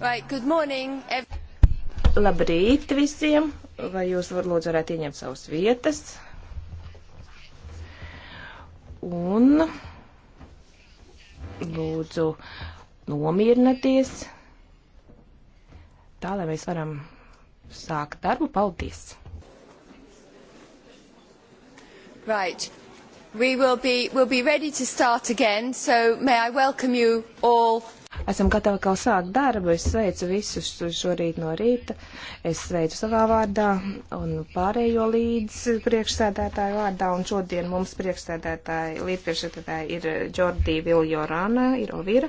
Right, good morning. Labrīt visiem! Vai jūs var, lūdzu varētu ieņemt savas vietas? Un lūdzu nomierinieties tā, lai mēs varam sākt darbu. Paldies! Right. We will be, will be ready to start again, so may I welcome you all Esam gatavi kā sākt darbu. Es sveicu visus šorīt no rīta. Es sveicu savā vārdā un pārējo līdz priekšsēdētāju vārdā. Un šodien mums priekšsēdētāji, līdzpriekšsēdētāji ir Džordī Viljorāna, ir Ovira.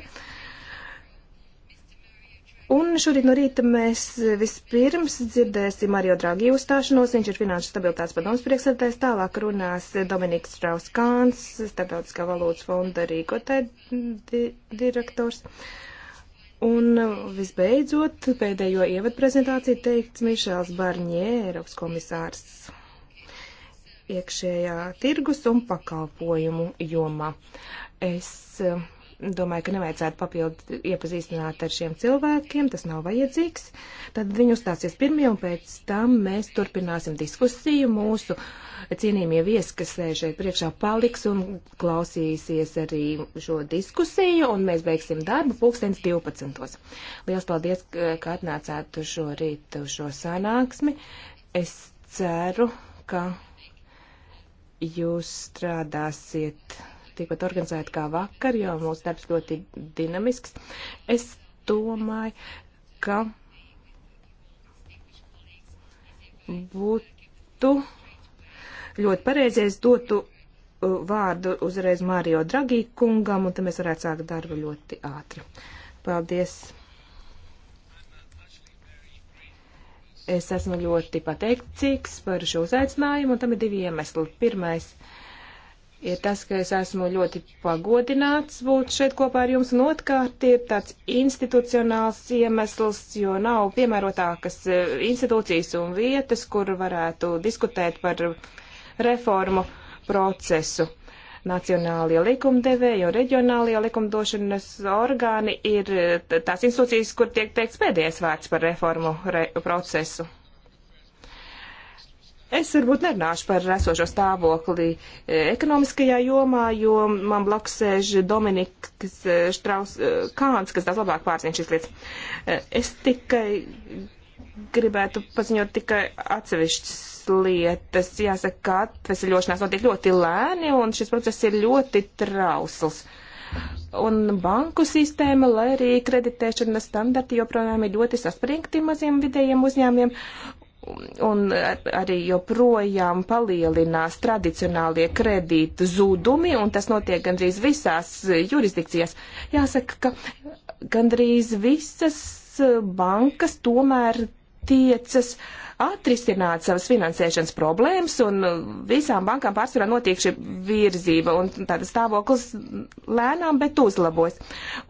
Un šorīt no rīta mēs vispirms dzirdēsim Mario Draghi uzstāšanos. Viņš ir Finanšu stabilitātes padoms priekšsēdētājs. Tālāk runās Dominiks Strauss-Kāns, Starptautiskā valūtas fonda Rīgotē di direktors. Un um, visbeidzot, pēdējo ievadu prezentāciju teikts Mišels Barņē, Eiropas komisārs iekšējā tirgus un pakalpojumu jomā. Es um, domāju, ka nevajadzētu papildu iepazīstināt ar šiem cilvēkiem, tas nav vajadzīgs. Tad viņi uzstāsies pirmie un pēc tam mēs turpināsim diskusiju. Mūsu cienījamie viesi, kas sēž šeit priekšā, paliks un klausīsies arī šo diskusiju un mēs beigsim darbu pulkstens 12. Lielas paldies, ka atnācāt šo rītu šo sanāksmi. Es ceru, ka jūs strādāsiet tikpat organizēta kā vakar, jo mūsu darbs ļoti dinamisks. Es domāju, ka būtu ļoti pareizi, ja es dotu uh, vārdu uzreiz Mārio Dragī kungam, un tad mēs varētu sākt darbu ļoti ātri. Paldies! Es esmu ļoti pateicīgs par šo uzaicinājumu, un tam ir divi iemesli. Pirmais. Uh, ir tas, ka es esmu ļoti pagodināts būt šeit kopā ar jums, un otrkārt ir tāds institucionāls iemesls, jo nav piemērotākas e, institūcijas un vietas, kur varētu diskutēt par reformu procesu. Nacionālie likumdevēji un reģionālie likumdošanas orgāni ir e, tās institūcijas, kur tiek teikts pēdējais vārds par reformu re procesu. Es varbūt nerunāšu par esošo stāvokli e, ekonomiskajā jomā, jo man blakus sēž Dominiks e, Štraus e, Kāns, kas daudz labāk pārzina šīs lietas. Es tikai gribētu paziņot tikai atsevišķas lietas. Jāsaka, ka atvesaļošanās notiek ļoti lēni un šis process ir ļoti trausls. Un banku sistēma, lai arī kreditēšanas standarti joprojām ir ļoti saspringti maziem vidējiem uzņēmiem, un arī joprojām palielinās tradicionālie kredīta zudumi, un tas notiek gandrīz visās jurisdikcijās. Jāsaka, ka gandrīz visas bankas tomēr tiecas atrisināt savas finansēšanas problēmas, un uh, visām bankām pārsvarā notiek šī virzība, un tāda stāvoklis lēnām, bet uzlabos.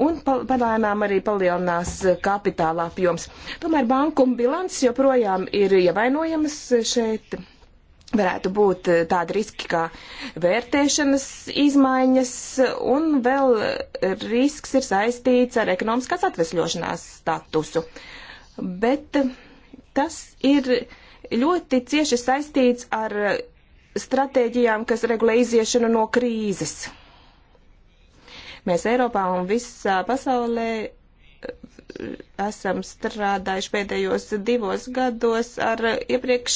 Un palēnām arī palielinās kapitāla apjoms. Tomēr banku bilants joprojām ir ievainojamas šeit. Varētu būt uh, tādi riski kā vērtēšanas izmaiņas, un vēl risks ir saistīts ar ekonomiskās atvesļošanās statusu. Bet uh, Tas ir ļoti cieši saistīts ar stratēģijām, kas regulē iziešanu no krīzes. Mēs Eiropā un visā pasaulē esam strādājuši pēdējos divos gados ar iepriekš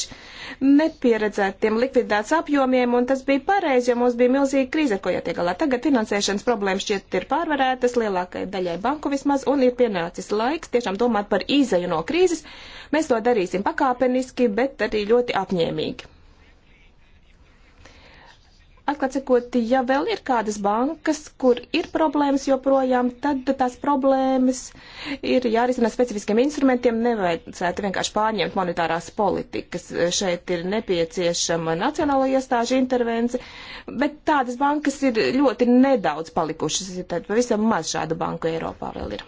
nepieredzētiem likvidācijas apjomiem, un tas bija pareizi, jo mums bija milzīga krīze, ko jātiek galā. Tagad finansēšanas problēmas šķiet ir pārvarētas lielākai daļai banku vismaz, un ir pienācis laiks tiešām domāt par izēju no krīzes. Mēs to darīsim pakāpeniski, bet arī ļoti apņēmīgi. Atklāt sakot, ja vēl ir kādas bankas, kur ir problēmas joprojām, tad tās problēmas ir jārisina specifiskiem instrumentiem, nevajadzētu vienkārši pārņemt monetārās politikas. Šeit ir nepieciešama nacionāla iestāžu intervence, bet tādas bankas ir ļoti nedaudz palikušas, tad pavisam maz šādu banku Eiropā vēl ir.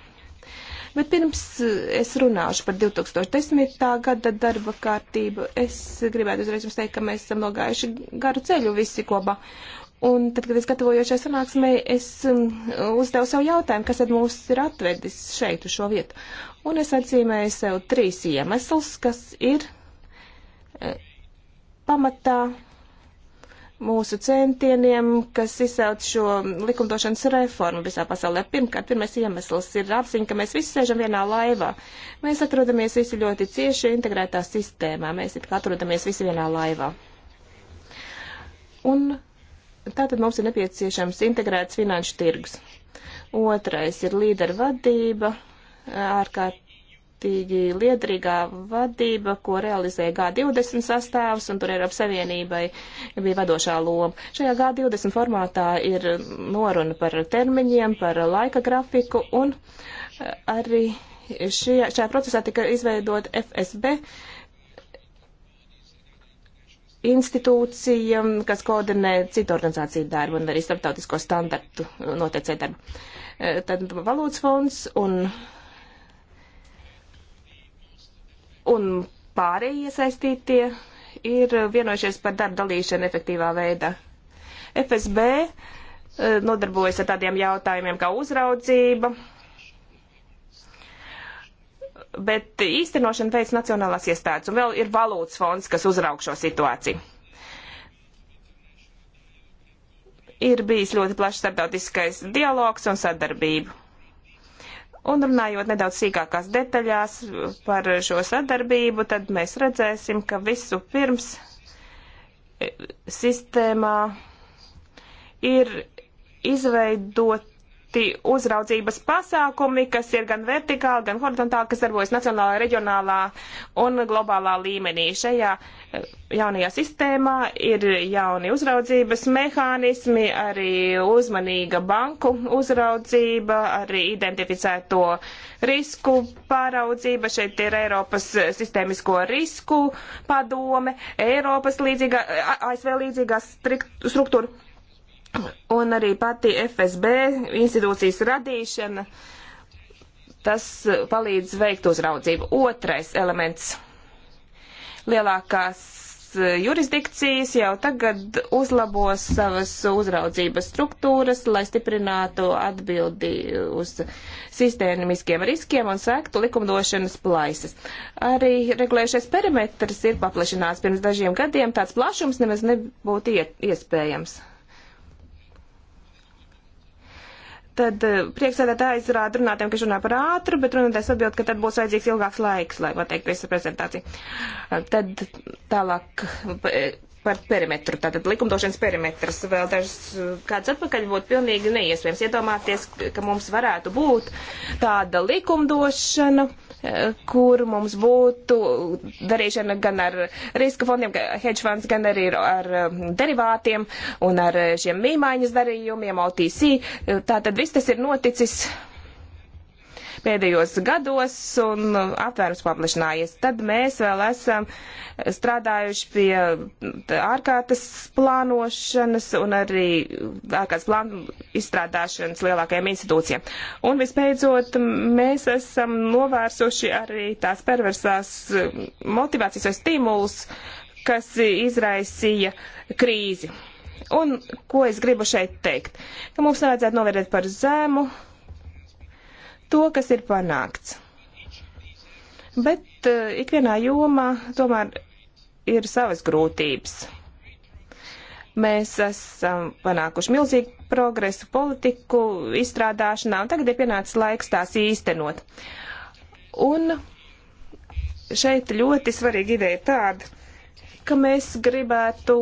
Bet pirms eh, es runāšu par 2010. gada darba kārtību, es gribētu uzreiz jums teikt, ka mēs esam nogājuši garu ceļu visi kopā. Un tad, kad es gatavojos šai sanāksmē, es mm, uzdevu sev jautājumu, kas tad mūs ir atvedis šeit uz šo vietu. Un es atzīmēju sev trīs iemeslus, kas ir eh, pamatā mūsu centieniem, kas izsauc šo likumdošanas reformu visā pasaulē. Pirmkārt, pirmais iemesls ir apziņa, ka mēs visi sēžam vienā laivā. Mēs atrodamies visi ļoti cieši integrētā sistēmā. Mēs it kā atrodamies visi vienā laivā. Un tātad mums ir nepieciešams integrēts finanšu tirgus. Otrais ir līderu vadība, ārkārt ārkārtīgi liederīgā vadība, ko realizēja G20 sastāvs, un tur Eiropas Savienībai bija vadošā loma. Šajā G20 formātā ir noruna par termiņiem, par laika grafiku, un arī šajā, šajā procesā tika izveidot FSB institūcija, kas koordinē citu organizāciju darbu un arī starptautisko standartu noteicē darbu. Tad valūtas fonds un un pārējie iesaistītie ir vienojušies par darbu dalīšanu efektīvā veidā. FSB eh, nodarbojas ar tādiem jautājumiem kā uzraudzība, bet īstenošana veids nacionālās iestādes, un vēl ir valūtas fonds, kas uzraug šo situāciju. Ir bijis ļoti plašs starptautiskais dialogs un sadarbība Un runājot nedaudz sīkākās detaļās par šo sadarbību, tad mēs redzēsim, ka visu pirms e, sistēmā ir izveidot veikti uzraudzības pasākumi, kas ir gan vertikāli, gan horizontāli, kas darbojas nacionālā, reģionālā un globālā līmenī. Šajā eh, jaunajā sistēmā ir jauni uzraudzības mehānismi, arī uzmanīga banku uzraudzība, arī identificēto risku pāraudzība. Šeit ir Eiropas sistēmisko risku padome, Eiropas līdzīgā, ASV līdzīgā struktūra un arī pati FSB institūcijas radīšana, tas palīdz veikt uzraudzību. Otrais elements - lielākās eh, jurisdikcijas jau tagad uzlabos savas uzraudzības struktūras, lai stiprinātu atbildi uz sistēmiskiem riskiem un sektu likumdošanas plaisas. Arī regulējušais perimetrs ir paplašināts pirms dažiem gadiem, tāds plašums nemaz nebūtu iespējams. tad eh, priekšsēdētāja aizrāda runātiem, ka runā par ātru, bet runātājs atbild, ka tad būs vajadzīgs ilgāks laiks, lai pateikties ar prezentāciju. Eh, tad tālāk eh, par perimetru, tātad likumdošanas perimetrs. Vēl dažs kāds atpakaļ būtu pilnīgi neiespējams iedomāties, ka mums varētu būt tāda likumdošana, eh, kur mums būtu darīšana gan ar riska fondiem, gan hedge funds, gan arī ar eh, derivātiem un ar eh, šiem mīmaiņas darījumiem, OTC. Tātad viss tas ir noticis pēdējos gados un uh, aptvērums paplašinājies. Tad mēs vēl esam strādājuši pie ārkārtas plānošanas un arī ārkārtas plānu izstrādāšanas lielākajām institūcijām. Un vispēcot, mēs esam novērsuši arī tās perversās motivācijas vai stimulus, kas izraisīja krīzi. Un ko es gribu šeit teikt? Ka mums nevajadzētu novērtēt par zemu to, kas ir panākts. Bet eh, ikvienā jomā tomēr ir savas grūtības. Mēs esam panākuši milzīgu progresu politiku izstrādāšanā, un tagad ir pienācis laiks tās īstenot. Un šeit ļoti svarīga ideja ir tāda, ka mēs gribētu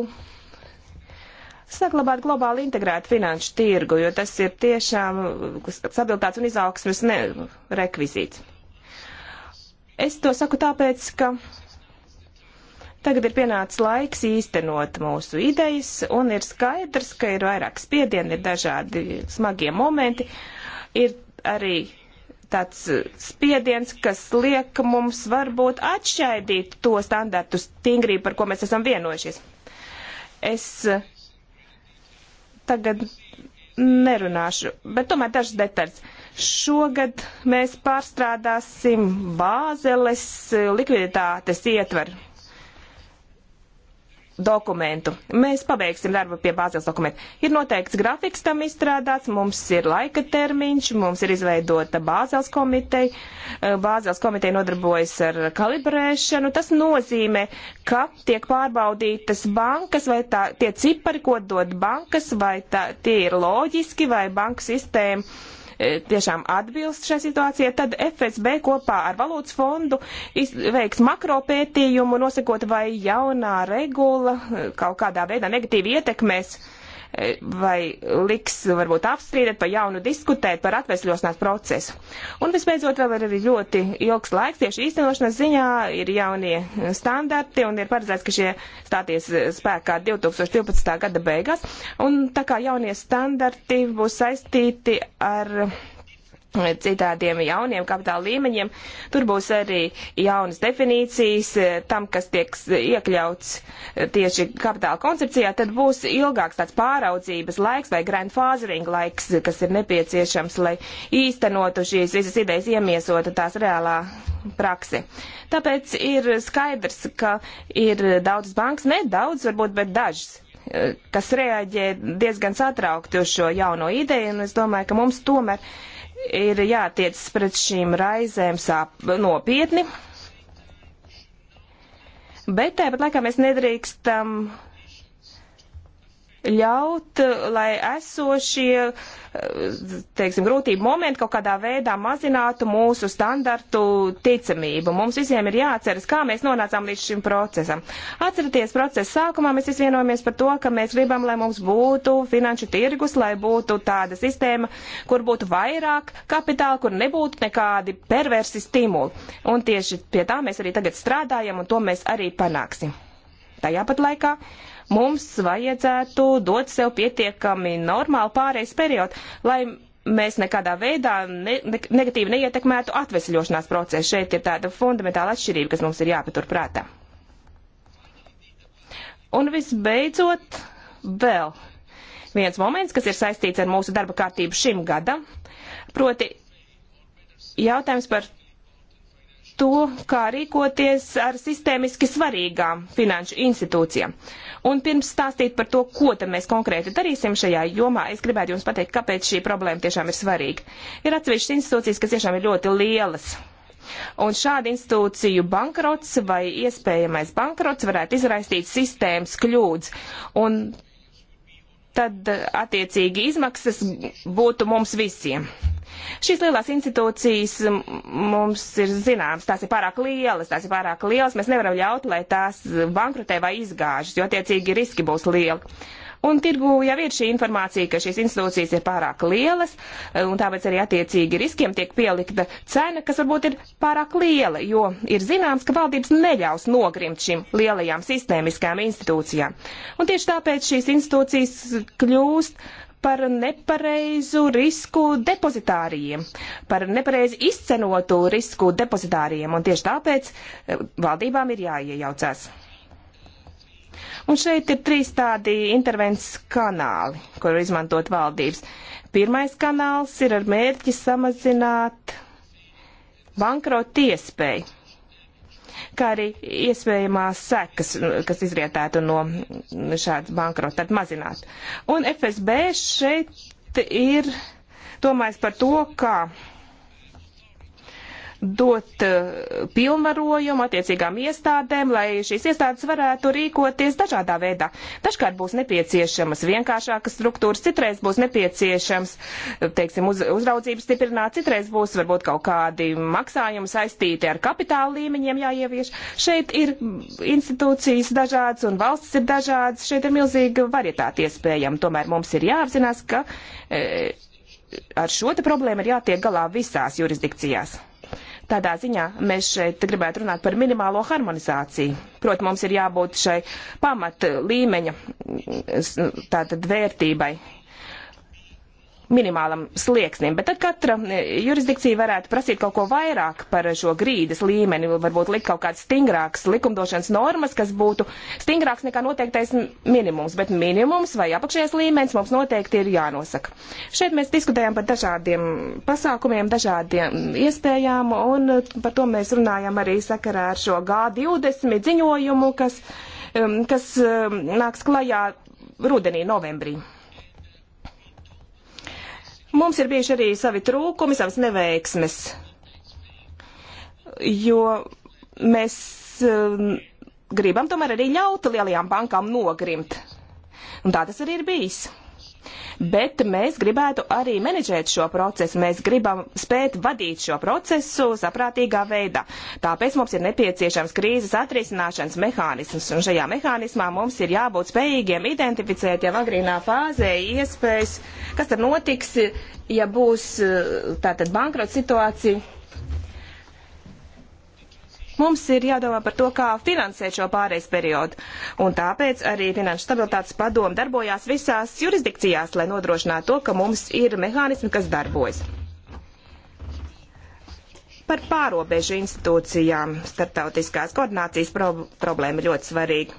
saglabāt globāli integrētu finanšu tirgu, jo tas ir tiešām stabilitātes un izaugsmes ne, rekvizīts. Es to saku tāpēc, ka tagad ir pienācis laiks īstenot mūsu idejas, un ir skaidrs, ka ir vairāk spiedieni, ir dažādi smagie momenti, ir arī tāds spiediens, kas liek mums varbūt atšķaidīt to standartu stingrību, par ko mēs esam vienojušies. Es uh, tagad nerunāšu, bet tomēr dažas detaļas. Šogad mēs pārstrādāsim bāzeles likviditātes ietveru dokumentu. Mēs pabeigsim darbu pie bāzes dokumentu. Ir noteikts grafiks tam izstrādāts, mums ir laika termiņš, mums ir izveidota bāzes komiteja. Eh, bāzes komiteja nodarbojas ar kalibrēšanu. Tas nozīmē, ka tiek pārbaudītas bankas vai tā, tie cipari, ko dod bankas, vai tā, tie ir loģiski vai banku sistēma E, tiešām atbilst šai situācijai, tad FSB kopā ar valūtas fondu veiks makropētījumu, nosakot, vai jaunā regula e, kaut kādā veidā negatīvi ietekmēs uh, vai liks varbūt apstrīdēt, pa jaunu diskutēt par atvesļošanās procesu. Un visbeidzot vēl ir ļoti ilgs laiks, tieši īstenošanas ziņā ir jaunie standarti un ir paredzēts, ka šie stāties spēkā 2012. gada beigās. Un tā kā jaunie standarti būs saistīti ar citādiem jauniem kapitāla līmeņiem. Tur būs arī jaunas definīcijas eh, tam, kas tiek iekļauts eh, tieši kapitāla koncepcijā, tad būs ilgāks tāds pāraudzības laiks vai grandfāzering laiks, kas ir nepieciešams, lai īstenotu šīs visas idejas iemiesotu tās reālā praksi. Tāpēc ir skaidrs, ka ir daudzas bankas, nedaudz varbūt, bet dažas eh, kas reaģē diezgan satraukti uz šo jauno ideju, un es domāju, ka mums tomēr uh, ir jātiec pret šīm raizēm sāp, nopietni, bet tāpat laikā mēs nedrīkstam um, ļaut, lai esošie, teiksim, grūtību momenti kaut kādā veidā mazinātu mūsu standartu ticamību. Mums visiem ir jāatceras, kā mēs nonācām līdz šim procesam. Atcerieties, procesa sākumā mēs izvienojamies par to, ka mēs gribam, lai mums būtu finanšu tirgus, lai būtu tāda sistēma, kur būtu vairāk kapitāla, kur nebūtu nekādi perversi stimuli. Un tieši pie tā mēs arī tagad strādājam, un to mēs arī panāksim. Tajā pat laikā mums vajadzētu dot sev pietiekami normālu pārejas periodu, lai mēs nekādā veidā ne, ne, negatīvi neietekmētu atvesļošanās procesu. Šeit ir tāda fundamentāla atšķirība, kas mums ir jāpatur prātā. Un visbeidzot, vēl viens moments, kas ir saistīts ar mūsu darba kārtību šim gadam, proti jautājums par to, kā rīkoties ar sistēmiski svarīgām finanšu institūcijām. Un pirms stāstīt par to, ko tad mēs konkrēti darīsim šajā jomā, es gribētu jums pateikt, kāpēc šī problēma tiešām ir svarīga. Ir atsevišķas institūcijas, kas tiešām ir ļoti lielas. Un šādu institūciju bankrots vai iespējamais bankrots varētu izraisīt sistēmas kļūdas. Un tad attiecīgi izmaksas būtu mums visiem. Šīs lielās institūcijas mums ir zināmas, tās ir pārāk lielas, tās ir pārāk lielas, mēs nevaram ļaut, lai tās bankrutē vai izgāžas, jo attiecīgi riski būs lieli. Un tirgu jau ir šī informācija, ka šīs institūcijas ir pārāk lielas, un tāpēc arī attiecīgi riskiem tiek pielikta cena, kas varbūt ir pārāk liela, jo ir zināms, ka valdības neļaus nogrimt šīm lielajām sistēmiskajām institūcijām. Un tieši tāpēc šīs institūcijas kļūst par nepareizu risku depozitārijiem, par nepareizi izcenotu risku depozitārijiem, un tieši tāpēc e, valdībām ir jāiejaucās. Un šeit ir trīs tādi intervences kanāli, kuru izmantot valdības. Pirmais kanāls ir ar mērķi samazināt bankrotu iespēju kā arī iespējamās sekas, kas izrietētu no šādas bankrota, tad mazināt. Un FSB šeit ir domājis par to, kā dot eh, pilnvarojumu attiecīgām iestādēm, lai šīs iestādes varētu rīkoties dažādā veidā. Dažkārt būs nepieciešamas vienkāršākas struktūras, citreiz būs nepieciešams, eh, teiksim, uz, uzraudzības stiprināt, citreiz būs varbūt kaut kādi maksājumi saistīti ar kapitāla līmeņiem jāievieš. Šeit ir institūcijas dažādas un valsts ir dažādas, šeit ir milzīga varietāte iespējama. Tomēr mums ir jāapzinās, ka. E, Ar šo te problēmu ir jātiek galā visās jurisdikcijās. Tādā ziņā mēs šeit gribētu runāt par minimālo harmonizāciju. Proti, mums ir jābūt šai pamat līmeņa tātad vērtībai, minimālam slieksnim, bet tad katra e, jurisdikcija varētu prasīt kaut ko vairāk par šo grīdas līmeni, varbūt likt kaut kādas stingrākas likumdošanas normas, kas būtu stingrāks nekā noteiktais minimums, bet minimums vai apakšējais līmenis mums noteikti ir jānosaka. Šeit mēs diskutējam par dažādiem pasākumiem, dažādiem iespējām, un e, par to mēs runājam arī sakarā ar šo G20 ziņojumu, kas, kas nāks klajā rudenī, novembrī. Mums ir bijuši arī savi trūkumi, savas neveiksmes, jo mēs um, gribam tomēr arī ļaut lielajām bankām nogrimt. Un tā tas arī ir bijis bet mēs gribētu arī menedžēt šo procesu, mēs gribam spēt vadīt šo procesu saprātīgā veidā. Tāpēc mums ir nepieciešams krīzes atrisināšanas mehānisms, un šajā mehānismā mums ir jābūt spējīgiem identificēt jau agrīnā fāzē iespējas, kas tad notiks, ja būs eh, tātad bankrota situācija Mums ir jādomā par to, kā finansēt šo pārejas periodu. Un tāpēc arī Finanšu stabilitātes padoma darbojās visās jurisdikcijās, lai nodrošinātu to, ka mums ir mehānismi, kas darbojas par pārobežu institūcijām starptautiskās koordinācijas pro problēma ļoti svarīga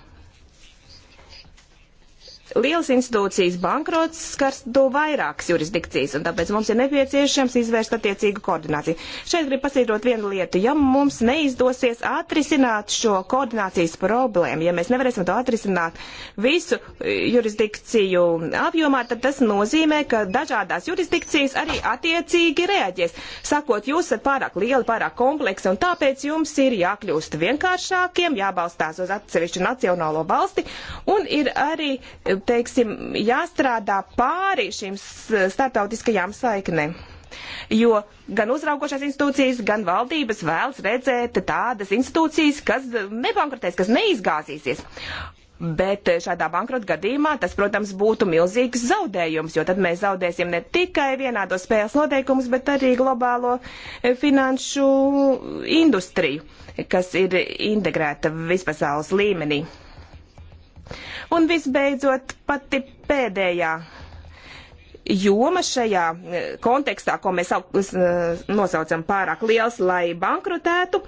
lielas institūcijas bankrots skars to vairākas jurisdikcijas, un tāpēc mums ir nepieciešams izvērst attiecīgu koordināciju. Šeit gribu pasīdot vienu lietu. Ja mums neizdosies atrisināt šo koordinācijas problēmu, ja mēs nevarēsim to atrisināt visu e, jurisdikciju apjomā, tad tas nozīmē, ka dažādās jurisdikcijas arī attiecīgi reaģēs. Sakot, jūs esat pārāk lieli, pārāk kompleksi, un tāpēc jums ir jākļūst vienkāršākiem, jābalstās uz atsevišķu nacionālo valsti, un ir arī e, teiksim, jāstrādā pāri šīm starptautiskajām saiknēm. Jo gan uzraugošās institūcijas, gan valdības vēlas redzēt tādas institūcijas, kas nebankrotēs, kas neizgāzīsies. Bet šādā bankrota gadījumā tas, protams, būtu milzīgs zaudējums, jo tad mēs zaudēsim ne tikai vienādos spēles noteikumus, bet arī globālo eh, finanšu eh, industriju, kas ir integrēta vispasaules līmenī. Un visbeidzot, pati pēdējā joma šajā eh, kontekstā, ko mēs eh, nosaucam pārāk liels, lai bankrotētu,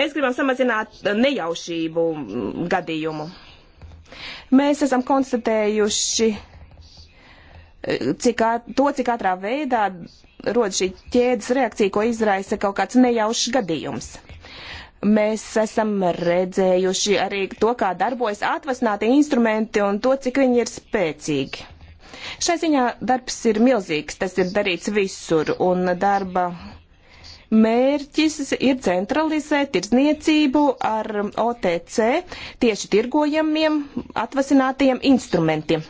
mēs gribam samazināt nejaušību mm, gadījumu. Mēs esam konstatējuši eh, cik, to, cik ātrā veidā rod šī ķēdes reakcija, ko izraisa kaut kāds nejaušs gadījums mēs esam redzējuši arī to, kā darbojas atvasinātie instrumenti un to, cik viņi ir spēcīgi. Šai ziņā darbs ir milzīgs, tas ir darīts visur, un darba mērķis ir centralizēt tirdzniecību ar OTC tieši tirgojamiem atvasinātajiem instrumentiem.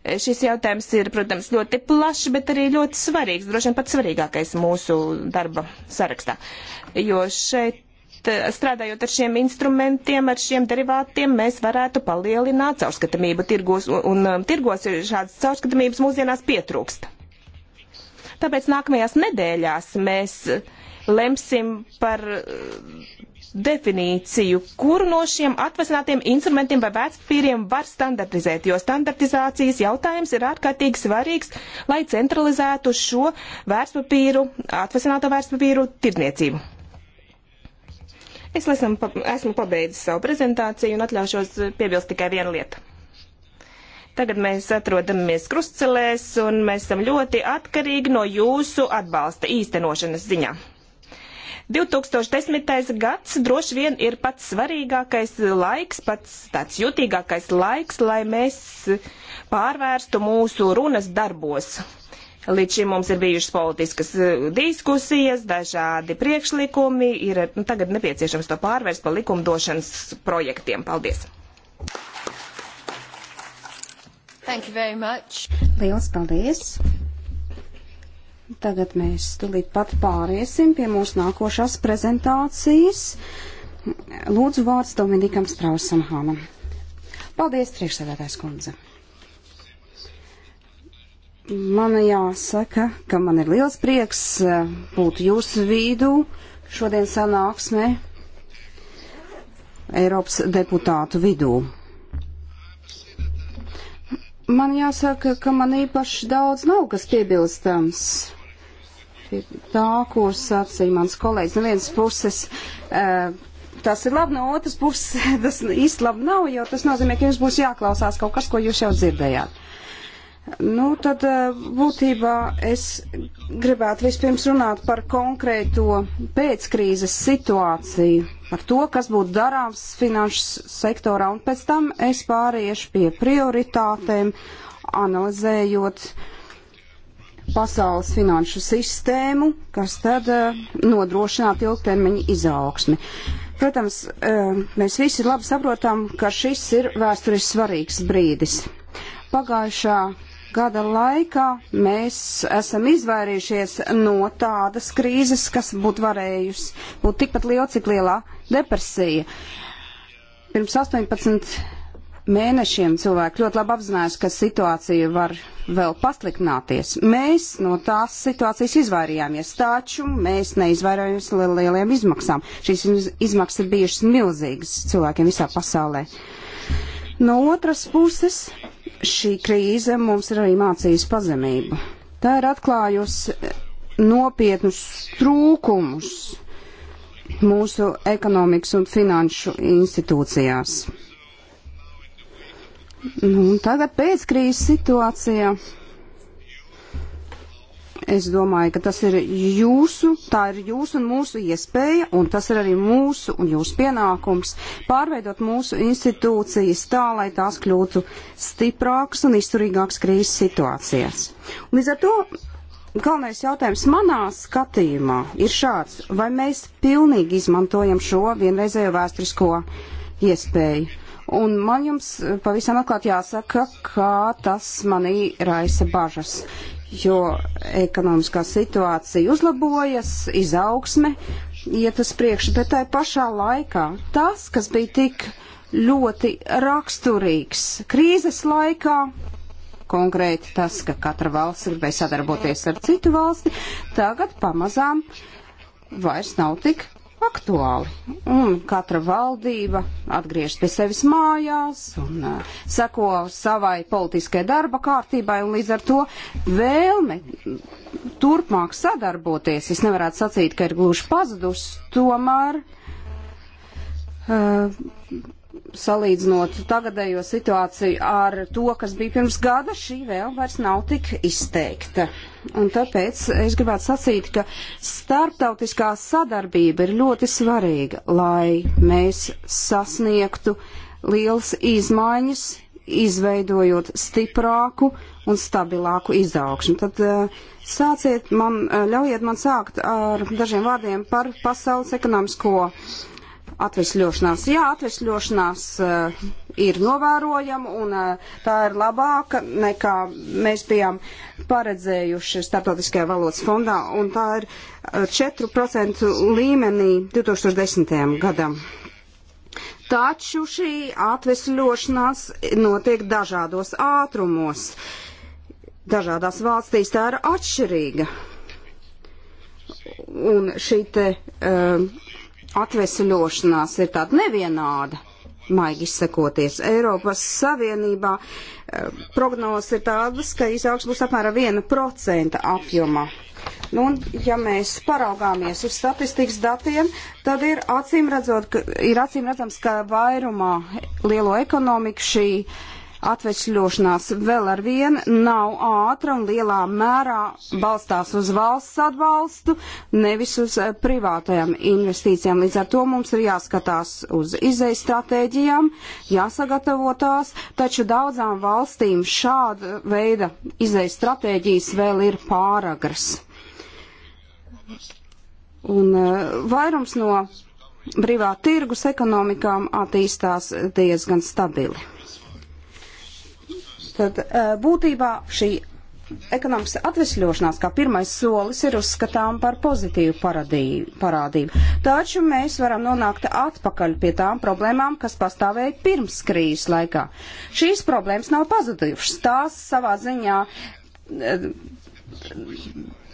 Šis jautājums ir, protams, ļoti plašs, bet arī ļoti svarīgs, droši vien pats svarīgākais mūsu darba sarakstā. Jo šeit eh, strādājot ar šiem instrumentiem, ar šiem derivātiem, mēs varētu palielināt caurskatāmību tirgos, un, un um, tirgos šādas caurskatāmības mūsdienās pietrūkst. Tāpēc nākamajās nedēļās mēs lemsim par definīciju, kuru no šiem atvasinātiem instrumentiem vai vērtspapīriem var standartizēt, jo standartizācijas jautājums ir ārkārtīgi svarīgs, lai centralizētu šo vērtspapīru, atvasināto vērtspapīru tirniecību. Es esmu, esmu pabeidzis savu prezentāciju un atļaušos piebilst tikai vienu lietu. Tagad mēs atrodamies krustcelēs un mēs esam ļoti atkarīgi no jūsu atbalsta īstenošanas ziņā. 2010. gads droši vien ir pats svarīgākais laiks, pats tāds jutīgākais laiks, lai mēs pārvērstu mūsu runas darbos. Līdz šim mums ir bijušas politiskas e, diskusijas, dažādi priekšlikumi, ir nu, tagad nepieciešams to pārvērst pa likumdošanas projektiem. Paldies! Thank you very much. Liels paldies! Tagad mēs tulīt pat pāriesim pie mūsu nākošās prezentācijas. Lūdzu vārds Dominikam Strausam Hānam. Paldies, priekšsēdētājs kundze. Man jāsaka, ka man ir liels prieks eh, būt jūsu vidū šodien sanāksmē Eiropas deputātu vidū. Man jāsaka, ka man īpaši daudz nav kas piebilstams tā, ko sacīja mans kolēģis. No vienas puses, eh, tas ir labi, no otras puses, tas īsti labi nav, jo tas nozīmē, ka jums būs jāklausās kaut kas, ko jūs jau dzirdējāt. Nu, tad eh, būtībā es gribētu vispirms runāt par konkrēto pēckrīzes situāciju, par to, kas būtu darāms finanšu sektorā, un pēc tam es pāriešu pie prioritātēm, analizējot uh, pasaules finanšu sistēmu, kas tad eh, nodrošinātu ilgtermiņa izaugsmi. Protams, eh, mēs visi labi saprotam, ka šis ir vēsturiski svarīgs brīdis. Pagājušā gada laikā mēs esam izvairījušies no tādas krīzes, kas būtu varējusi būt tikpat liela, cik lielā depresija. Pirms 18 mēnešiem cilvēki ļoti labi apzinājās, ka situācija var vēl pasliktināties. Mēs no tās situācijas izvairījāmies, taču mēs neizvairījāmies no lieliem izmaksām. Šīs izmaksas ir bijušas milzīgas cilvēkiem visā pasaulē. No otras puses, šī krīze mums ir arī mācījusi pazemību. Tā ir atklājusi nopietnus trūkumus mūsu ekonomikas un finanšu institūcijās Nu, un tagad pēc krīzes situācijā. Es domāju, ka tas ir jūsu, tā ir jūsu un mūsu iespēja, un tas ir arī mūsu un jūsu pienākums pārveidot mūsu institūcijas tā, lai tās kļūtu stiprākas un izturīgākas krīzes situācijās. Līdz ar to galvenais jautājums manā skatījumā ir šāds, vai mēs pilnīgi izmantojam šo vienreizējo vēsturisko iespēju. Un man jums pavisam atklāt jāsaka, kā tas manī raisa bažas, jo ekonomiskā situācija uzlabojas, izaugsme iet uz priekšu, bet tai pašā laikā tas, kas bija tik ļoti raksturīgs krīzes laikā, konkrēti tas, ka katra valsts gribēja sadarboties ar citu valsti, tagad pamazām vairs nav tik aktuāli. Un katra valdība atgriež pie sevis mājās un uh, seko savai politiskajai darba kārtībai un līdz ar to vēlme turpmāk sadarboties. Es nevarētu sacīt, ka ir gluži pazudus, tomēr. Uh, salīdzinot tagadējo situāciju ar to, kas bija pirms gada, šī vēl vairs nav tik izteikta. Un tāpēc es gribētu sacīt, ka starptautiskā sadarbība ir ļoti svarīga, lai mēs sasniegtu liels izmaiņas, izveidojot stiprāku un stabilāku izaugsmu. Tad eh, sāciet man, eh, ļaujiet man sākt ar dažiem vārdiem par pasaules ekonomisko uh, atvesļošanās. Jā, atvesļošanās uh, ir novērojama un uh, tā ir labāka nekā mēs bijām paredzējuši Startautiskajā valodas fondā un tā ir uh, eh, 4% līmenī 2010. gadam. Taču šī atvesļošanās notiek dažādos ātrumos. Dažādās valstīs tā ir atšķirīga. Un šī te. Uh, atvesļošanās ir tāda nevienāda, maigi izsakoties. Eiropas Savienībā eh, prognozes ir tādas, ka izaugs būs apmēram 1% apjomā. Nu, un, ja mēs paraugāmies uz statistikas datiem, tad ir acīm, redzot, ka, ir acīm redzams, ka vairumā lielo ekonomiku šī uh, atvesļošanās vēl ar vienu nav ātra un lielā mērā balstās uz valsts atbalstu, nevis uz eh, privātajām investīcijām. Līdz ar to mums ir jāskatās uz izējas stratēģijām, jāsagatavo tās, taču daudzām valstīm šāda veida izējas stratēģijas vēl ir pāragras. Un eh, vairums no brīvā tirgus ekonomikām attīstās diezgan stabili. Tad eh, būtībā šī ekonomiskā atvesļošanās kā pirmais solis ir uzskatām par pozitīvu paradību, parādību. Taču mēs varam nonākt atpakaļ pie tām problēmām, kas pastāvēja pirms krīzes laikā. Šīs problēmas nav pazudušas. Tās savā ziņā eh,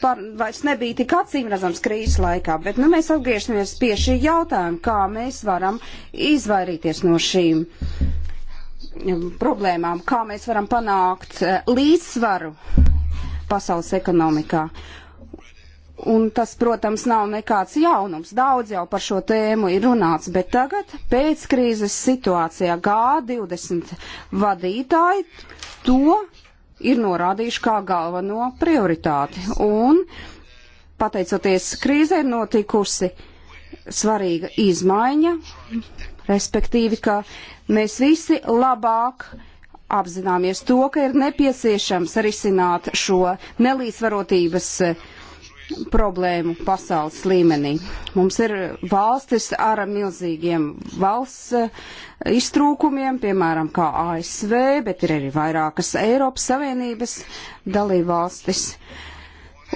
par, vairs nebija tik acīm redzams krīzes laikā, bet nu, mēs atgriežamies pie šī jautājuma, kā mēs varam izvairīties no šīm uh, problēmām, kā mēs varam panākt eh, līdzsvaru pasaules ekonomikā. Un tas, protams, nav nekāds jaunums. Daudz jau par šo tēmu ir runāts, bet tagad pēc krīzes situācijā G20 vadītāji to ir norādījuši kā galveno prioritāti. Un pateicoties krīzē notikusi svarīga izmaiņa Respektīvi, ka mēs visi labāk apzināmies to, ka ir nepieciešams risināt šo nelīdzvarotības eh, problēmu pasaules līmenī. Mums ir valstis ar milzīgiem valsts eh, iztrūkumiem, piemēram, kā ASV, bet ir arī vairākas Eiropas Savienības dalībvalstis.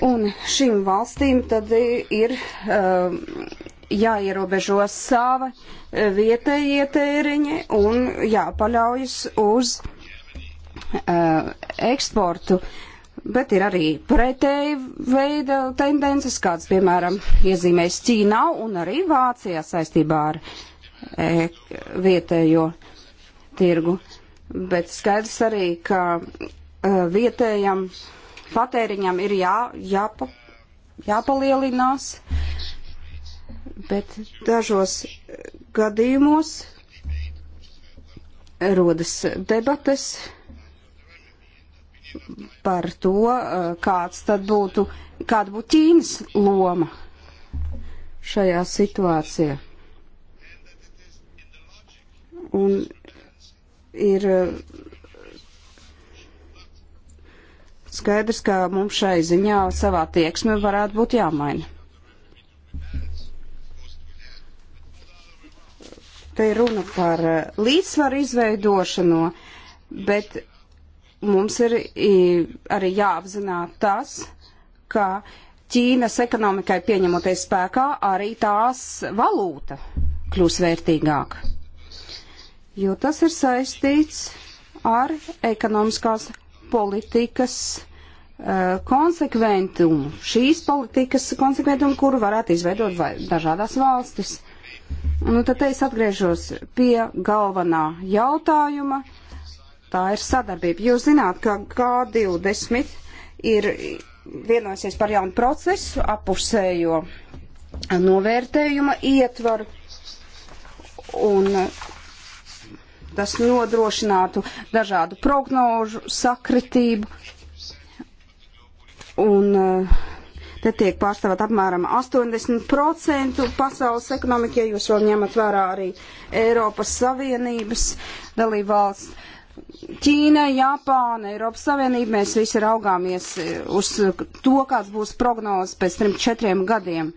Un šīm valstīm tad ir uh, jāierobežo sava e, vietējie tēriņi un jāpaļaujas uz uh, eksportu. Bet ir arī pretēji veida tendences, kāds, piemēram, iezīmēs Ķīnā un arī Vācijā saistībā ar e, vietējo tirgu. Bet skaidrs arī, ka e, vietējam patēriņam ir jā, jāpa, jāpalielinās. E, bet dažos eh, gadījumos rodas debates par to, eh, kāds tad būtu, kāda būtu Ķīnas loma šajā situācijā. Un ir eh, skaidrs, ka mums šai ziņā savā tieksme varētu būt jāmaina. Te ir runa par eh, līdzsvaru izveidošanu, bet mums ir arī jāapzinā tas, ka Ķīnas ekonomikai pieņemoties spēkā arī tās valūta kļūs vērtīgāka, jo tas ir saistīts ar ekonomiskās politikas uh, konsekventumu, šīs politikas konsekventumu, kuru varētu izveidot dažādās valstis. Nu, tad es atgriežos pie galvenā jautājuma. Tā ir sadarbība. Jūs zināt, ka G20 ir vienosies par jaunu procesu, apusējo novērtējuma ietvaru, un tas nodrošinātu dažādu prognožu sakritību. Un, uh, Te tiek pārstāvēt apmēram 80% pasaules ekonomika, ja jūs vēl ņemat vērā arī Eiropas Savienības dalību valsts. Ķīna, Japāna, Eiropas Savienība, mēs visi raugāmies e, uz to, kāds būs prognozes pēc trim, četriem gadiem.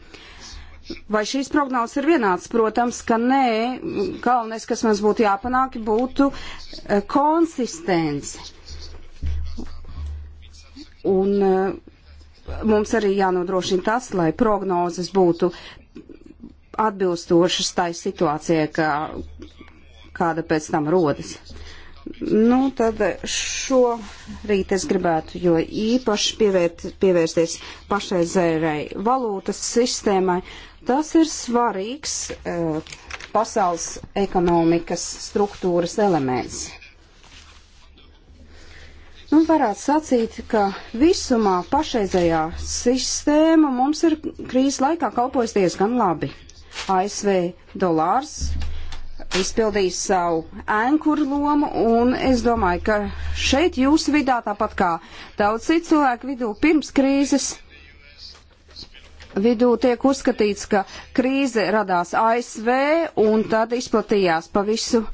Vai šīs prognozes ir vienāds? Protams, ka nē. Galvenais, kas mums būtu jāpanāk, būtu e, konsistence. Un e, mums arī jānodrošina tas, lai prognozes būtu atbilstošas tai situācijai, kā, kāda pēc tam rodas. Nu, tad šo rīt es gribētu jo īpaši pievērt, pievērsties pašreizērai valūtas sistēmai. Tas ir svarīgs eh, pasaules ekonomikas struktūras elements. Nu, varētu sacīt, ka visumā pašreizējā sistēma mums ir krīzes laikā kalpojas diezgan labi. ASV dolārs izpildījis savu ēnkuru lomu, un es domāju, ka šeit jūsu vidā, tāpat kā daudz citu cilvēku vidū pirms krīzes, vidū tiek uzskatīts, ka krīze radās ASV un tad izplatījās pa visu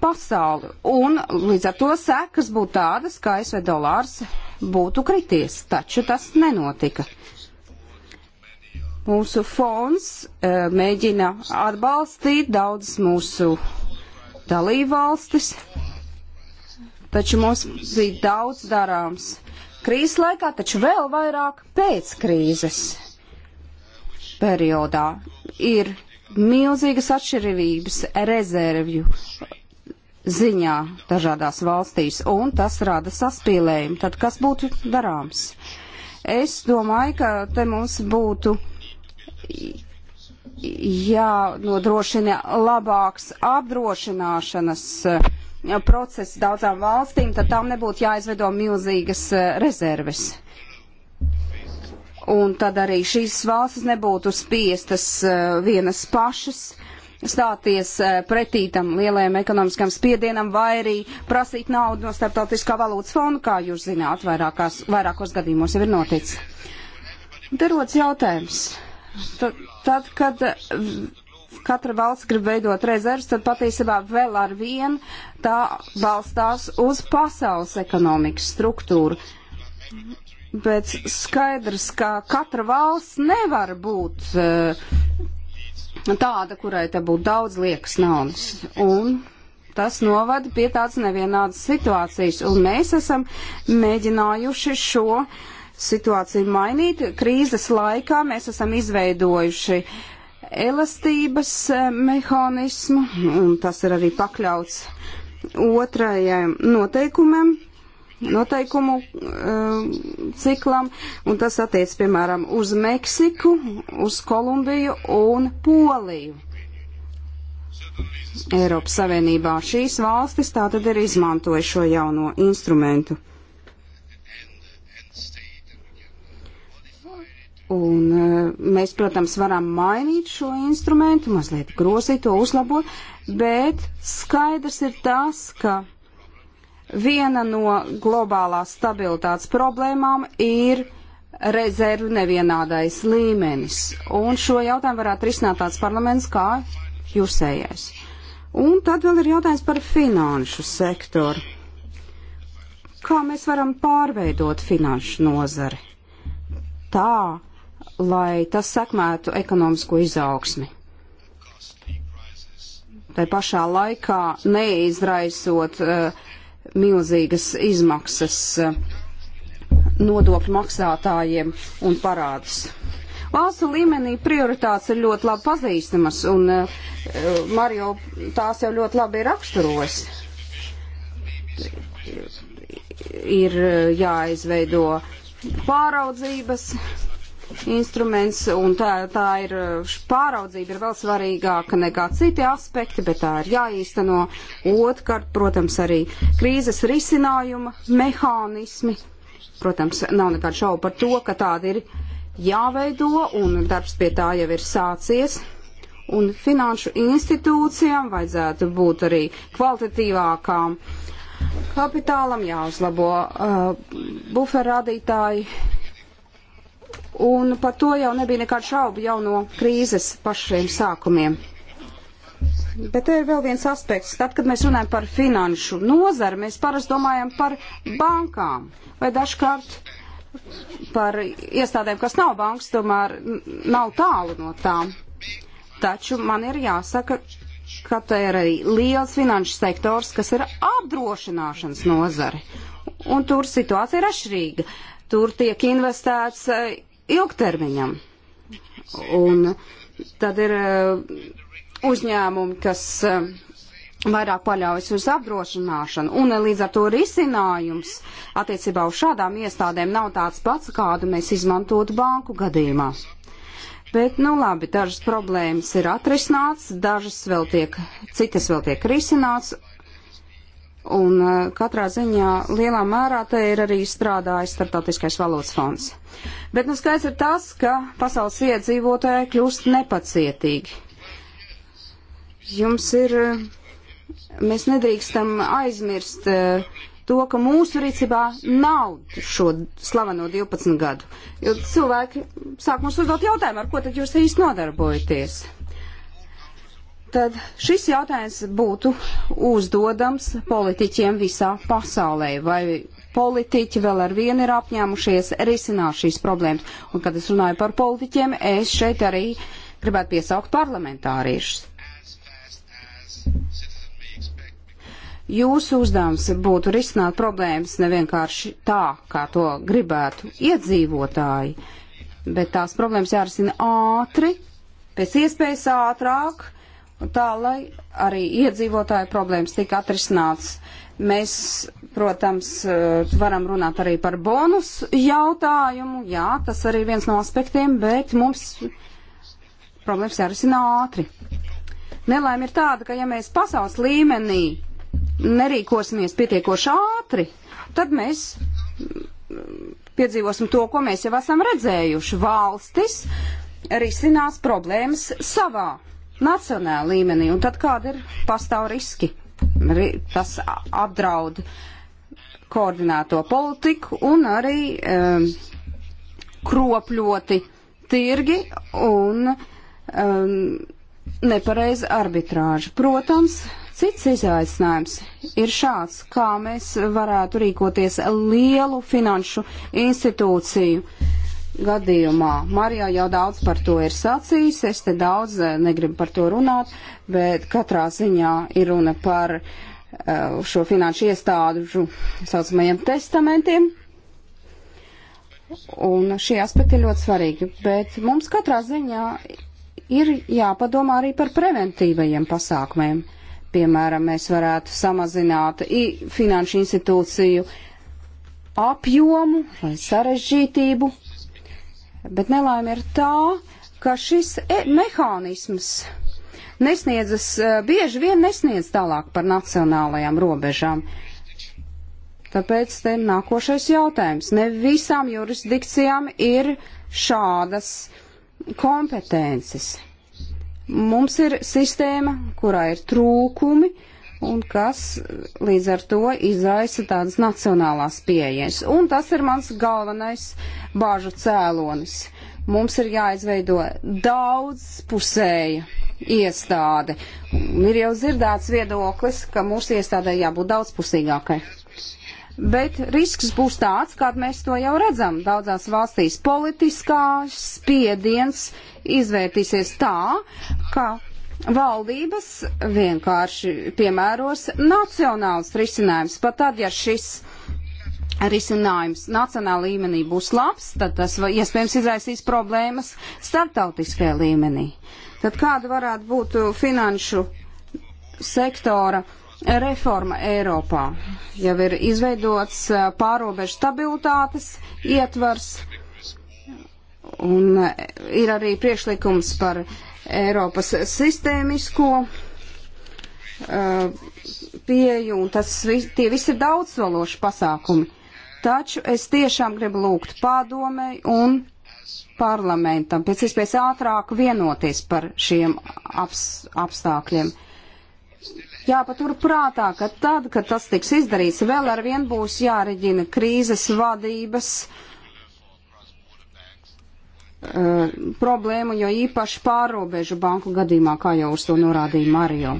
pasauli. Un līdz ar to sekas būtu tādas, ka ASV dolārs būtu krities, taču tas nenotika. Mūsu fonds e, mēģina atbalstīt daudzas mūsu dalībvalstis, taču mums bija daudz darāms krīzes laikā, taču vēl vairāk pēc krīzes periodā ir milzīgas atšķirības rezervju ziņā dažādās valstīs, un tas rada saspīlējumu. Tad kas būtu darāms? Es domāju, ka te mums būtu jānodrošina labāks apdrošināšanas eh, process daudzām valstīm, tad tām nebūtu jāizveido milzīgas eh, rezerves. Un tad arī šīs valstis nebūtu spiestas eh, vienas pašas uh, stāties eh, pretī tam lielajam ekonomiskam spiedienam vai arī prasīt naudu no starptautiskā valūtas fonda, kā jūs zināt, vairākās, vairākos gadījumos jau ir noticis. Te rodas jautājums. Tad, tad, kad eh, katra valsts grib veidot rezerves, tad patiesībā vēl ar vienu tā balstās uz pasaules ekonomikas struktūru. Bet skaidrs, ka katra valsts nevar būt uh, tāda, kurai te būtu daudz liekas naudas. Un tas novada pie tādas nevienādas situācijas. Un mēs esam mēģinājuši šo situāciju mainīt. Krīzes laikā mēs esam izveidojuši elastības eh, mehānismu, un tas ir arī pakļauts otrajam noteikumam noteikumu eh, ciklam, un tas attiec, piemēram, uz Meksiku, uz Kolumbiju un Poliju. Eiropas Savienībā šīs valstis tātad ir izmantojuši šo jauno instrumentu. Un eh, mēs, protams, varam mainīt šo instrumentu, mazliet grozīt to, uzlabot, bet skaidrs ir tas, ka Viena no globālās stabilitātes problēmām ir rezervu nevienādais līmenis, un šo jautājumu varētu risināt tāds parlaments kā jūsējais. Un tad vēl ir jautājums par finanšu sektoru. Kā mēs varam pārveidot finanšu nozari tā, lai tas sekmētu ekonomisko izaugsmi? tai pašā laikā neizraisot uh, milzīgas izmaksas eh, nodokļu maksātājiem un parādus. Valstu līmenī prioritātes ir ļoti labi pazīstamas, un uh, Mario tās jau ļoti labi ir raksturos. Ir eh, jāizveido pāraudzības instruments, un tā, tā ir pāraudzība ir vēl svarīgāka nekā citi aspekti, bet tā ir jāīsteno otrkārt, protams, arī krīzes risinājuma mehānismi. Protams, nav nekāda šauba par to, ka tāda ir jāveido, un darbs pie tā jau ir sācies. Un finanšu institūcijām vajadzētu būt arī kvalitatīvākām kapitālam, jāuzlabo uh, buferu radītāji, un par to jau nebija nekādu šaubu jau no krīzes pašiem sākumiem. Bet te ir vēl viens aspekts. Tad, kad mēs runājam par finanšu nozari, mēs parasti domājam par bankām vai dažkārt par iestādēm, kas nav bankas, tomēr nav tālu no tām. Taču man ir jāsaka, ka te ir arī liels finanšu sektors, kas ir apdrošināšanas nozare. Un tur situācija ir atšķirīga. Tur tiek investēts eh, ilgtermiņam. Un tad ir eh, uzņēmumi, kas eh, vairāk paļaujas uz apdrošināšanu, un eh, līdz ar to risinājums attiecībā uz šādām iestādēm nav tāds pats, kādu mēs izmantotu banku gadījumā. Bet, nu labi, dažas problēmas ir atrisināts, dažas vēl tiek, citas vēl tiek risināts, Un e, katrā ziņā lielā mērā te ir arī strādājis starptautiskais valodas fonds. Bet nu skaidrs ir tas, ka pasaules iedzīvotāji kļūst nepacietīgi. Jums ir, e, mēs nedrīkstam aizmirst e, to, ka mūsu rīcībā nav šo slaveno 12 gadu. Jo cilvēki sāk mums uzdot jautājumu, ar ko tad jūs īsti nodarbojaties? Tātad šis jautājums būtu uzdodams politiķiem visā pasaulē, vai politiķi vēl ar vienu ir apņēmušies risināt šīs problēmas. Un, kad es runāju par politiķiem, es šeit arī gribētu piesaukt parlamentāriešus. Jūsu uzdevums būtu risināt problēmas nevienkārši tā, kā to gribētu iedzīvotāji, bet tās problēmas jārisina ātri, pēc iespējas ātrāk, tā, lai arī iedzīvotāju problēmas tika atrisināts. Mēs, protams, eh, varam runāt arī par bonus jautājumu, jā, tas arī viens no aspektiem, bet mums problēmas jārisina ātri. Nelēma ir tāda, ka ja mēs pasaules līmenī nerīkosimies pietiekoši ātri, tad mēs mm, piedzīvosim to, ko mēs jau esam redzējuši. Valstis risinās problēmas savā nacionāla līmenī, un tad kāda ir pastāv riski? Tas apdraud koordinēto politiku un arī um, kropļoti tirgi un um, nepareiza arbitrāža. Protams, cits izaicinājums ir šāds, kā mēs varētu rīkoties lielu finanšu institūciju uh, gadījumā. Marijā jau daudz par to ir sacījis, es te daudz eh, negribu par to runāt, bet katrā ziņā ir runa par eh, šo finanšu iestādu saucamajiem testamentiem. Un šie aspekti ir ļoti svarīgi, bet mums katrā ziņā ir jāpadomā arī par preventīvajiem pasākumiem. Piemēram, mēs varētu samazināt finanšu institūciju apjomu vai sarežģītību, Bet nelaime ir tā, ka šis e mehānisms nesniedzas, e, bieži vien nesniedz tālāk par nacionālajām robežām. Tāpēc te ir nākošais jautājums. Ne visām jurisdikcijām ir šādas kompetences. Mums ir sistēma, kurā ir trūkumi, un kas līdz ar to izraisa tādas nacionālās pieejas. Un tas ir mans galvenais bāžu cēlonis. Mums ir jāizveido daudzpusēja iestāde. Ir jau dzirdēts viedoklis, ka mūsu iestādē jābūt daudzpusīgākai. Bet risks būs tāds, kād mēs to jau redzam daudzās valstīs. Politiskās spiediens izvērtīsies tā, ka Valdības vienkārši piemēros nacionāls risinājums, pat tad, ja šis risinājums nacionāla līmenī būs labs, tad tas iespējams izraisīs problēmas starptautiskajā līmenī. Tad kāda varētu būt finanšu sektora reforma Eiropā? Jau ir izveidots eh, pārobežu stabilitātes ietvars, un eh, ir arī priekšlikums par Eiropas sistēmisko uh, pieju, un tas, tie visi ir daudzsološi pasākumi. Taču es tiešām gribu lūgt padomei un parlamentam pēc iespējas ātrāk vienoties par šiem aps, apstākļiem. Jāpatur prātā, ka tad, kad tas tiks izdarīts, vēl ar vien būs jāreģina krīzes vadības uh, uh, problēmu, jo īpaši pārobežu banku gadījumā, kā jau uz to norādīja Mario.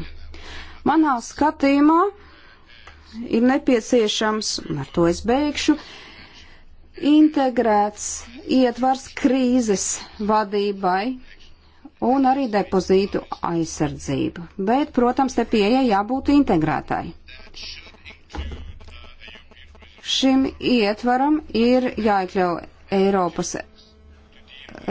Manā skatījumā ir nepieciešams, un ar to es beigšu, integrēts ietvars krīzes vadībai un arī depozītu aizsardzību. Bet, protams, te pieeja jābūt integrētai. Šim ietvaram ir jāiekļauj Eiropas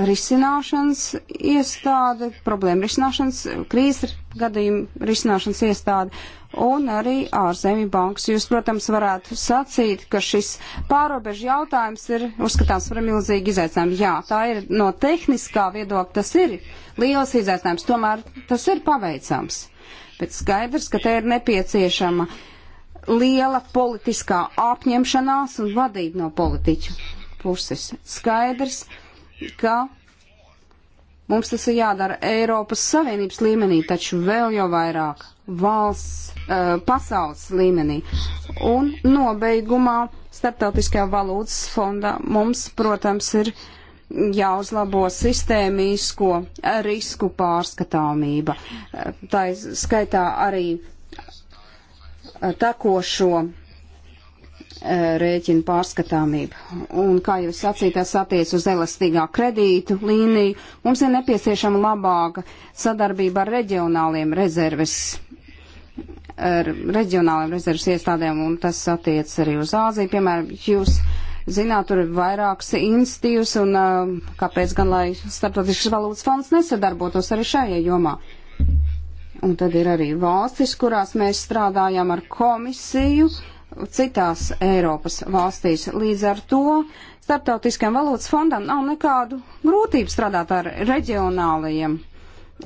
risināšanas iestāde, problēma risināšanas, krīzes gadījuma risināšanas iestāde un arī ārzemju bankas. Jūs, protams, varētu sacīt, ka šis pārobežu jautājums ir uzskatāms par milzīgu izaicinājumu. Jā, tā ir no tehniskā viedokļa, tas ir liels izaicinājums, tomēr tas ir paveicams. Bet skaidrs, ka te ir nepieciešama liela politiskā apņemšanās un vadība no politiķu puses. Skaidrs ka mums tas ir jādara Eiropas Savienības līmenī, taču vēl jau vairāk valsts, uh, pasaules līmenī. Un nobeigumā Startautiskajā valūtas fondā mums, protams, ir jāuzlabo sistēmisko risku pārskatāmība. Eh, tā skaitā arī takošo rēķina pārskatāmību. Un, kā jau es sacīju, tas attiec uz elastīgā kredītu līniju. Mums ir nepieciešama labāka sadarbība ar reģionāliem rezerves, ar reģionāliem rezerves iestādēm, un tas attiec arī uz Āziju. Piemēram, jūs zināt, tur ir vairākas institīvas, un kāpēc gan, lai starptautiskas valūtas fonds nesadarbotos arī šajā jomā? Un tad ir arī valstis, kurās mēs strādājam ar komisiju, uh, citās Eiropas valstīs. Līdz ar to starptautiskajam valūtas fondam nav nekādu grūtību strādāt ar reģionālajiem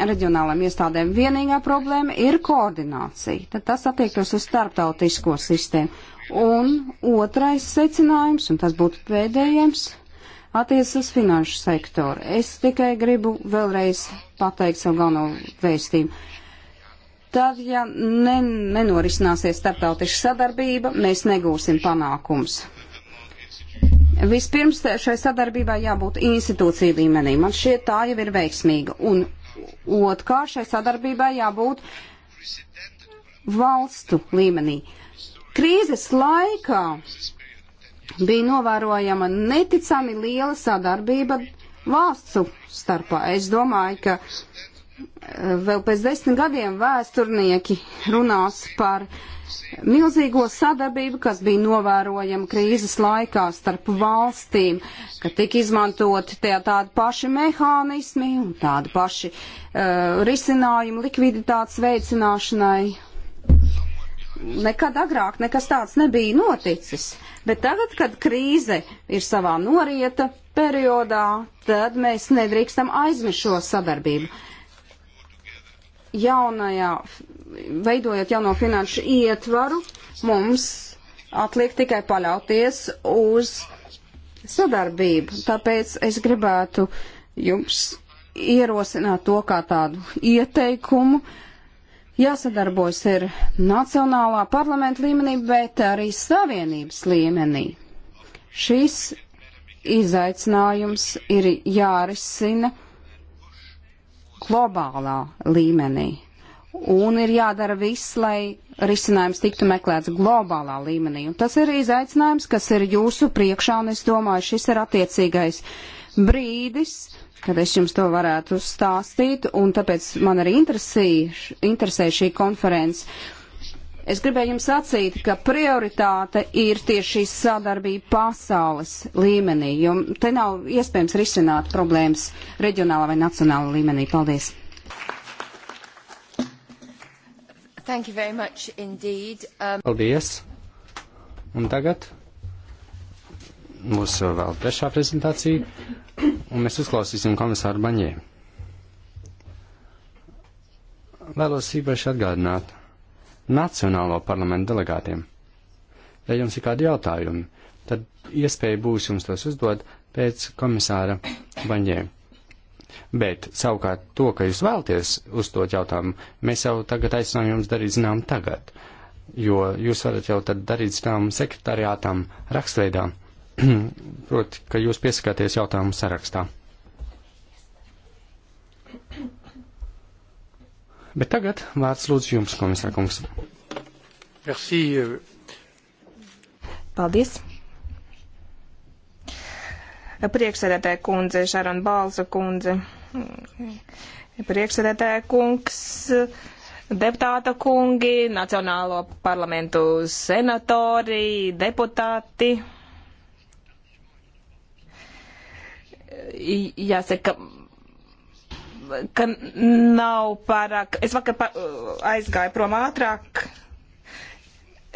reģionālām iestādēm. Vienīgā problēma ir koordinācija. Tad tas attiektos uz starptautisko sistēmu. Un otrais secinājums, un tas būtu pēdējais, attiecas uz finanšu sektoru. Es tikai gribu vēlreiz pateikt savu galveno vēstījumu. Tad, ja ne, nenorisināsies starptautiska sadarbība, mēs negūsim panākums. Vispirms šai sadarbībai jābūt institūcija līmenī. Man šķiet, tā jau ir veiksmīga. Un otrkārt, šai sadarbībai jābūt valstu līmenī. Krīzes laikā bija novērojama neticami liela sadarbība valstu starpā. Es domāju, ka vēl pēc desmit gadiem vēsturnieki runās par milzīgo sadarbību, kas bija novērojama krīzes laikā starp valstīm, ka tika izmantoti tie tādi paši mehānismi un tādi paši uh, risinājumi likviditātes veicināšanai. Nekad agrāk nekas tāds nebija noticis, bet tagad, kad krīze ir savā norieta periodā, tad mēs nedrīkstam aizmirst šo sadarbību. Uh, jaunajā, veidojot jauno finanšu ietvaru, mums atliek tikai paļauties uz sadarbību. Tāpēc es gribētu jums ierosināt to kā tādu ieteikumu. Jāsadarbojas ir nacionālā parlamenta līmenī, bet arī savienības līmenī. Šis izaicinājums ir jārisina globālā līmenī. Un ir jādara viss, lai risinājums tiktu meklēts globālā līmenī. Un tas ir izaicinājums, kas ir jūsu priekšā, un es domāju, šis ir attiecīgais brīdis, kad es jums to varētu stāstīt, un tāpēc man arī interesē šī konference. Es gribēju jums sacīt, ka prioritāte ir tieši šī sadarbība pasaules līmenī, jo te nav iespējams risināt problēmas reģionālā vai nacionālā līmenī. Paldies! Thank you very much indeed. Um... Paldies! Un tagad mūsu vēl trešā prezentācija, un mēs uzklausīsim komisāru Baņē. Vēlos īpaši atgādināt, nacionālo parlamentu delegātiem. Ja jums ir kādi jautājumi, tad iespēja būs jums tos uzdot pēc komisāra Baņē. Bet, savukārt, to, ka jūs vēlties uzdot jautājumu, mēs jau tagad aicinām jums darīt zinām tagad, jo jūs varat jau tad darīt zinām sekretariātām rakstveidā, proti, ka jūs piesakāties jautājumu sarakstā. Bet tagad vārds lūdzu jums, komisār kungs. Merci. Euh. Paldies. Priekšsēdētāja kundze, Šarona Balza kundze, priekšsēdētāja kungs, deputāta kungi, Nacionālo parlamentu senatori, deputāti. Jāsaka, ka nav pārāk. Es vakar pa, aizgāju prom ātrāk.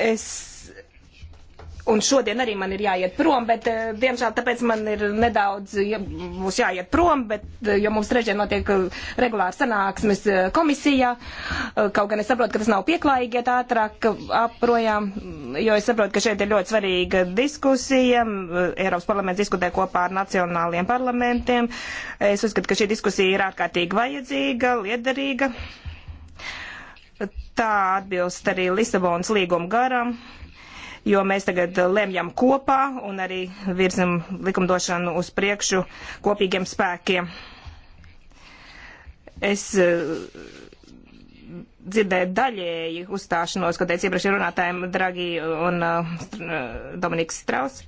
Es Un šodien arī man ir jāiet prom, bet, eh, diemžēl, tāpēc man ir nedaudz, ja mums jāiet prom, bet, eh, jo mums trešdien notiek eh, regulāri sanāksmes komisijā, kaut gan es saprotu, ka tas nav pieklājīgi iet ātrāk aprojām, jo es saprotu, ka šeit ir ļoti svarīga diskusija. Eiropas parlaments diskutē kopā ar nacionāliem parlamentiem. Es uzskatu, ka šī diskusija ir ārkārtīgi vajadzīga, liederīga. Tā atbilst arī Lisabonas līguma garam jo mēs tagad lemjam kopā un arī virzam likumdošanu uz priekšu kopīgiem spēkiem. Es eh, dzirdēju daļēji uzstāšanos, ko teica iepriekšējiem runātājiem Dragi un eh, Dominiks Strauss.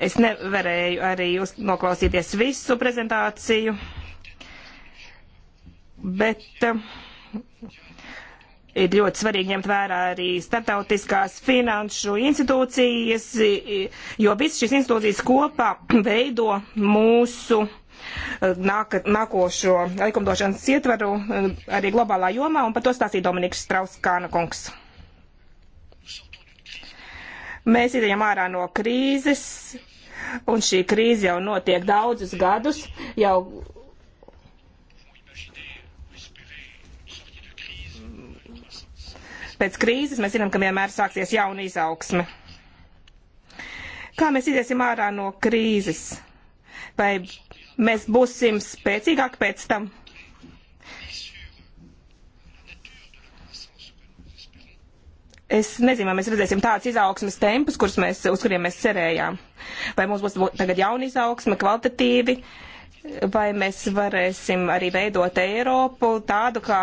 Es nevarēju arī noklausīties visu prezentāciju, bet uh, ir ļoti svarīgi ņemt vērā arī starptautiskās finanšu institūcijas, jo visas šīs institūcijas kopā veido mūsu eh, nāk, nākošo likumdošanas ietvaru eh, arī globālā jomā, un par to stāstīja Dominiks Strauss-Kāna kungs. Mēs idejam ārā no krīzes, un šī krīze jau notiek daudzus gadus, jau pēc krīzes mēs zinām, ka vienmēr sāksies jauna izaugsme. Kā mēs iziesim ārā no krīzes? Vai mēs būsim spēcīgāki pēc tam? es nezinu, vai mēs redzēsim tādas izaugsmes tempus, kurus mēs, uz kuriem mēs cerējām. Vai mums būs tagad jauna izaugsme, kvalitatīvi, uh, vai mēs varēsim arī veidot Eiropu tādu, kā,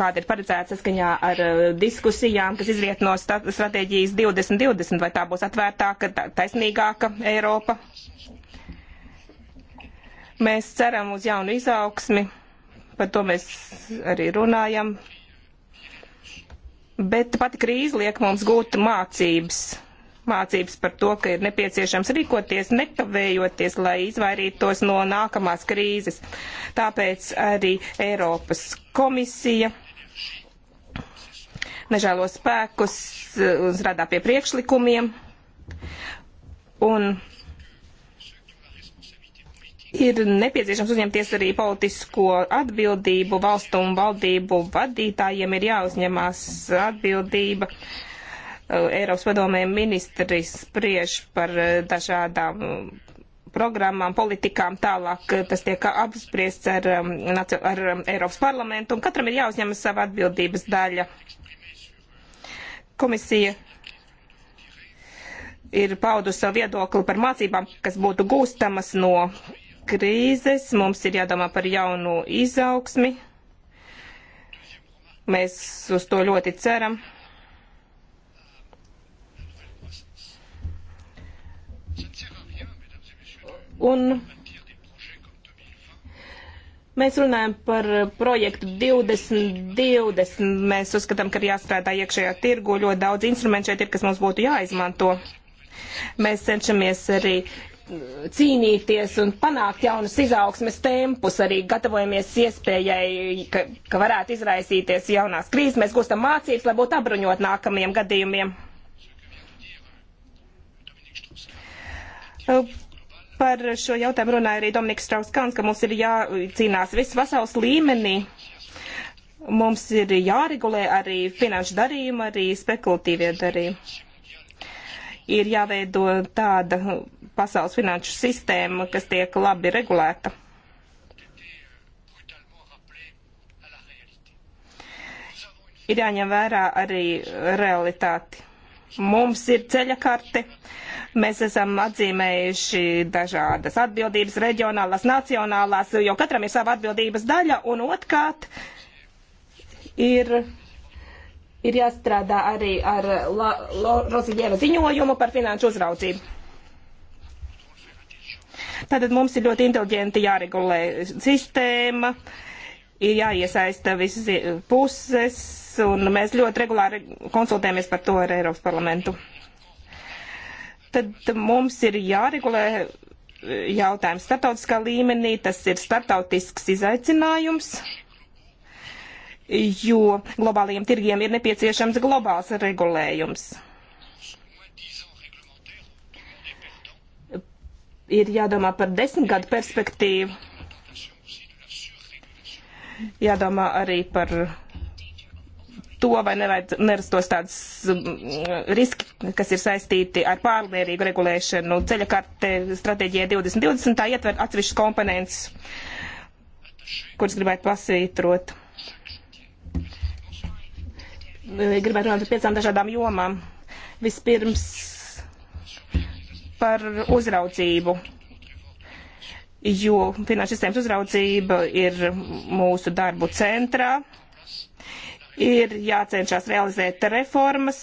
kāda ir paredzēta saskaņā ar eh, diskusijām, kas izriet no stratēģijas 2020, vai tā būs atvērtāka, taisnīgāka Eiropa. Mēs ceram uz jaunu izaugsmi, par to mēs arī runājam, bet pati krīze liek mums gūt mācības mācības par to, ka ir nepieciešams rīkoties, nekavējoties, lai izvairītos no nākamās krīzes. Tāpēc arī Eiropas komisija nežēlo spēkus uh, strādā pie priekšlikumiem. Un ir nepieciešams uzņemties arī politisko atbildību valstu un valdību vadītājiem ir jāuzņemās atbildība. Uh, Eh, Eiropas padomē ministri spriež par eh, dažādām mm, programmām, politikām tālāk eh, tas tiek apspriests ar, mm, ar mm, Eiropas parlamentu, un katram ir jāuzņemas sava atbildības daļa. Komisija ir paudusi savu viedokli par mācībām, kas būtu gūstamas no krīzes. Mums ir jādomā par jaunu izaugsmi. Mēs uz to ļoti ceram. Un Mēs runājam par projektu 2020. Mēs uzskatām, ka ir jāstrādā iekšējā tirgu. Ļoti daudz instrumentu šeit ir, kas mums būtu jāizmanto. Mēs cenšamies arī cīnīties un panākt jaunus izaugsmes tempus, arī gatavojamies iespējai, ka, ka varētu izraisīties jaunās krīzes. Mēs gūstam mācības, lai būtu apbruņot nākamajiem gadījumiem. Uh, Par šo jautājumu runāja arī Dominiks Strauskans, ka mums ir jācīnās viss pasaules līmenī. Mums ir jāregulē arī finanšu darījumi, arī spekulatīvie darījumi ir jāveido tāda pasaules finanšu sistēma, kas tiek labi regulēta. Ir jāņem vērā arī realitāti. Mums ir ceļa karte, Mēs esam atzīmējuši dažādas atbildības, reģionālās, nacionālās, jo katram ir sava atbildības daļa, un otrkārt ir, ir jāstrādā arī ar Roziņieva ziņojumu par finanšu uzraudzību. Tātad mums ir ļoti inteliģenti jāregulē sistēma, ir jāiesaista visas puses, un mēs ļoti regulāri konsultējamies par to ar Eiropas parlamentu tad mums ir jāregulē e, jautājums starptautiskā līmenī, tas ir starptautisks izaicinājums, jo globālajiem tirgiem ir nepieciešams globāls regulējums. Ir jādomā par desmitgadu perspektīvu, jādomā arī par to, vai nerastos tāds mm, riski, kas ir saistīti ar pārmērīgu regulēšanu. Ceļa karte stratēģija 2020 tā ietver atsevišķas komponents, kuras gribētu pasvītrot. Gribētu runāt par piecām dažādām jomām. Vispirms par uzraudzību jo finanšu sistēmas uzraudzība ir mūsu darbu centrā ir jācenšas realizēt reformas,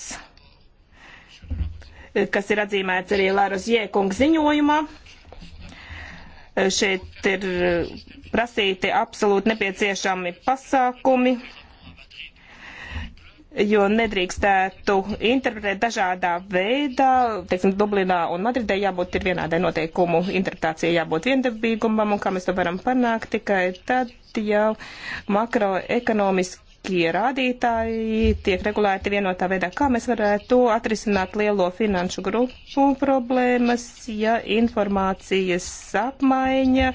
kas ir atzīmēts arī Lāras Jēkunga ziņojumā. Šeit ir prasīti absolūti nepieciešami pasākumi, jo nedrīkstētu interpretēt dažādā veidā. Teiksim, Dublinā un Madridē jābūt ir vienādai noteikumu interpretācijai, jābūt viendabīgumam, un kā mēs to varam panākt tikai tad, ja makroekonomiski ekonomiskie rādītāji tiek regulēti vienotā veidā. Kā mēs varētu atrisināt lielo finanšu grupu problēmas, ja informācijas apmaiņa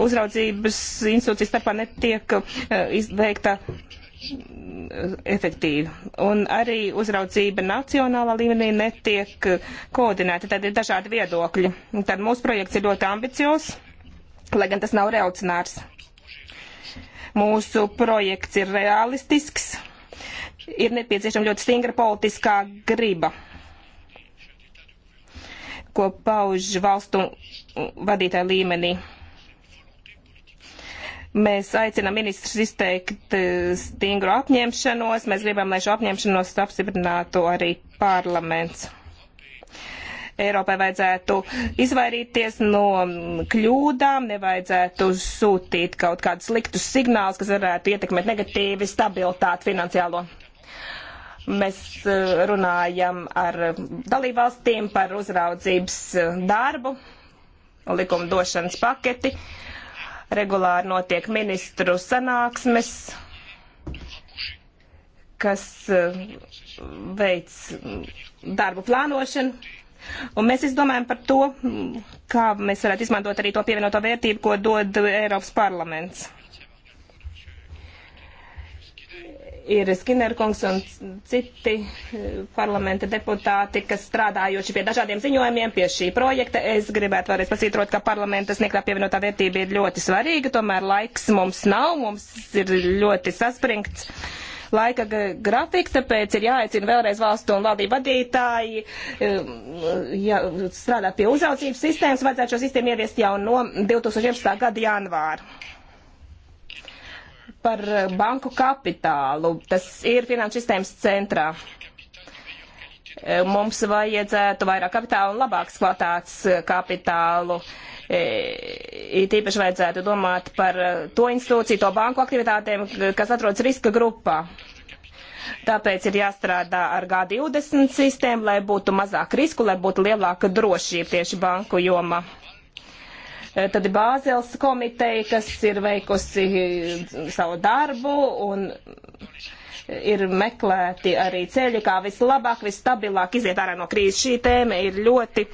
uzraudzības institūcijas starpā netiek eh, izveikta eh, efektīvi. Un arī uzraudzība nacionālā līmenī netiek koordinēta, tad ir dažādi viedokļi. Tad mūsu projekts ir ļoti ambiciozs, lai gan tas nav reaucionārs. Mūsu projekts ir realistisks, ir nepieciešama ļoti stingra politiskā griba, ko pauž valstu vadītāju līmenī. Mēs aicinām ministrus izteikt e, stingru apņemšanos. Mēs gribam, lai šo apņemšanos apstiprinātu arī parlaments. Eiropai vajadzētu izvairīties no kļūdām, nevajadzētu sūtīt kaut kādus sliktus signālus, kas varētu ietekmēt negatīvi stabilitāti finansiālo. Mēs eh, runājam ar dalībvalstīm par uzraudzības eh, darbu, likumdošanas paketi. Regulāri notiek ministru sanāksmes, kas eh, veic darbu plānošanu Un mēs izdomājam par to, kā mēs varētu izmantot arī to pievienoto vērtību, ko dod Eiropas parlaments. Ir Skinner kungs un citi eh, parlamenta deputāti, kas strādājuši pie dažādiem ziņojumiem, pie šī projekta. Es gribētu vēlreiz pasītrot, ka parlamenta sniegtā pievienotā vērtība ir ļoti svarīga, tomēr laiks mums nav, mums ir ļoti saspringts. Uh, laika grafiks, tāpēc ir jāaicina vēlreiz valstu un valdību vadītāji um, ja strādāt pie uzraudzības sistēmas, vajadzētu šo sistēmu ieviest jau no 2011. gada janvāra par uh, banku kapitālu. Tas ir finanšu sistēmas centrā. Uh, mums vajadzētu vairāk kapitāla un labāks kvalitātes uh, kapitālu. Uh, E, it īpaši vajadzētu domāt par e, to institūciju, to banku aktivitātēm, kas atrodas riska grupā. Tāpēc ir jāstrādā ar G20 sistēmu, lai būtu mazāk risku, lai būtu lielāka drošība tieši banku jomā. E, tad ir Bāzels komiteja, kas ir veikusi savu darbu un ir meklēti arī ceļi, kā vislabāk, visstabilāk iziet ārā no krīzes. Šī tēma ir ļoti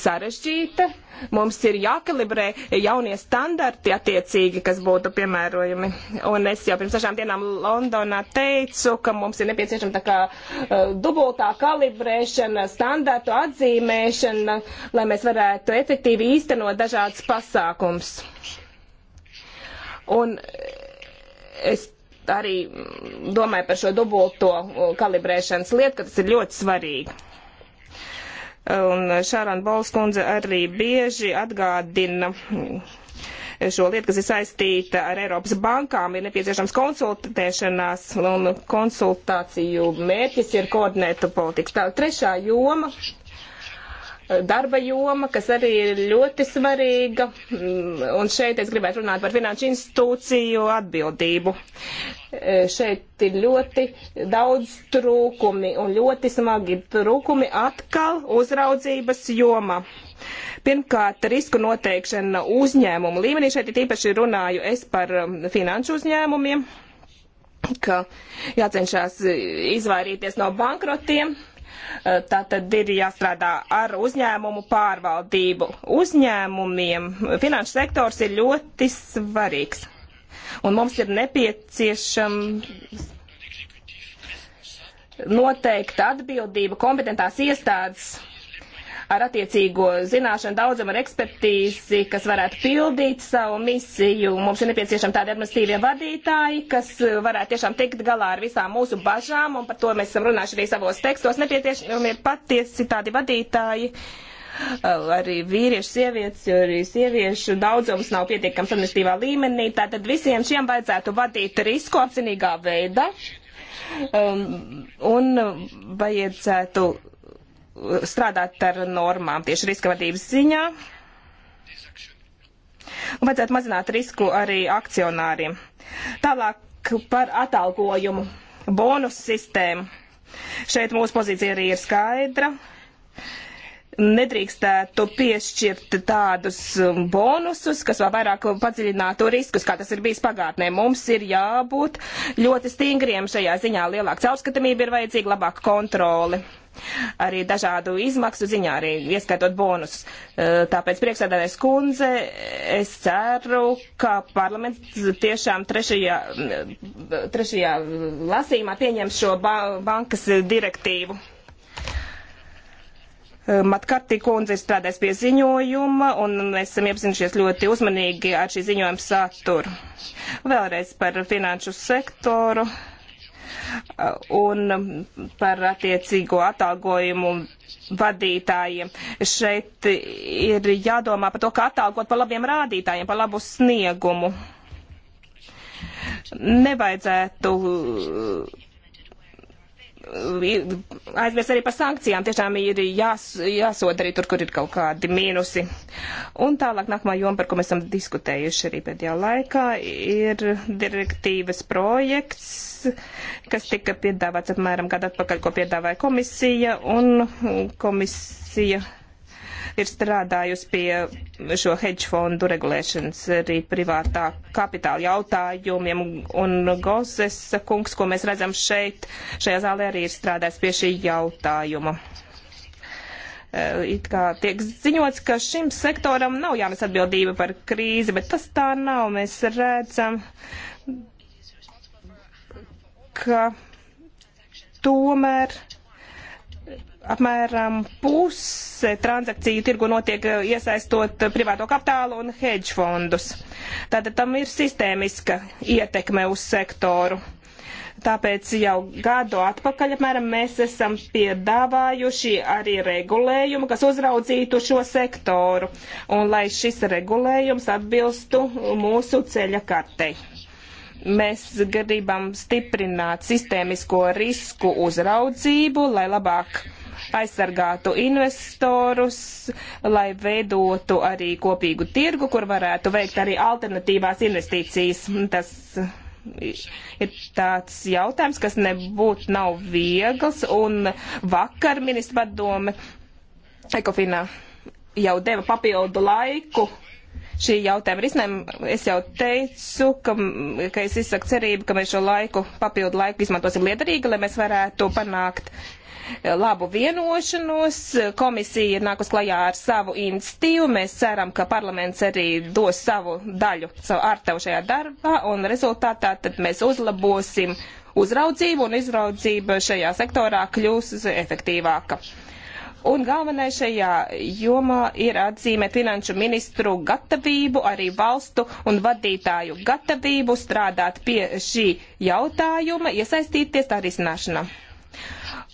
sarežģīta. Mums ir jākalibrē jaunie standarti attiecīgi, kas būtu piemērojami. Un es jau pirms dažām dienām Londonā teicu, ka mums ir nepieciešama tā kā uh, dubultā kalibrēšana, standartu atzīmēšana, lai mēs varētu efektīvi īstenot dažādas pasākums. Un es arī domāju par šo dubulto uh, kalibrēšanas lietu, ka tas ir ļoti svarīgi. Un Šārāna Bolskundze arī bieži atgādina šo lietu, kas ir saistīta ar Eiropas bankām, ir nepieciešams konsultēšanās, un konsultāciju mērķis ir koordinēta politika. Tā trešā joma darba joma, kas arī ir ļoti svarīga. Mm, un šeit es gribētu runāt par finanšu institūciju atbildību. E, šeit ir ļoti daudz trūkumi un ļoti smagi trūkumi atkal uzraudzības joma. Pirmkārt, risku noteikšana uzņēmumu līmenī. Šeit ir īpaši runāju es par um, finanšu uzņēmumiem, ka jācenšas izvairīties no bankrotiem Eh, Tā tad ir jāstrādā ar uzņēmumu pārvaldību. Uzņēmumiem finanšu sektors ir ļoti svarīgs. Un mums ir nepieciešams noteikta atbildība kompetentās iestādes ar attiecīgo zināšanu daudzumu, ar ekspertīzi, kas varētu pildīt savu misiju. Mums ir nepieciešami tādi administratīvie vadītāji, kas varētu tiešām tikt galā ar visām mūsu bažām, un par to mēs esam runājuši arī savos tekstos. Nepieciešami ir patiesi tādi vadītāji arī vīriešu, sievietes, jo arī sieviešu daudzums nav pietiekams administratīvā līmenī. Tātad visiem šiem vajadzētu vadīt risku apzinīgā veidā. Um, un vajadzētu strādāt ar normām tieši riska vadības ziņā. Un vajadzētu mazināt risku arī akcionāriem. Tālāk par atalgojumu bonus sistēmu. Šeit mūsu pozīcija arī ir skaidra. Nedrīkstētu piešķirt tādus bonusus, kas vēl vairāk padziļinātu riskus, kā tas ir bijis pagātnē. Mums ir jābūt ļoti stingriem šajā ziņā. Lielāka caurskatamība ir vajadzīga, labāka kontrole arī dažādu izmaksu ziņā, arī ieskaitot bonusus. E, tāpēc priekšsēdētājs kundze, es ceru, ka parlaments tiešām trešajā, trešajā lasīmā pieņems šo ba bankas direktīvu. E, Matkartī kundze ir strādājis pie ziņojuma, un mēs esam iepazinušies ļoti uzmanīgi ar šī ziņojuma saturu. Vēlreiz par finanšu sektoru. Uh, un par attiecīgo atalgojumu vadītājiem. Šeit ir jādomā par to, kā atalgot par labiem rādītājiem, par labu sniegumu. Nevajadzētu aizmirst arī par sankcijām. Tiešām ir jās, jāsod arī tur, kur ir kaut kādi mīnusi. Un tālāk nākamā joma, par ko mēs esam diskutējuši arī pēdējā laikā, ir direktīvas projekts, kas tika piedāvāts apmēram gadu atpakaļ, ko piedāvāja komisija, un komisija ir strādājusi pie šo hedge fondu regulēšanas arī privātā kapitāla jautājumiem. Un Gozes kungs, ko mēs redzam šeit, šajā zālē arī ir strādājis pie šī jautājuma. It kā tiek ziņots, ka šim sektoram nav jānes atbildība par krīzi, bet tas tā nav. Mēs redzam, ka tomēr apmēram puse transakciju tirgu notiek eh, iesaistot eh, privāto kapitālu un hedge fondus. Tātad tam ir sistēmiska ietekme uz sektoru. Tāpēc jau gadu atpakaļ apmēram mēs esam piedāvājuši arī regulējumu, kas uzraudzītu šo sektoru, un lai šis regulējums atbilstu mūsu ceļa kartei mēs gribam stiprināt sistēmisko risku uzraudzību, lai labāk aizsargātu investorus, lai veidotu arī kopīgu tirgu, kur varētu veikt arī alternatīvās investīcijas. Tas ir tāds jautājums, kas nebūtu nav viegls, un vakar ministra padome Ekofinā jau deva papildu laiku šī jautājuma risinājumu. Es jau teicu, ka, ka es izsaku cerību, ka mēs šo laiku, papildu laiku izmantosim liederīgi, lai mēs varētu panākt labu vienošanos. Komisija ir nākus klajā ar savu institīvu. Mēs ceram, ka parlaments arī dos savu daļu, savu ārtevu šajā darbā, un rezultātā tad mēs uzlabosim uzraudzību, un izraudzība šajā sektorā kļūs efektīvāka. Un galvenais šajā jomā ir atzīmēt finanšu ministru gatavību, arī valstu un vadītāju gatavību strādāt pie šī jautājuma, iesaistīties tā risināšanā.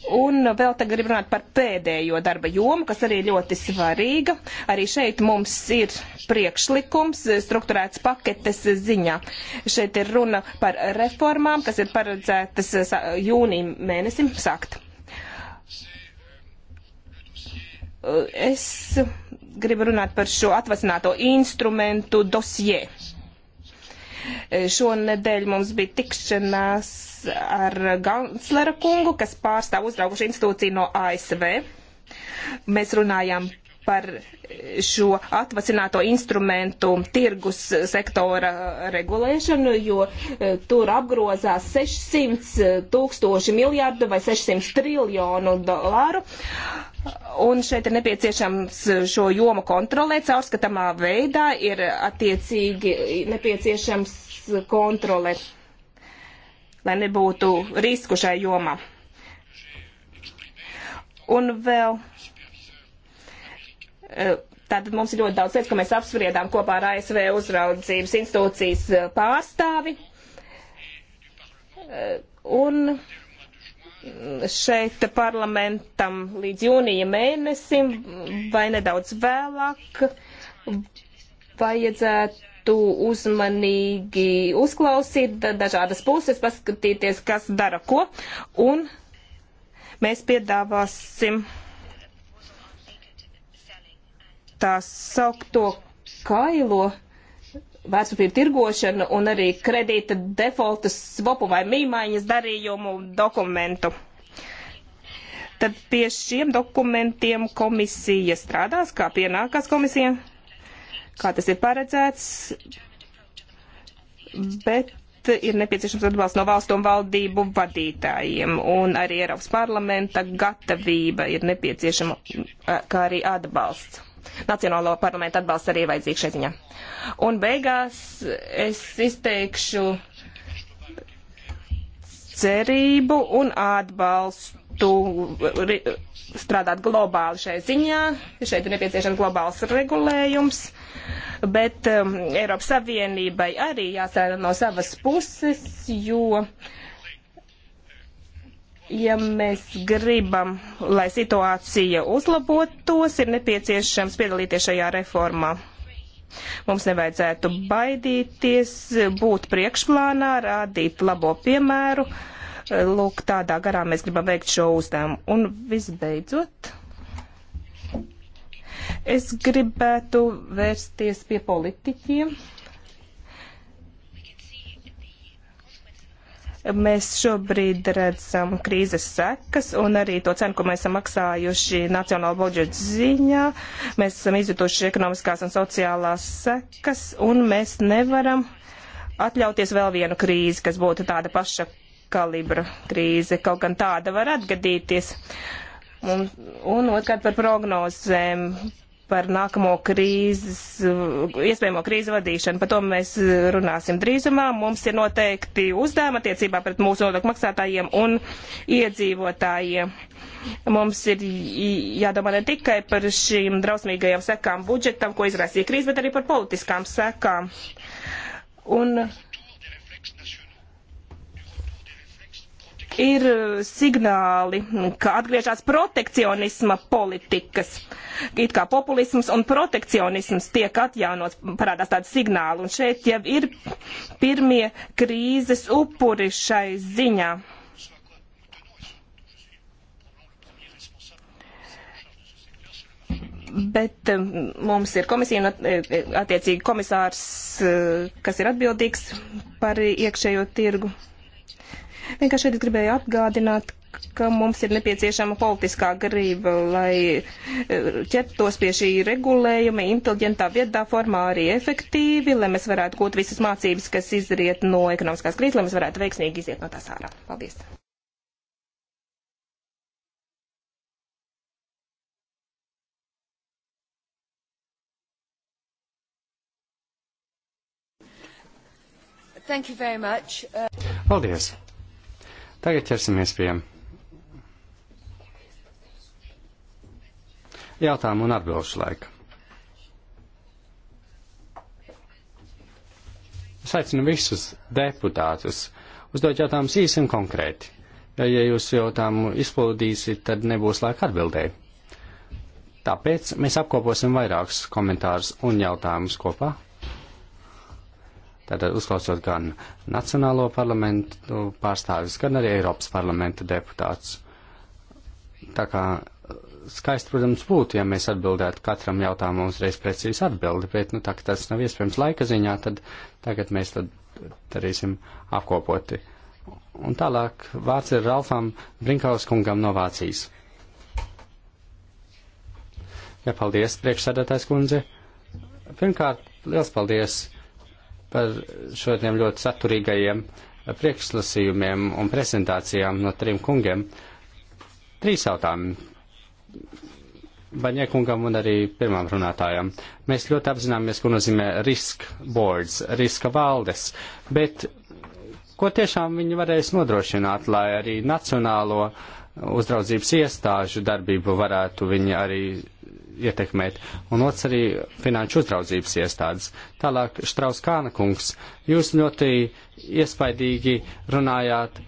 Un vēl tagad grib runāt par pēdējo darba jomu, kas arī ļoti svarīga. Arī šeit mums ir priekšlikums struktūrēts paketes ziņā. Šeit ir runa par reformām, kas ir paredzētas jūnijam mēnesim sākt. Es gribu runāt par šo atvasināto instrumentu dosieru Šonedēļ mums bija tikšanās ar Ganslera kungu, kas pārstāv uzraugušu institūciju no ASV. Mēs runājām par šo atvasināto instrumentu tirgus sektora regulēšanu, jo e, tur apgrozās 600 tūkstoši miljārdu vai 600 triljonu dolāru. Un šeit ir nepieciešams šo jomu kontrolēt caurskatāmā veidā, ir attiecīgi nepieciešams kontrolēt, lai nebūtu risku šai jomā. Un vēl. Tātad e, mums ir ļoti daudz lietas, ko mēs apspriedām kopā ar ASV uzraudzības institūcijas e, pārstāvi. E, un šeit parlamentam līdz jūnija mēnesim vai nedaudz vēlāk vajadzētu uzmanīgi uzklausīt dažādas puses, paskatīties, kas dara ko, un mēs piedāvāsim tā saukto kailo vērtspapīra tirgošanu un arī kredīta defaulta svopu vai mīmaiņas darījumu dokumentu. Tad pie šiem dokumentiem komisija strādās, kā pienākās komisija, kā tas ir paredzēts, bet ir nepieciešams atbalsts no valstu un valdību vadītājiem, un arī Eiropas parlamenta gatavība ir nepieciešama, kā arī atbalsts. Nacionālo parlamentu atbalsts arī vajadzīgs šai ziņā. Un beigās es izteikšu cerību un atbalstu strādāt globāli šai ziņā. Šeit ir nepieciešams globāls regulējums, bet um, Eiropas Savienībai arī jāsēra no savas puses, jo uh, ja mēs gribam, lai situācija uzlabotos, ir nepieciešams piedalīties šajā reformā. Mums nevajadzētu baidīties, būt priekšplānā, rādīt labo piemēru. Lūk, tādā garā mēs gribam veikt šo uzdevumu. Un visbeidzot, es gribētu vērsties pie politiķiem. Mēs šobrīd redzam krīzes sekas un arī to cenu, ko mēs esam maksājuši nacionāla budžeta ziņā. Mēs esam izjutuši ekonomiskās un sociālās sekas un mēs nevaram atļauties vēl vienu krīzi, kas būtu tāda paša kalibra krīze. Kaut gan tāda var atgadīties. Un, un otrkārt par prognozēm par nākamo krīzes, iespējamo krīzu vadīšanu. Par to mēs runāsim drīzumā. Mums ir noteikti uzdevumi attiecībā pret mūsu nodokļu maksātājiem un iedzīvotājiem. Mums ir jādomā ne tikai par šīm drausmīgajām sekām budžetam, ko izraisīja krīze, bet arī par politiskām sekām. Un ir eh, signāli, ka atgriežas protekcionisma politikas. It kā populisms un protekcionisms tiek atjaunots, parādās tāds signāli, un šeit jau ir pirmie krīzes upuri šai ziņā. bet eh, mums ir komisija un eh, attiecīgi komisārs, kas ir atbildīgs par iekšējo tirgu. Vienkārši šeit gribēju atgādināt, ka mums ir nepieciešama politiskā grība, lai e, ķertos pie šī regulējuma inteliģentā viedā formā arī efektīvi, lai mēs varētu gūt visas mācības, kas izriet no ekonomiskās krīzes, lai mēs varētu veiksmīgi iziet no tās ārā. Paldies! Thank you very much. Uh... Paldies! Tagad ķersimies pie jautājumu un atbilžu laika. Es aicinu visus deputātus uzdot jautājumus īsi un konkrēti. Ja, ja jūs jautājumu izplūdīsiet, tad nebūs laika atbildēji. Tāpēc mēs apkoposim vairākus komentārus un jautājumus kopā Tātad uzklausot gan Nacionālo parlamentu pārstāvis, gan arī Eiropas parlamenta deputāts. Tā kā skaisti, protams, būtu, ja mēs atbildētu katram jautājumam uzreiz precīzi atbildi, bet, nu, tā kā tas nav iespējams laika ziņā, tad tagad mēs tad darīsim apkopoti. Un tālāk vārds ir Ralfam Brinkauskungam no Vācijas. Jā, paldies, priekšsēdētājs kundze. Pirmkārt, liels paldies par šodien ļoti saturīgajiem priekšlasījumiem un prezentācijām no trim kungiem. Trīs jautājumi. Baņiekungam un arī pirmām runātājām. Mēs ļoti apzināmies, ko nozīmē risk boards, riska valdes, bet ko tiešām viņi varēs nodrošināt, lai arī nacionālo uzraudzības iestāžu darbību varētu viņi arī ietekmēt, un otrs arī finanšu uzraudzības iestādes. Tālāk, Štraus Kāna kungs, jūs ļoti iespaidīgi runājāt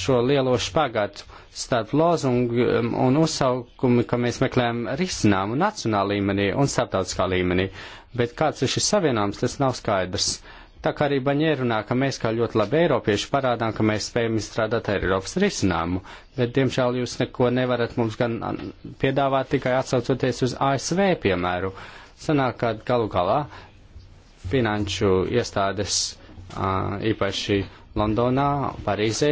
šo lielo špagātu starp lozungu um, un uzsaukumu, ka mēs meklējam risinājumu nacionālā līmenī un starptautiskā līmenī, bet kāds ir šis savienojums, tas nav skaidrs. Uh, Tā kā arī Baņē runā, ka mēs kā ļoti labi eiropieši parādām, ka mēs spējam izstrādāt ar Eiropas risinājumu, bet diemžēl jūs neko nevarat mums gan piedāvāt tikai atsaucoties uz ASV piemēru. Sanāk, ka galu galā finanšu iestādes, īpaši Londonā, Parīzē,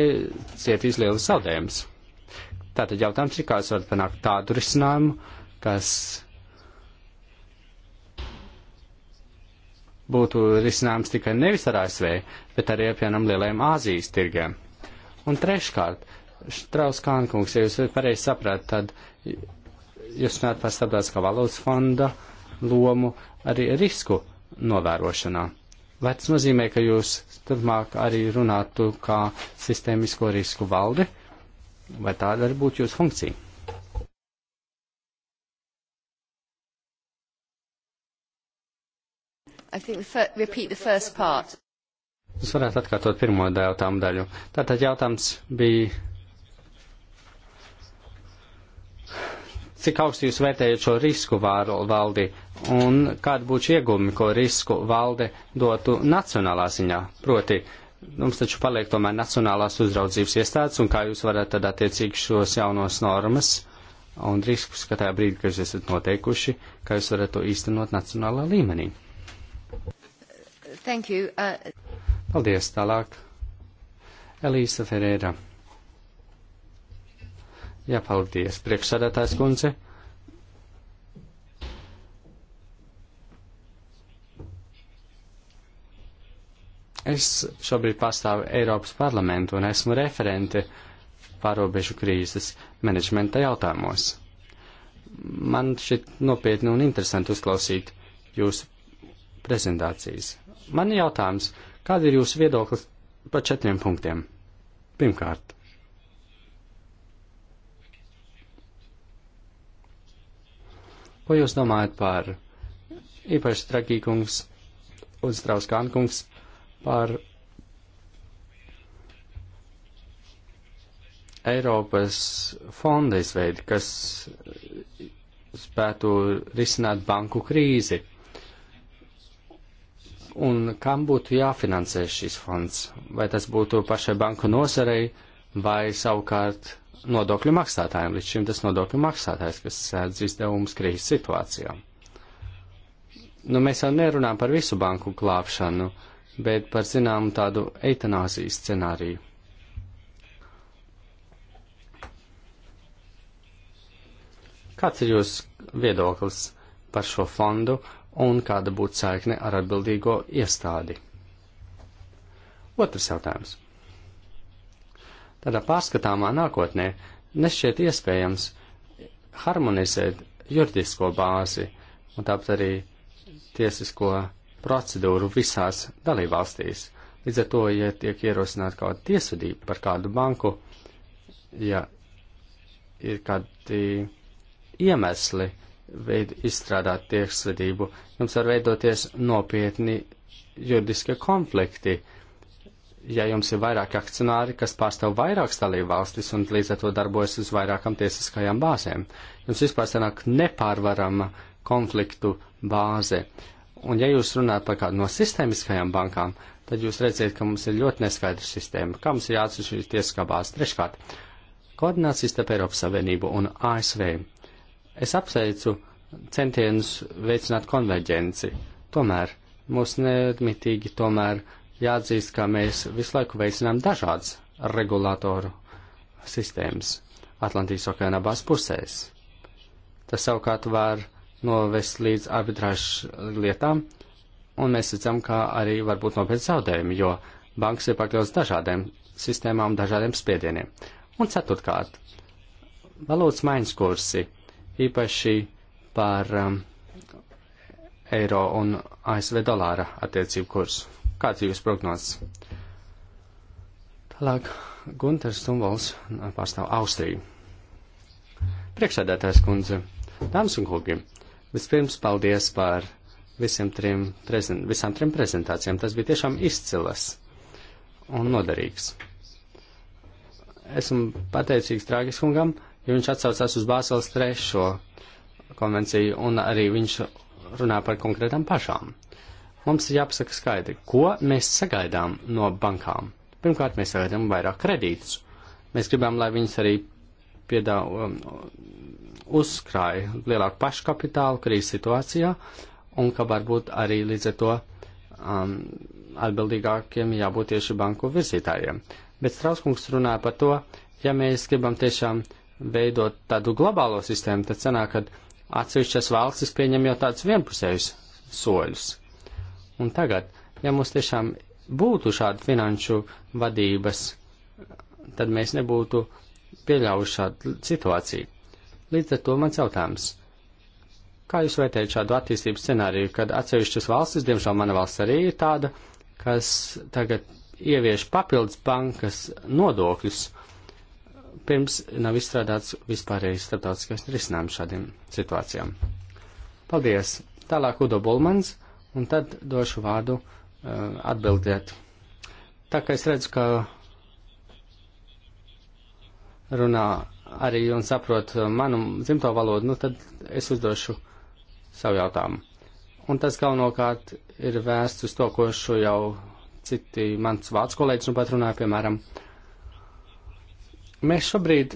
cietīs liels zaudējums. Tātad jautājums ir, kā jūs varat panākt tādu risinājumu, kas būtu risinājums tikai nevis ar ASV, bet arī, piemēram, lielajiem Āzijas tirgiem. Un treškārt, Štraus Kānkungs, ja jūs pareizi saprāt, tad jūs runājat par starptautiskā valūtas fonda lomu arī risku novērošanā. Vai tas nozīmē, ka jūs turpmāk arī runātu kā sistēmisko risku valdi, vai tāda arī būtu jūsu funkcija? I think the fir- repeat the first part. Jūs varētu atkārtot pirmo jautājumu daļu. Tātad jautājums bija, cik augstu jūs vērtējat šo risku valdi un kāda būtu iegūmi, ko risku valde dotu nacionālā ziņā? Proti, mums taču paliek tomēr nacionālās uzraudzības iestādes un kā jūs varat tad attiecīgi šos jaunos normas un riskus, ka tajā brīdī, kad jūs esat noteikuši, kā jūs varat to īstenot nacionālā līmenī? Thank you. Uh... Paldies tālāk. Elīsa Ferēra. Jā, paldies, priekšsādātājs kundze. Es šobrīd pārstāvu Eiropas parlamentu un esmu referente pārobežu krīzes menedžmenta jautājumos. Man šķiet nopietni un interesanti uzklausīt jūsu prezentācijas. Man ir jautājums, kāda ir jūsu viedoklis par četriem punktiem? Pirmkārt, ko jūs domājat par īpaši trakīkungs un strauskānkungs par Eiropas fonda izveidi, kas spētu risināt banku krīzi? Un kam būtu jāfinansē šis fonds? Vai tas būtu pašai banku nosarei vai savukārt nodokļu maksātājiem? Līdz šim tas nodokļu maksātājs, kas sēdz izdevumus krīzes situācijā. Nu, mēs jau nerunājam par visu banku glābšanu, bet par zināmu tādu eitanāzijas scenāriju. Kāds ir jūsu viedoklis par šo fondu? un kāda būtu saikne ar atbildīgo iestādi. Otrs jautājums. Tādā pārskatāmā nākotnē nešķiet iespējams harmonizēt juridisko bāzi un tāpat arī tiesisko procedūru visās dalībvalstīs. Līdz ar to, ja tiek ierosināta kāda tiesvedība par kādu banku, ja ir kādi iemesli, veidu izstrādāt tiesvedību, jums var veidoties nopietni juridiskie konflikti. Ja jums ir vairāki akcionāri, kas pārstāv vairākas dalību valstis un līdz ar to darbojas uz vairākām tiesiskajām bāzēm, jums vispār sanāk nepārvarama konfliktu bāze. Un ja jūs runājat par kādu no sistēmiskajām bankām, tad jūs redzēsiet, ka mums ir ļoti neskaidra sistēma, kā mums ir jāatsevišķi tiesiskā bāze. Treškārt, koordinācijas starp Eiropas Savienību un ASV Es apsveicu centienus veicināt konverģenci. Tomēr mums neadmitīgi tomēr jāatzīst, ka mēs visu laiku veicinām dažādas regulātoru sistēmas Atlantijas okeāna abās pusēs. Tas savukārt var novest līdz arbitrāžu lietām, un mēs redzam, ka arī var būt nopietni zaudējumi, jo bankas ir pakļauts dažādiem sistēmām, dažādiem spiedieniem. Un ceturtkārt, valūtas maiņas kursi īpaši par um, eiro un ASV dolāra attiecību kursu. Kāds ir jūsu prognozes? Tālāk Gunters Tumvols uh, pārstāv Austriju. Priekšsēdētājs kundze, dāmas un kungi, vispirms paldies par visiem trim, prezent, visām trim prezentācijām. Tas bija tiešām izcilas un noderīgs. Esmu pateicīgs Trāgis kungam, jo viņš atsaucās uz Bāseles trešo konvenciju un arī viņš runā par konkrētām pašām. Mums ir jāpasaka skaidri, ko mēs sagaidām no bankām. Pirmkārt, mēs sagaidām vairāk kredītus. Mēs gribam, lai viņas arī piedāvā, um, uzkrāja lielāku paškapitālu krīzes situācijā un ka varbūt arī līdz ar to um, atbildīgākiem jābūt tieši banku virzītājiem. Bet Strauskungs runāja par to, ja mēs gribam tiešām veidot tādu globālo sistēmu, tad sanāk, ka atsevišķas valstis pieņem jau tādus vienpusējus soļus. Un tagad, ja mums tiešām būtu šāda finanšu vadības, tad mēs nebūtu pieļaujuši šādu situāciju. Līdz ar to mans jautājums. Kā jūs vērtējat šādu attīstības scenāriju, kad atsevišķas valstis, diemžēl mana valsts arī ir tāda, kas tagad ievieš papildus bankas nodokļus, pirms nav izstrādāts vispārējais starptautiskais risinājums šādiem situācijām. Paldies! Tālāk Udo Bulmans, un tad došu vārdu uh, atbildēt. Tā kā es redzu, ka runā arī un saprot uh, manu dzimto valodu, nu tad es uzdošu savu jautājumu. Un tas galvenokārt ir vērsts uz to, ko šo jau citi mans vācu kolēģis nu pat runāja, piemēram, uh, Mēs šobrīd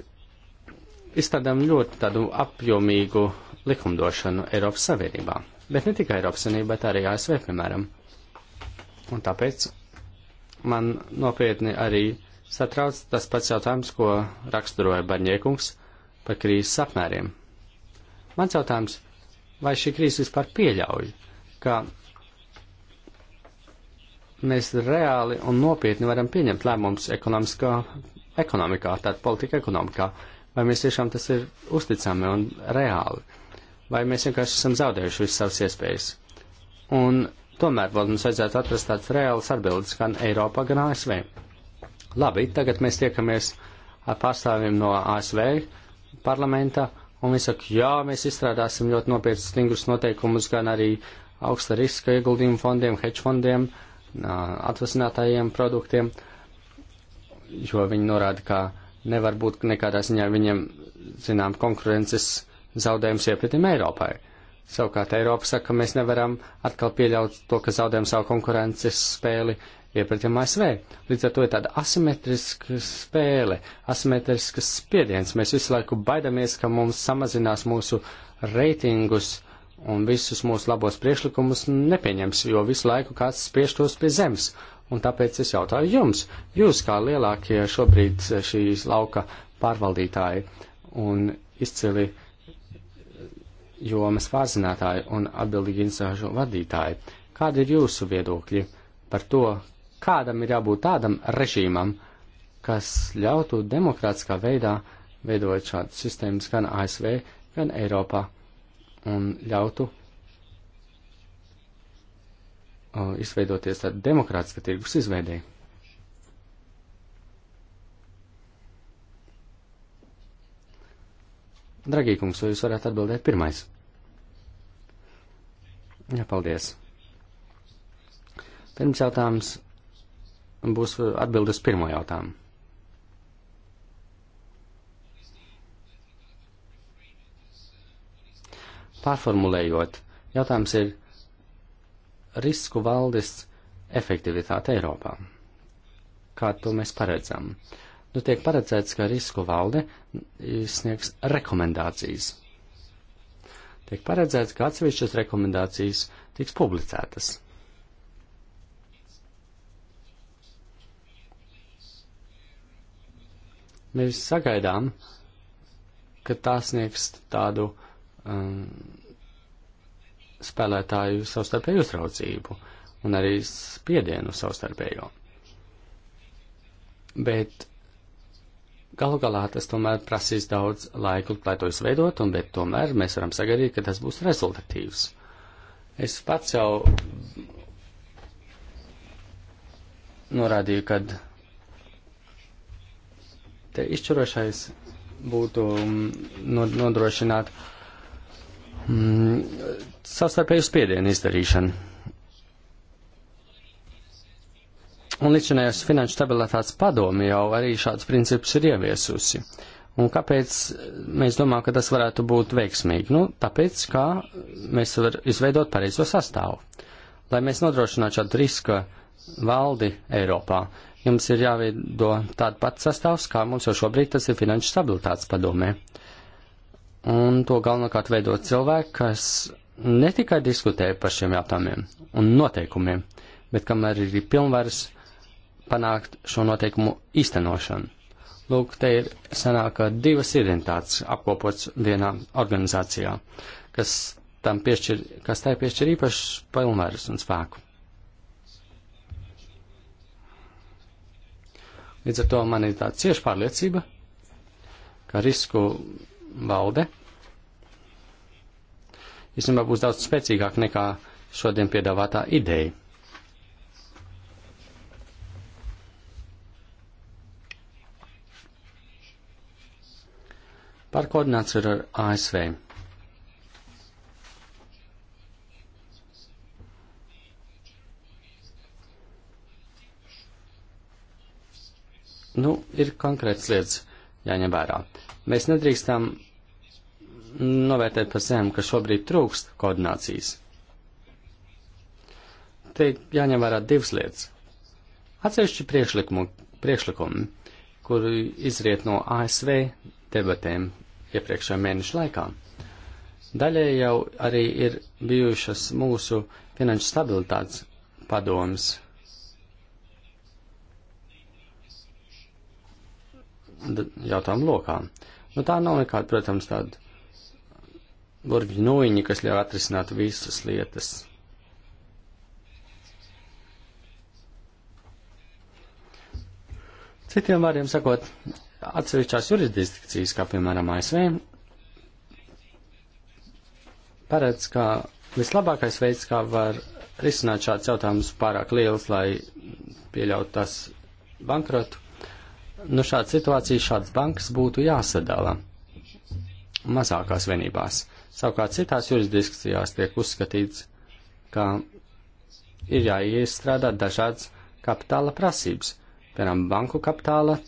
izstādām ļoti tādu apjomīgu likumdošanu Eiropas Savienībā, bet ne tikai Eiropas Savienībā, bet arī ASV, piemēram. Un tāpēc man nopietni arī satrauc tas pats jautājums, ko raksturoja Barņiekungs par krīzes apmēriem. Mans jautājums, vai šī krīze vispār pieļauj, ka mēs reāli un nopietni varam pieņemt lēmumus ekonomiskā ekonomikā, tāda politika ekonomikā, vai mēs tiešām tas ir uzticami un reāli, vai mēs vienkārši esam zaudējuši visas savas iespējas. Un tomēr vēl mums vajadzētu atrast tādas reālas atbildes gan Eiropā, gan ASV. Labi, tagad mēs tiekamies ar pārstāvjiem no ASV parlamenta, un viņi saka, jā, mēs izstrādāsim ļoti nopietnus stingrus noteikumus gan arī augsta riska ieguldījumu fondiem, hedge fondiem, atvasinātājiem produktiem. Uh, jo viņi norāda, ka nevar būt nekādā ziņā viņiem, zinām, konkurences zaudējums iepratim Eiropai. Savukārt Eiropa saka, ka mēs nevaram atkal pieļaut to, ka zaudējam savu konkurences spēli iepratim ASV. Līdz ar to ir tāda asimetriska spēle, asimetriskas spiediens. Mēs visu laiku baidamies, ka mums samazinās mūsu reitingus un visus mūsu labos priekšlikumus nepieņems, jo visu laiku kāds spiež tos pie zemes. Un tāpēc es jautāju jums, jūs kā lielākie šobrīd šīs lauka pārvaldītāji un izcili jomas pārzinātāji un atbildīgi instāžu vadītāji, kādi ir jūsu viedokļi par to, kādam ir jābūt tādam režīmam, kas ļautu demokrātiskā veidā veidot šādas sistēmas gan ASV, gan Eiropā un ļautu uh, izveidoties tāda demokrātiska tirgus izveidē. Dragīkums, vai jūs varētu atbildēt pirmais? Jā, paldies. Pirms jautājums būs atbildes pirmo jautājumu. Pārformulējot, jautājums ir, risku valdes efektivitāte Eiropā. Kā to mēs paredzam? Nu, tiek paredzēts, ka risku valde sniegs rekomendācijas. Tiek paredzēts, ka atsevišķas rekomendācijas tiks publicētas. Mēs sagaidām, ka tā sniegs tādu um, spēlētāju savstarpēju uzraudzību un arī spiedienu savstarpējo. Bet galu galā tas tomēr prasīs daudz laika, lai to izveidot, un bet tomēr mēs varam sagaidīt, ka tas būs rezultatīvs. Es pats jau norādīju, ka te izšķirošais būtu mm, nodrošināt uh, mm, savstarpēju spiedienu izdarīšanu. Un līdzinājās Finanšu stabilitātes padomi jau arī šāds princips ir ieviesusi. Un kāpēc mēs domājam, ka tas varētu būt veiksmīgi? Nu, tāpēc, kā mēs varam izveidot pareizo sastāvu. Lai mēs nodrošinātu šādu riska valdi Eiropā, jums ir jāveido tāda pati sastāvs, kā mums jau šobrīd tas ir Finanšu stabilitātes padomē. Uh, Un to galvenokārt veido cilvēki, kas ne tikai diskutē par šiem jautājumiem un noteikumiem, bet kamēr ir pilnvaras panākt šo noteikumu īstenošanu. Lūk, te ir sanāk divas identitātes apkopots vienā organizācijā, kas tam piešķir, kas tai piešķir īpašas pilnvaras un spēku. Līdz ar to man ir tāda cieša pārliecība, ka risku valde, īstenībā būs daudz spēcīgāk nekā šodien piedāvātā ideja. Par koordināciju ar ASV. Nu, ir konkrēts lietas jāņem vērā. Mēs nedrīkstam novērtēt par zemu, ka šobrīd trūkst koordinācijas. Te jāņem vērā divas lietas. Atsevišķi priekšlikumi, kuri izriet no ASV debatēm iepriekšējā mēneša laikā, daļai jau arī ir bijušas mūsu finanšu stabilitātes padomas. Jautājumu lokām. Nu, tā nav nekāda, protams, tāda burbuļu nūjiņa, kas ļauj atrisināt visas lietas. Citiem vārdiem sakot, atsevišķās jurisdikcijas, kā piemēram ASV, paredz, ka vislabākais veids, kā var risināt šādus jautājumus pārāk liels, lai pieļautu tas bankrotu, nu, šāda situācija, šādas bankas būtu jāsadala mazākās vienībās. Savukārt citās jurisdikcijās tiek uzskatīts, ka ir jāiestrādā dažādas kapitāla prasības, piemēram, banku kapitāla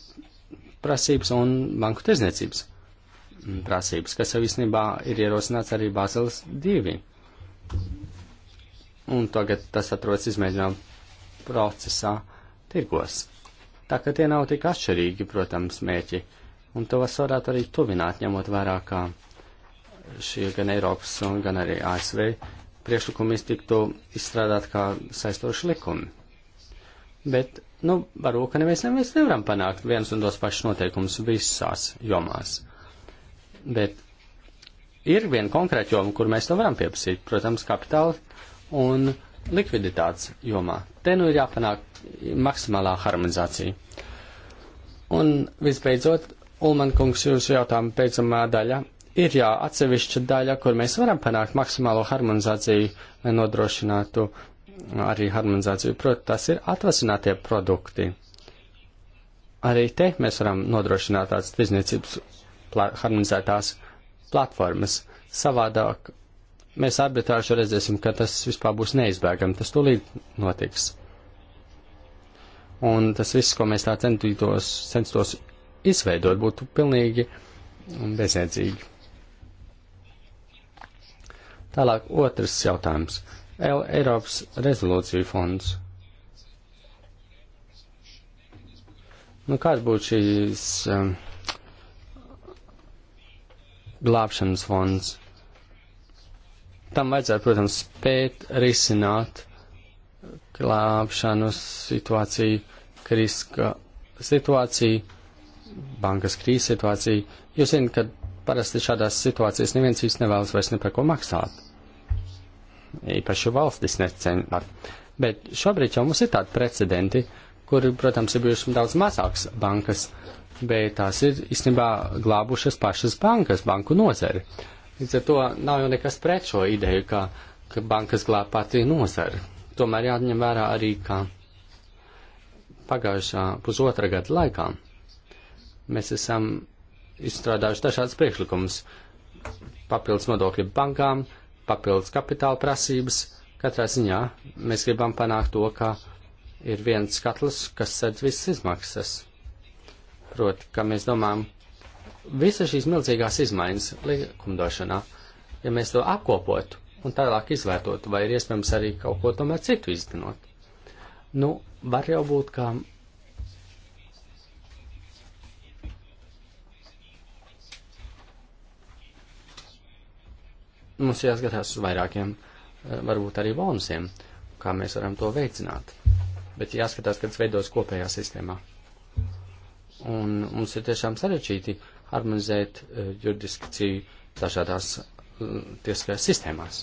prasības un banku tirzniecības prasības, kas jau īstenībā ir ierosināts arī Bāzeles 2. Un tagad tas atrodas izmēģinājuma procesā tirgos tā ka tie nav tik atšķirīgi, protams, mērķi, un to varētu arī tuvināt, ņemot vērā, ka šie gan Eiropas, gan arī ASV priekšlikumi tiktu izstrādāt kā saistoši likumi. Bet, nu, varbūt, ka neviens neviens nevaram panākt viens un tos pašus noteikumus visās jomās. Bet ir viena konkrēta joma, kur mēs to varam pieprasīt, protams, kapitāla un uh, likviditātes jomā. Te nu ir jāpanāk maksimālā harmonizācija. Un visbeidzot, Ulman kungs, jūsu jautājuma beidzamā daļa ir jā atsevišķa daļa, kur mēs varam panākt maksimālo harmonizāciju, lai nodrošinātu arī harmonizāciju. Proti, tas ir atvasinātie produkti. Arī te mēs varam nodrošināt tādas tirzniecības plā harmonizētās platformas. Savādāk mēs arbitrāšu redzēsim, ka tas vispār būs neizbēgami. Tas tūlīt notiks. Un tas viss, ko mēs tā centītos, censtos izveidot, būtu pilnīgi bezjēdzīgi. Tālāk otrs jautājums. El Eiropas rezolūciju fonds. Nu, kāds būtu šīs um, glābšanas fonds? Tam vajadzētu, protams, spēt risināt glābšanas situāciju, kriska situāciju, bankas krīzes situāciju. Jūs zināt, ka parasti šādās situācijās neviens īsti nevēlas vairs ne par ko maksāt. Īpaši valstis necenā. Bet šobrīd jau mums ir tādi precedenti, kur, protams, ir bijušas daudz mazākas bankas, bet tās ir īstenībā glābušas pašas bankas, banku nozari. Uh, Līdz ar to nav jau nekas pret šo ideju, ka, ka bankas glāb pati nozara. Tomēr jāņem vērā arī, ka pagājušā pusotra gada laikā mēs esam izstrādājuši dažādas priekšlikumus. Papildus nodokļi bankām, papildus kapitāla prasības. Katrā ziņā mēs gribam panākt to, ka ir viens skatlis, kas sedz visas izmaksas. Proti, ka mēs domājam, Visa šīs milzīgās izmaiņas likumdošanā, ja mēs to apkopotu un tālāk izvērtotu, vai ir iespējams arī kaut ko tomēr citu izdenot, nu, var jau būt, ka mums jāskatās uz vairākiem, eh, varbūt arī bonusiem, kā mēs varam to veicināt. Bet jāskatās, kad veidos kopējā sistēmā. Un mums ir tiešām sarežģīti harmonizēt eh, jurisdikciju dažādās mm, tieskajās sistēmās.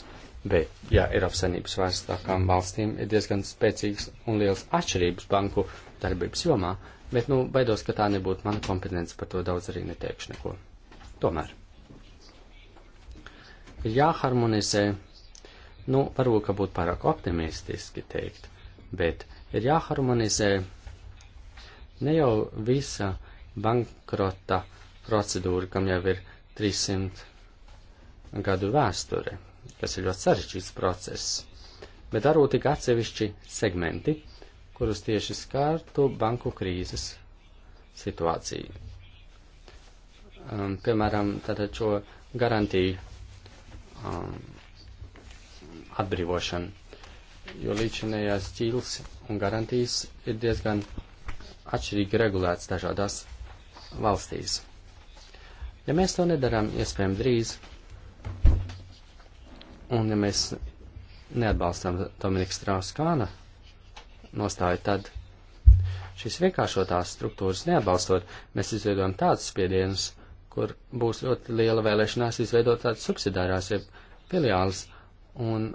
Bet, ja Eiropas Savienības vairākām valstīm ir diezgan spēcīgas un liels atšķirības banku darbības jomā, bet, nu, baidos, ka tā nebūtu mana kompetence, par to daudz arī neteikšu neko. Tomēr ir jāharmonizē, nu, varbūt, ka būtu pārāk optimistiski teikt, bet ir jāharmonizē ne jau visa bankrota uh, procedūru, kam jau ir 300 gadu vēsture, kas ir ļoti sarežģīts process, bet darot tik atsevišķi segmenti, kurus tieši skārtu banku krīzes situāciju. Um, piemēram, tātad šo garantiju um, atbrīvošanu, jo līdzinējās ķīls un garantijas ir diezgan atšķirīgi regulēts dažādās valstīs. Ja mēs to nedarām, iespējams, drīz, un ja mēs neatbalstām Dominika Strauskāna nostāju, tad šīs vienkāršotās struktūras neatbalstot, mēs izveidojam tādus spiedienus, kur būs ļoti liela vēlēšanās izveidot tādas subsidārās, jeb filiāls, un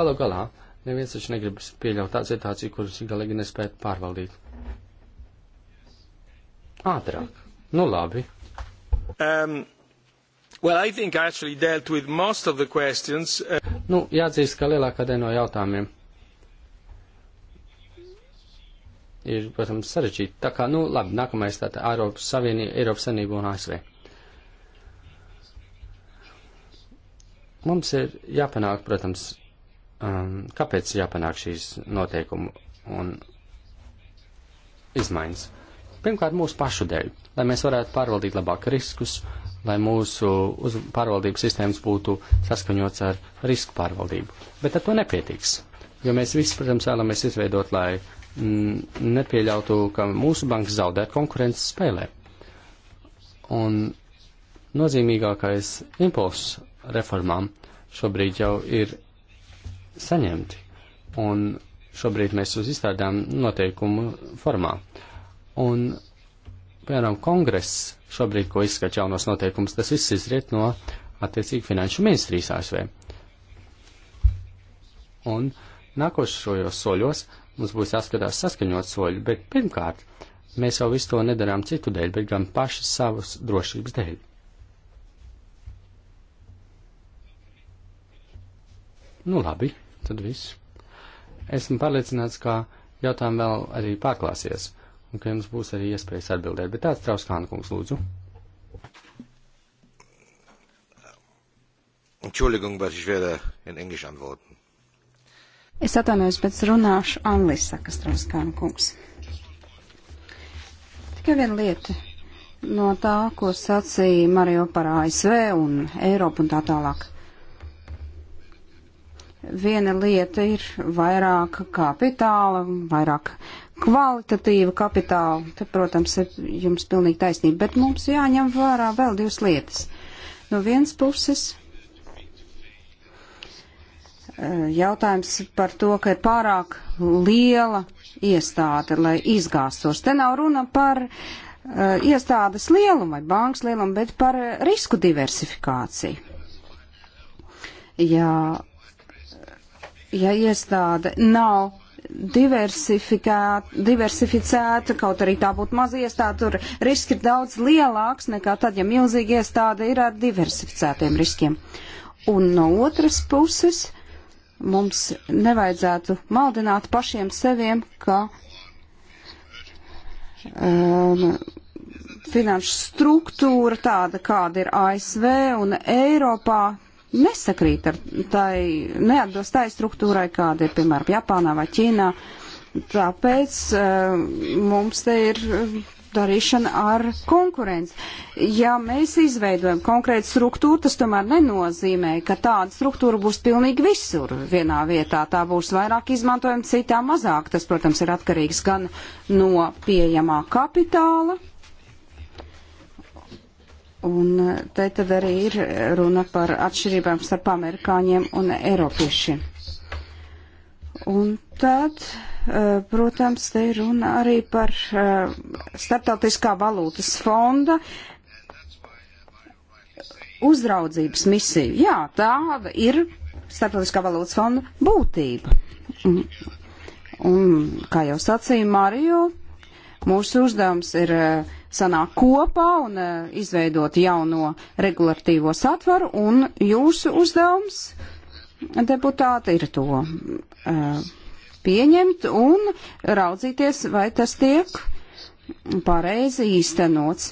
galu galā neviens taču negrib pieļaut tādu situāciju, kuras galīgi nespētu pārvaldīt ātrāk. Nu labi. Um. Well, I think I actually dealt with most of the questions. Uh... Nu, jāatzīst, ka lielākā daļa no jautājumiem ir, protams, sarežģīti. Tā kā, nu, labi, nākamais tātad Eiropas Savienība, Eiropas Savienība un ASV. Mums ir jāpanāk, protams, um, kāpēc jāpanāk šīs noteikumu un izmaiņas. Pirmkārt, mūsu pašu dēļ, lai mēs varētu pārvaldīt labāk riskus, lai mūsu uz, pārvaldības sistēmas būtu saskaņots ar risku pārvaldību. Bet ar to nepietiks, jo mēs visi, protams, vēlamies izveidot, lai m, mm, nepieļautu, ka mūsu bankas zaudē konkurences spēlē. Un nozīmīgākais impulss reformām šobrīd jau ir saņemti, un šobrīd mēs uz izstādām noteikumu formā. Uh, Un, piemēram, kongress šobrīd, ko izskat jaunos noteikumus, tas viss izriet no attiecīgi finanšu ministrijas ASV. Un nākošajos soļos mums būs jāskatās saskaņot soļi, bet pirmkārt, mēs jau visu to nedarām citu dēļ, bet gan paši savas drošības dēļ. Nu labi, tad viss. Esmu pārliecināts, ka jautājumi vēl arī pārklāsies un ka jums būs arī iespējas atbildēt. Bet tāds Trauskāna kungs, lūdzu. Entschuldigung, bet ich werde in Englisch antworten. Es atvainojos, bet runāšu angliski, saka Strauskāna kungs. Tikai viena lieta no tā, ko sacīja Mario par ASV un Eiropu un tā tālāk. Viena lieta ir vairāk kapitāla, vairāk kvalitatīvu kapitālu. Te, protams, ir jums pilnīgi taisnība, bet mums jāņem vērā vēl divas lietas. No vienas puses eh, jautājums par to, ka ir pārāk liela iestāde, lai izgāstos. Te nav runa par uh, iestādes lielumu vai bankas lielumu, bet par risku diversifikāciju. Ja, ja iestāde nav diversificēta, kaut arī tā būtu maza iestāde, tur riski ir daudz lielāks nekā tad, ja milzīga iestāde ir ar diversificētiem riskiem. Un no otras puses mums nevajadzētu maldināt pašiem seviem, ka um, finanšu struktūra tāda, kāda ir ASV un Eiropā, nesakrīt ar tai, neatbilst tai struktūrai, kāda ir, piemēram, Japānā vai Ķīnā. Tāpēc uh, mums te ir darīšana ar konkurenci. Ja mēs izveidojam konkrētu struktūru, tas tomēr nenozīmē, ka tāda struktūra būs pilnīgi visur vienā vietā. Tā būs vairāk izmantojama, citā mazāk. Tas, protams, ir atkarīgs gan no pieejamā kapitāla, Un eh, te tad arī ir runa par atšķirībām starp amerikāņiem un eiropiešiem. Un tad, eh, protams, te ir runa arī par eh, starptautiskā valūtas fonda uzraudzības misiju. Jā, tā ir starptautiskā valūtas fonda būtība. Un, un kā jau sacīja Mario, mūsu uzdevums ir uh, sanāk kopā un e, izveidot jauno regulatīvo satvaru, un jūsu uzdevums, deputāti, ir to e, pieņemt un raudzīties, vai tas tiek pareizi īstenots.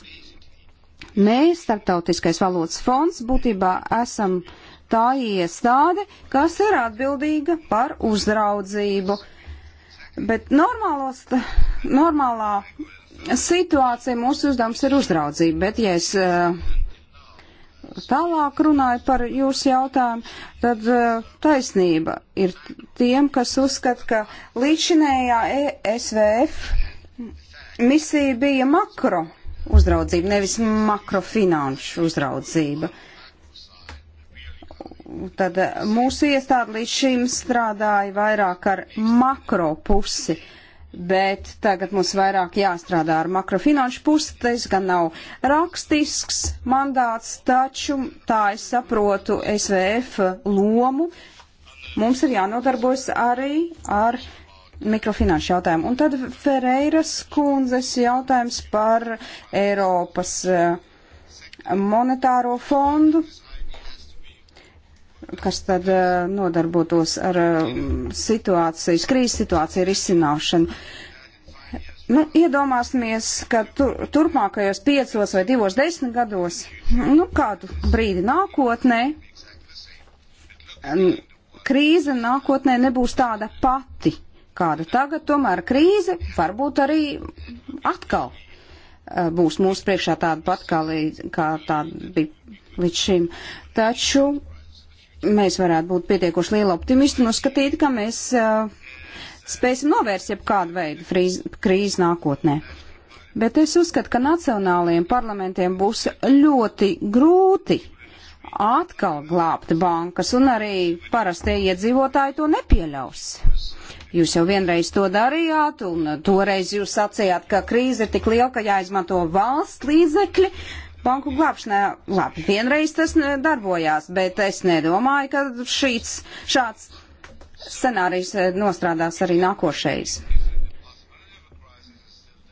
Mēs, Startautiskais valodas fonds, būtībā esam tā iestāde, kas ir atbildīga par uzraudzību. Bet normālos, normālā situācija, mūsu uzdevums ir uzraudzība, bet ja es eh, tālāk runāju par jūsu jautājumu, tad eh, taisnība ir tiem, kas uzskata, ka līdzinējā e SVF misija bija makro uzraudzība, nevis makrofinanšu uzraudzība. Tad eh, mūsu iestāde līdz šim strādāja vairāk ar makro pusi. Uh, bet tagad mums vairāk jāstrādā ar makrofinanšu pusi, tas gan nav rakstisks mandāts, taču tā es saprotu SVF lomu. Mums ir jānodarbojas arī ar mikrofinanšu jautājumu. Un tad Ferreiras kundzes jautājums par Eiropas eh, monetāro fondu kas tad eh, nodarbotos ar eh, situācijas, krīzes situāciju risināšanu. Nu, iedomāsimies, ka tur, turpmākajos piecos vai divos desmit gados, nu, kādu brīdi nākotnē, krīze nākotnē nebūs tāda pati, kāda tagad, tomēr krīze varbūt arī atkal eh, būs mūsu priekšā tāda pat, kā, līdz, kā tāda bija līdz šim. Taču mēs varētu būt pietiekoši liela optimisti un uzskatīt, ka mēs uh, spēsim novērst jebkādu veidu frīz, krīzi nākotnē. Bet es uzskatu, ka nacionālajiem parlamentiem būs ļoti grūti atkal glābt bankas, un arī parastie iedzīvotāji to nepieļaus. Jūs jau vienreiz to darījāt, un toreiz jūs sacījāt, ka krīze ir tik liela, ka jāizmanto valsts līdzekļi, uh, banku glābšanā. Labi, vienreiz tas darbojās, bet es nedomāju, ka šīs, šāds scenārijs e, nostrādās arī nākošais.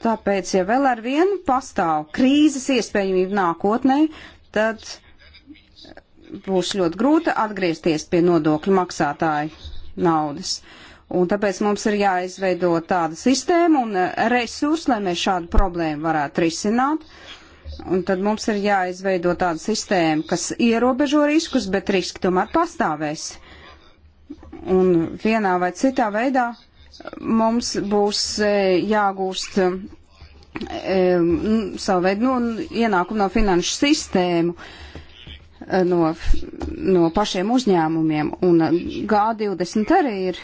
Tāpēc, ja vēl ar vienu pastāv krīzes iespējamība nākotnē, tad būs ļoti grūti atgriezties pie nodokļu maksātāju naudas. Un tāpēc mums ir jāizveido tāda sistēma un e, resursi, lai mēs šādu problēmu varētu risināt. Uh, Un tad mums ir jāizveido tāda sistēma, kas ierobežo riskus, bet riski tomēr pastāvēs. Un vienā vai citā veidā mums būs e, jāgūst e, savu veidu nu, ienākumu no finanšu sistēmu, e, no, no pašiem uzņēmumiem. Un G20 arī ir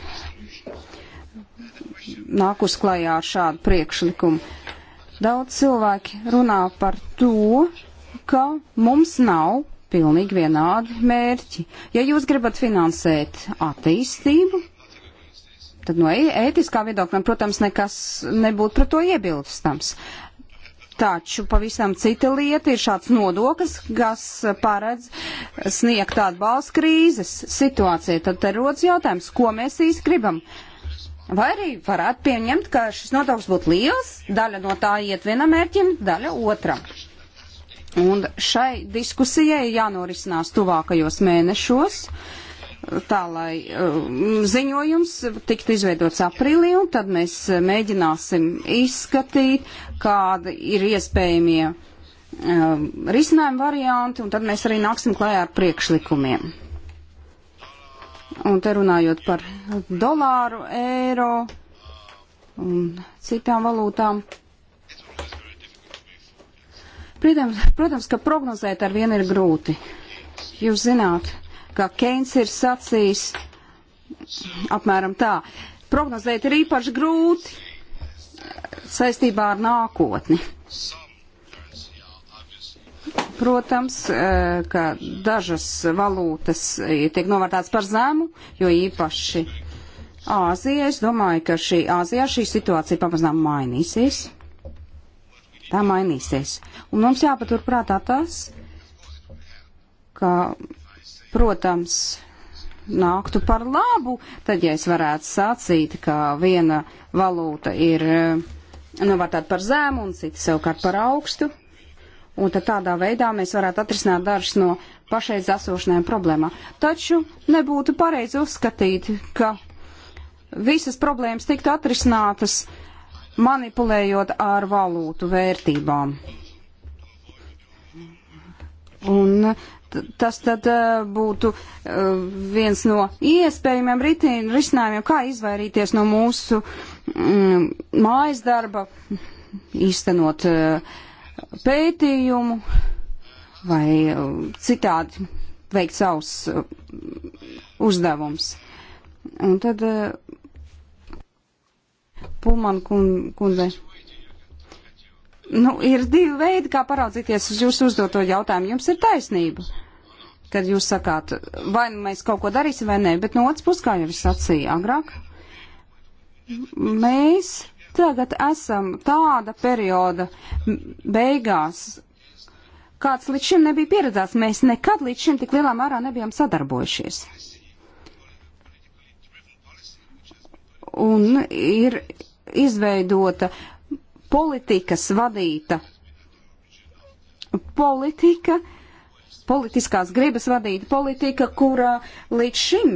nākus klajā ar šādu priekšlikumu. Daudz cilvēki runā par to, ka mums nav pilnīgi vienādi mērķi. Ja jūs gribat finansēt attīstību, tad no e- ētiskā viedokļa, protams, nekas nebūtu pret to iebilstams. Taču pavisam cita lieta ir šāds nodoklis, kas paredz sniegt atbalstu krīzes situācijai. Tad te rodas jautājums, ko mēs īsti gribam. Vai arī varētu pieņemt, ka šis nodoklis būtu liels, daļa no tā iet vienam mērķim, daļa otram. Un šai diskusijai jānorisinās tuvākajos mēnešos, tā lai um, ziņojums tiktu izveidots aprīlī, un tad mēs mēģināsim izskatīt, kādi ir iespējamie um, risinājuma varianti, un tad mēs arī nāksim klājā ar priekšlikumiem. Un te runājot par dolāru, eiro un citām valūtām. Protams, protams, ka prognozēt ar vienu ir grūti. Jūs zināt, ka Keins ir sacījis apmēram tā. Prognozēt ir īpaši grūti saistībā ar nākotni. Protams, eh, ka dažas valūtas eh, tiek novērtētas par zemu, jo īpaši Āzijā. Es domāju, ka šī Āzijā šī situācija pamazām mainīsies. Tā mainīsies. Un mums jāpaturprātā tas, ka, protams, nāktu par labu, tad, ja es varētu sacīt, ka viena valūta ir eh, novērtēta par zēmu un cita savukārt par augstu, un tad tādā veidā mēs varētu atrisināt dažas no pašreiz esošanajām problēmām. Taču nebūtu pareizi uzskatīt, ka visas problēmas tiktu atrisinātas manipulējot ar valūtu vērtībām. Un tas tad uh, būtu uh, viens no iespējamiem risinājumiem, kā izvairīties no mūsu mm, mājas darba, īstenot uh, pētījumu vai uh, citādi veikt savus uh, uzdevumus. Un tad uh, Pulman kundze. Nu, ir divi veidi, kā paraudzīties uz jūsu uzdoto jautājumu. Jums ir taisnība, kad jūs sakāt, vai nu mēs kaut ko darīsim vai nē, bet no otras puses, kā jau es sacīju agrāk, mēs Tagad esam tāda perioda beigās, kāds līdz šim nebija pieredzēts. Mēs nekad līdz šim tik lielā mērā nebijām sadarbojušies. Un ir izveidota politikas vadīta politika, politiskās gribas vadīta politika, kura līdz šim,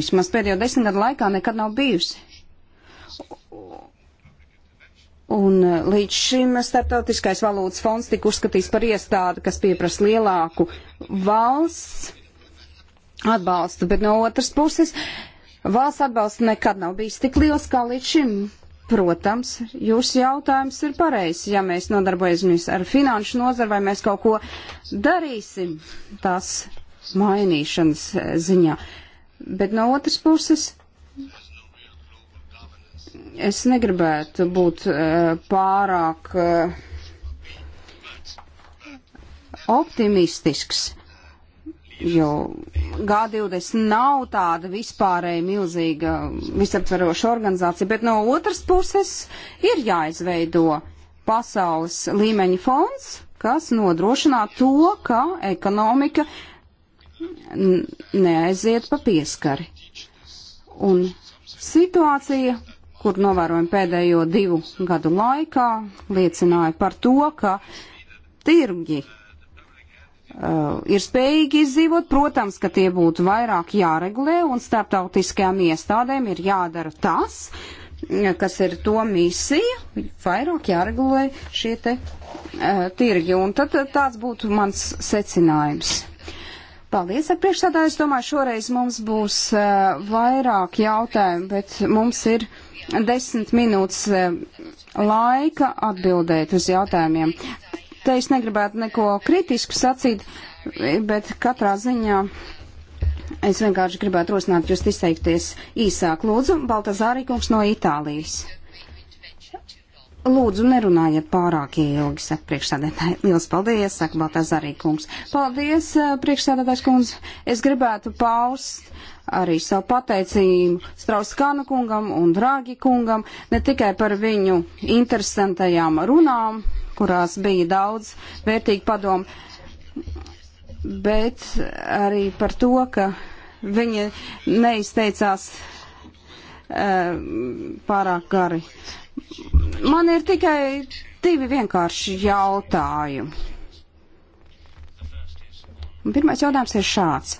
vismaz pēdējo desmit gadu laikā, nekad nav bijusi. Un eh, līdz šim Startautiskais valūtas fonds tika uzskatīts par iestādi, kas pieprasa lielāku valsts atbalstu, bet no otras puses valsts atbalsts nekad nav bijis tik liels kā līdz šim. Protams, jūsu jautājums ir pareizs. Ja mēs nodarbojamies ar finanšu nozaru, vai mēs kaut ko darīsim tās mainīšanas eh, ziņā. Bet no otras puses es negribētu būt eh, pārāk eh, optimistisks, jo G20 nav tāda vispārēji milzīga visaptveroša organizācija, bet no otras puses ir jāizveido pasaules līmeņa fonds, kas nodrošinā to, ka ekonomika neaiziet pa pieskari. Un situācija kur novērojam pēdējo divu gadu laikā, liecināja par to, ka tirgi uh, ir spējīgi izdzīvot. Protams, ka tie būtu vairāk jāregulē un starptautiskajām iestādēm ir jādara tas, kas ir to misija, vairāk jāregulē šie te uh, tirgi. Un tad tāds būtu mans secinājums. Paldies, ar priekšsādāju. Es domāju, šoreiz mums būs uh, vairāk jautājumu, bet mums ir. Uh, desmit minūtes e, laika atbildēt uz jautājumiem. Te es negribētu neko kritisku sacīt, bet katrā ziņā es vienkārši gribētu rosināt jūs izteikties īsāk. Lūdzu, Baltazārī kungs no Itālijas. Lūdzu, nerunājiet pārāk ilgi, saka priekšsādētāji. Lielas paldies, saka Baltazarī kungs. Paldies, eh, priekšsādētājs kungs. Es gribētu paust arī savu pateicību Strauskana kungam un Drāgi kungam, ne tikai par viņu interesantajām runām, kurās bija daudz vērtīgi padomu, bet arī par to, ka viņi neizteicās uh, pārāk gari. Uh, Man ir tikai divi vienkārši jautājumi. Pirmais jautājums ir šāds.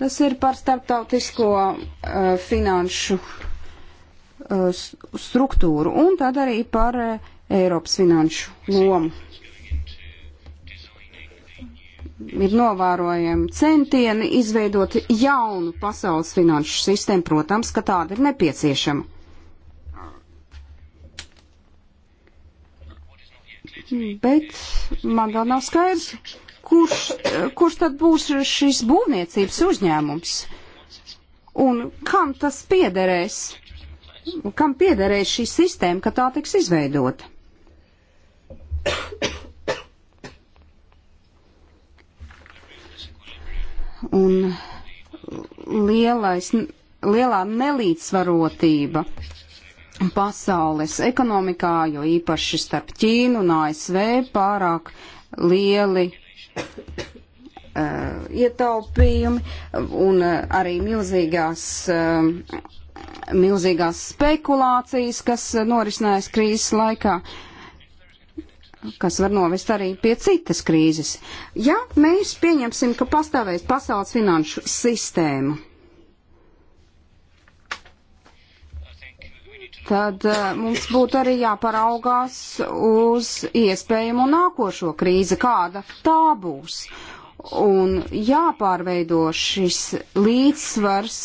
Tas ir par starptautisko uh, finanšu uh, struktūru un tad arī par uh, Eiropas finanšu lomu. Ir novērojami centieni izveidot jaunu pasaules finanšu sistēmu, protams, ka tāda ir nepieciešama. bet man vēl nav skaidrs, kurš, kurš tad būs šis būvniecības uzņēmums un kam tas piederēs, kam piederēs šī sistēma, ka tā tiks izveidota. Un lielais, lielā nelīdzsvarotība pasaules ekonomikā, jo īpaši starp Ķīnu un ASV pārāk lieli uh, ietaupījumi un uh, arī milzīgās, uh, milzīgās spekulācijas, kas norisinājās krīzes laikā kas var novest arī pie citas krīzes. Ja mēs pieņemsim, ka pastāvēs pasaules finanšu sistēma, tad eh, mums būtu arī jāparaugās uz iespējamo nākošo krīzi, kāda tā būs. Un jāpārveido šis līdzsvars,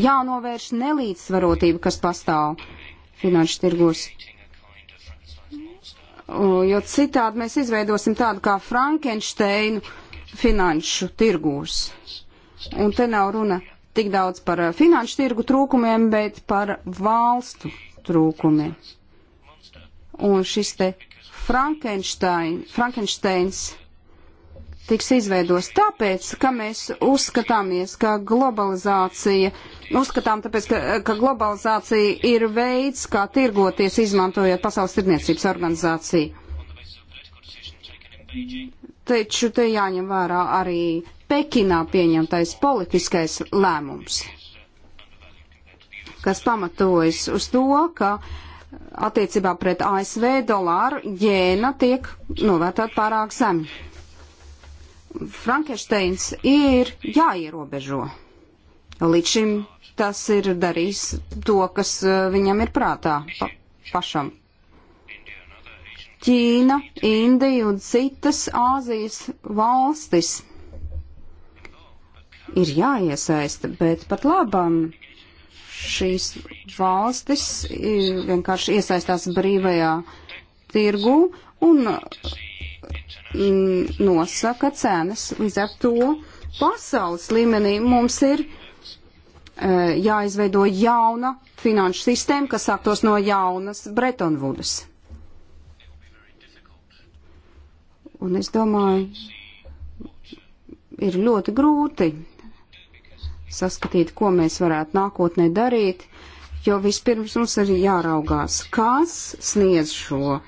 jānovērš nelīdzsvarotība, kas pastāv finanšu tirgos. Jo citādi mēs izveidosim tādu kā Frankensteinu finanšu tirgos. Un te nav runa tik daudz par eh, finanšu tirgu trūkumiem, bet par valstu trūkumi. Un šis te Frankenstein, Frankensteins tiks izveidos tāpēc, ka mēs uzskatāmies, ka globalizācija, uzskatām tāpēc, ka, ka globalizācija ir veids, kā tirgoties, izmantojot Pasaules tirniecības organizāciju. Taču te jāņem vērā arī Pekinā pieņemtais politiskais lēmums kas pamatojas uz to, ka attiecībā pret ASV dolāru jēna tiek novērtēta pārāk zemi. Frankensteins ir jāierobežo. Līdz šim tas ir darījis to, kas uh, viņam ir prātā pa pašam. Ķīna, Indija un citas Āzijas valstis ir jāiesaista, bet pat labam šīs valstis vienkārši iesaistās brīvajā tirgū un mm, nosaka cenas. Līdz ar to pasaules līmenī mums ir e, jāizveido jauna finanšu sistēma, kas sāktos no jaunas Bretonvudas. Un es domāju, ir ļoti grūti saskatīt, ko mēs varētu nākotnē darīt, jo vispirms mums ir jāraugās, kas sniedz šo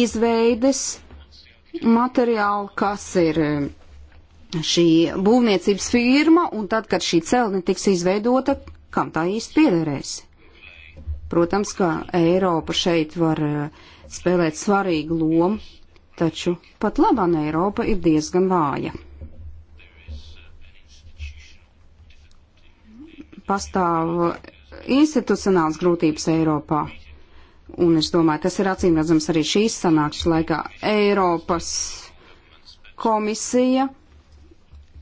izveides materiālu, kas ir um, šī būvniecības firma, un tad, kad šī celtne tiks izveidota, kam tā īsti piederēs. Protams, ka Eiropa šeit var uh, spēlēt svarīgu lomu, taču pat labā Eiropa ir diezgan vāja. pastāv institucionāls grūtības Eiropā. Un es domāju, tas ir acīm redzams arī šīs sanākšanas laikā. Eiropas komisija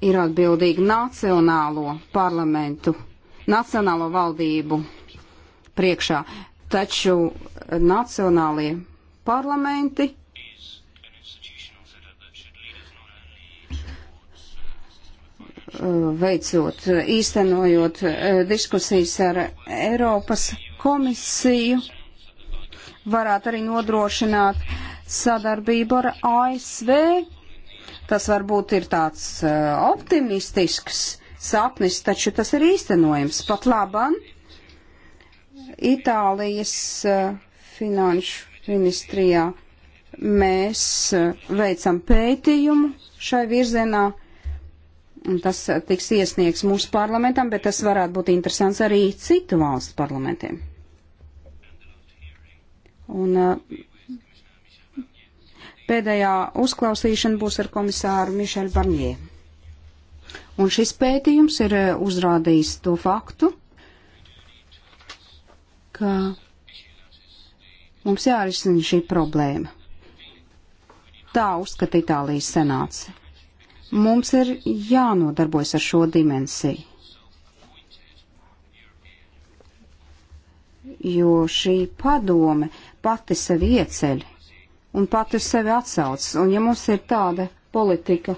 ir atbildīga nacionālo parlamentu, nacionālo valdību priekšā, taču nacionālie parlamenti veicot, īstenojot eh, diskusijas ar Eiropas komisiju, varētu arī nodrošināt sadarbību ar ASV. Tas varbūt ir tāds eh, optimistisks sapnis, taču tas ir īstenojams. Pat laban Itālijas eh, finanšu ministrijā mēs veicam pētījumu šai virzienā Un tas tiks iesniegts mūsu parlamentam, bet tas varētu būt interesants arī citu valstu parlamentiem. Un uh, pēdējā uzklausīšana būs ar komisāru Mišelu Barnie. Un šis pētījums ir uh, uzrādījis to faktu, ka mums jārisina šī problēma. Tā uzskata Itālijas senācija Mums ir jānodarbojas ar šo dimensiju. Jo šī padome pati sevi ieceļ un pati sevi atsauc. Un ja mums ir tāda politika,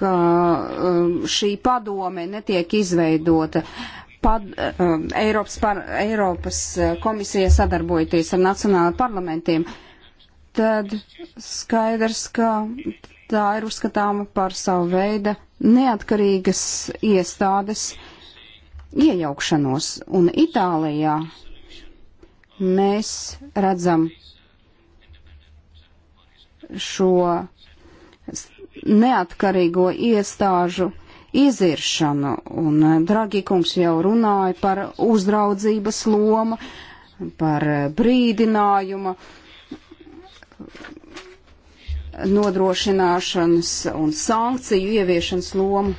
ka um, šī padome netiek izveidota. Pad, um, Eiropas, par, Eiropas uh, komisija sadarbojoties ar nacionālajiem parlamentiem, uh, tad skaidrs, ka tā ir uzskatāma par savu veidu neatkarīgas iestādes iejaukšanos. Un Itālijā mēs redzam šo neatkarīgo iestāžu iziršanu, un eh, Dragīkums jau runāja par uzraudzības lomu, par brīdinājuma uh, nodrošināšanas un sankciju ieviešanas lomu.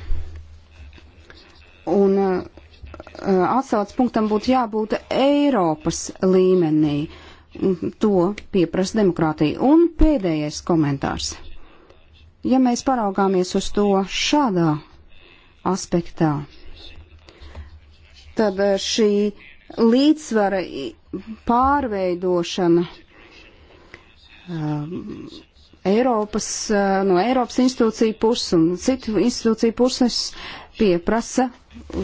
Un uh, atsauc punktam būtu jābūt Eiropas līmenī. To pieprasa demokrātija. Un pēdējais komentārs. Ja mēs paraugāmies uz to šādā aspektā, tad šī līdzsvara pārveidošana um, Eiropas, uh, no Eiropas institūciju puses un citu institūciju puses pieprasa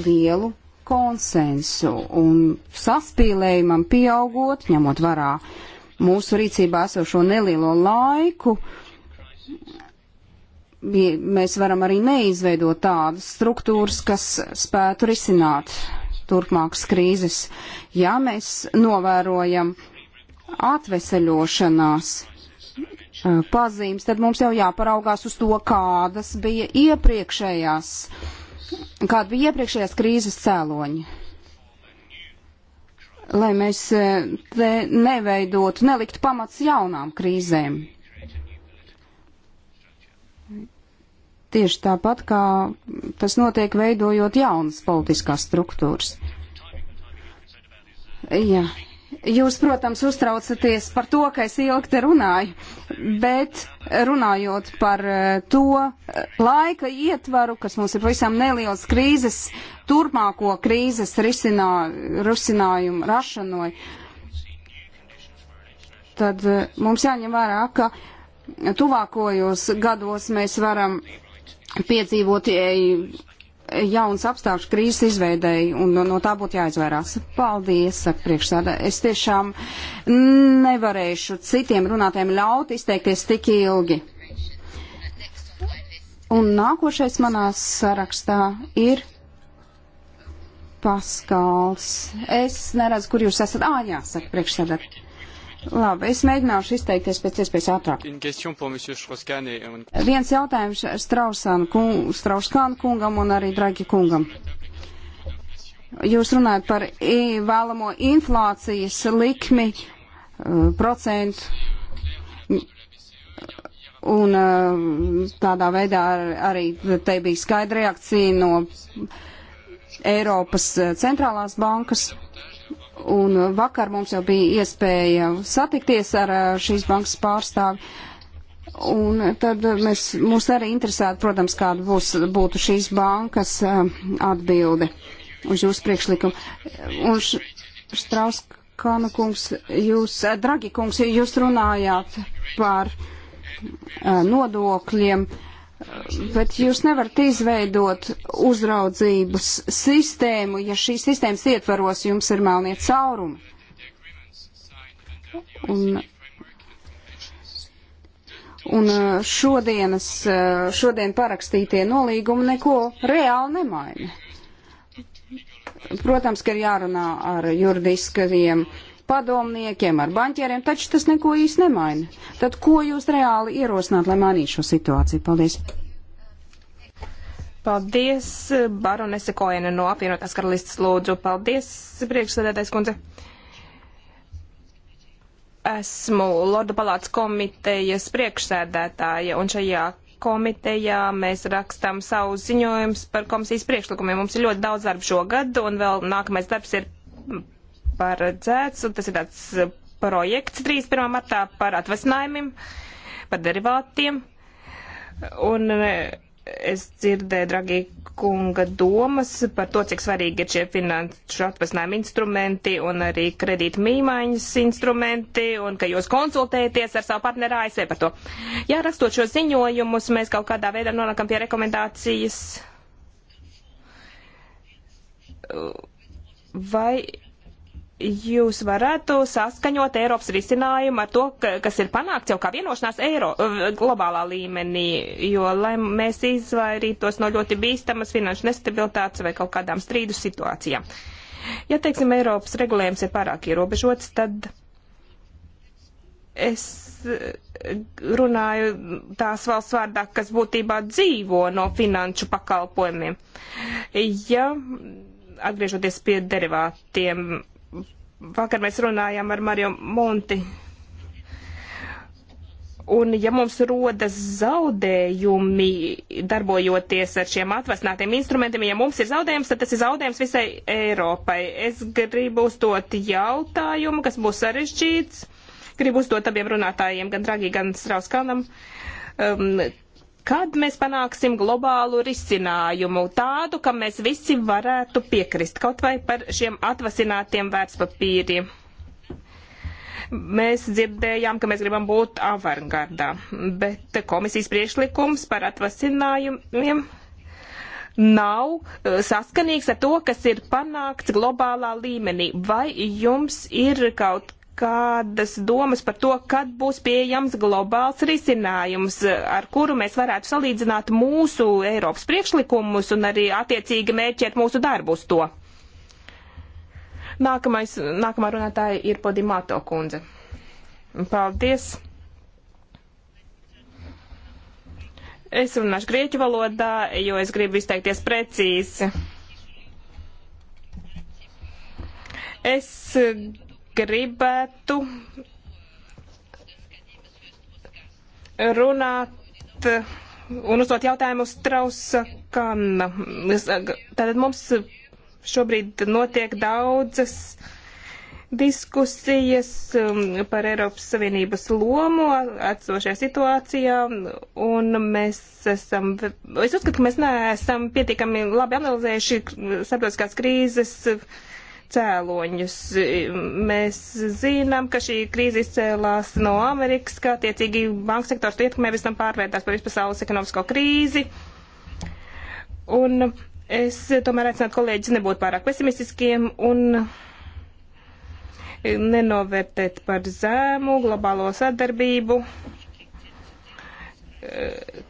lielu konsensu un saspīlējumam pieaugot, ņemot varā mūsu rīcībā esošo nelielo laiku, mēs varam arī neizveidot tādas struktūras, kas spētu risināt turpmākas krīzes. Ja mēs novērojam atveseļošanās, Eh, pazīmes, tad mums jau jāparaugās uz to, kādas bija iepriekšējās, kāda bija iepriekšējās krīzes cēloņi. Lai mēs eh, te neveidotu, neliktu pamats jaunām krīzēm. Tieši tāpat, kā tas notiek veidojot jaunas politiskās struktūras. Jā. Ja Jūs, protams, uztraucaties par to, ka es ilgi te runāju, bet runājot par eh, to eh, laika ietvaru, kas mums ir pavisam neliels krīzes, turpmāko krīzes risinā, risinājumu rašanai, tad eh, mums jāņem vērā, ka tuvākojos gados mēs varam piedzīvot jauns apstākļu krīzes izveidēji, un no, no tā būtu jāizvairās. Paldies, saka priekšsēdā. Es tiešām nevarēšu citiem runātēm ļaut izteikties tik ilgi. Un nākošais manā sarakstā ir Paskals. Es neredzu, kur jūs esat. Ā, jā, saka priekšsēdā. Labi, es mēģināšu izteikties pēc iespējas ātrāk. Viens jautājums Strausāna kung, Strauskāna kungam un arī Dragi kungam. Jūs runājat par vēlamo inflācijas likmi, eh, procentu, un eh, tādā veidā arī te bija skaidra reakcija no Eiropas eh, centrālās bankas. Un vakar mums jau bija iespēja satikties ar šīs bankas pārstāvi. Un tad mēs, mūs arī interesētu, protams, kāda būs, būtu šīs bankas eh, atbilde uz jūsu priekšlikumu. Un Štrauskana kungs, jūs, eh, Dragi kungs, jūs runājāt par eh, nodokļiem. Uh, Bet jūs nevarat izveidot uzraudzības sistēmu, ja šīs sistēmas ietvaros jums ir melnie caurumi. Un, un uh, šodienas, uh, šodien parakstītie nolīgumi neko reāli nemaina. Protams, ka ir jārunā ar juridiskajiem uh, padomniekiem, ar baņķieriem, taču tas neko īsti nemaina. Tad ko jūs reāli ierosināt, lai mainītu šo situāciju? Paldies! Paldies, baronese Koena no apvienotās karalistas lūdzu. Paldies, priekšsēdētais kundze. Esmu Lordu palāts komitejas priekšsēdētāja un šajā komitejā mēs rakstām savus ziņojumus par komisijas priekšlikumiem. Mums ir ļoti daudz darba šogad, un vēl nākamais darbs ir paredzēts, un tas ir tāds eh, projekts 31. martā par atvasinājumiem, par derivātiem. Un eh, es dzirdēju, dragi kunga, domas par to, cik svarīgi ir šie finanšu atvasinājuma instrumenti un arī kredīta mīmaiņas instrumenti, un ka jūs konsultēties ar savu partneru ASV par to. Jā, rakstot šo ziņojumus, mēs kaut kādā veidā nonākam pie rekomendācijas vai jūs varētu saskaņot Eiropas risinājumu ar to, kas ir panākts jau kā vienošanās Eiro, uh, globālā līmenī, jo lai mēs izvairītos no ļoti bīstamas finanšu nestabilitātes vai kaut kādām strīdu situācijām. Ja, teiksim, Eiropas regulējums ir pārāk ierobežots, tad es uh, runāju tās valsts vārdā, kas būtībā dzīvo no finanšu pakalpojumiem. Ja atgriežoties pie derivātiem, vakar mēs runājām ar Mario Monti. Un ja mums rodas zaudējumi darbojoties ar šiem atvasinātiem instrumentiem, ja mums ir zaudējums, tad tas ir zaudējums visai Eiropai. Es gribu uzdot jautājumu, kas būs sarežģīts. Gribu uzdot abiem runātājiem, gan Dragi, gan Strauskanam. Um, Kad mēs panāksim globālu risinājumu, tādu, kam mēs visi varētu piekrist, kaut vai par šiem atvasinātiem vērtspapīriem? Mēs dzirdējām, ka mēs gribam būt avangardā, bet komisijas priešlikums par atvasinājumiem nav eh, saskanīgs ar to, kas ir panākts globālā līmenī. Vai jums ir kaut kādas domas par to, kad būs pieejams globāls risinājums, ar kuru mēs varētu salīdzināt mūsu Eiropas priekšlikumus un arī attiecīgi mērķēt mūsu darbu uz to. Nākamais, nākamā runātāja ir Podimāto kundze. Paldies! Es runāšu grieķu valodā, jo es gribu izteikties precīzi. Es gribētu runāt un uzdot jautājumu Strausa Kanna. Tātad mums šobrīd notiek daudzas diskusijas um, par Eiropas Savienības lomu atsošajā situācijā, un mēs esam, es uzskatu, ka mēs neesam pietiekami labi analizējuši starptautiskās krīzes cēloņus. Mēs zinām, ka šī krīze izcēlās no Amerikas, ka attiecīgi banka sektors ietekmē pēc tam pārvērtās par vispasaules ekonomisko krīzi. Un es tomēr aicinātu kolēģis nebūt pārāk pesimistiskiem un nenovērtēt par zēmu globālo sadarbību,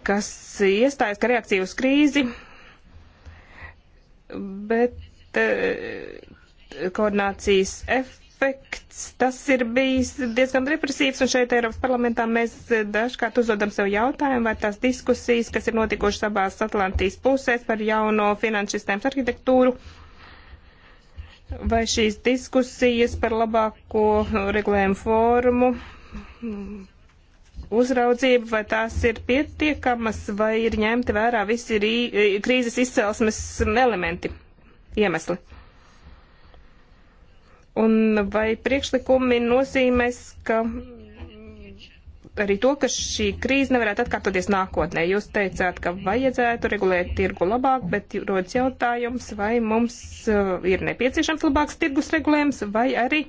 kas iestājas kā reakcija uz krīzi. Bet koordinācijas efekts, tas ir bijis diezgan represīvs, un šeit Eiropas parlamentā mēs dažkārt uzdodam sev jautājumu, vai tās diskusijas, kas ir notikušas abās Atlantijas pusēs par jauno finanšu sistēmas arhitektūru, vai šīs diskusijas par labāko regulējumu formu, uzraudzību, vai tās ir pietiekamas, vai ir ņemti vērā visi rī, krīzes izcelsmes elementi, iemesli. Un vai priekšlikumi nozīmēs, ka arī to, ka šī krīze nevarētu atkārtoties nākotnē? Jūs teicāt, ka vajadzētu regulēt tirgu labāk, bet rodas jautājums, vai mums uh, ir nepieciešams labāks tirgus regulējums, vai arī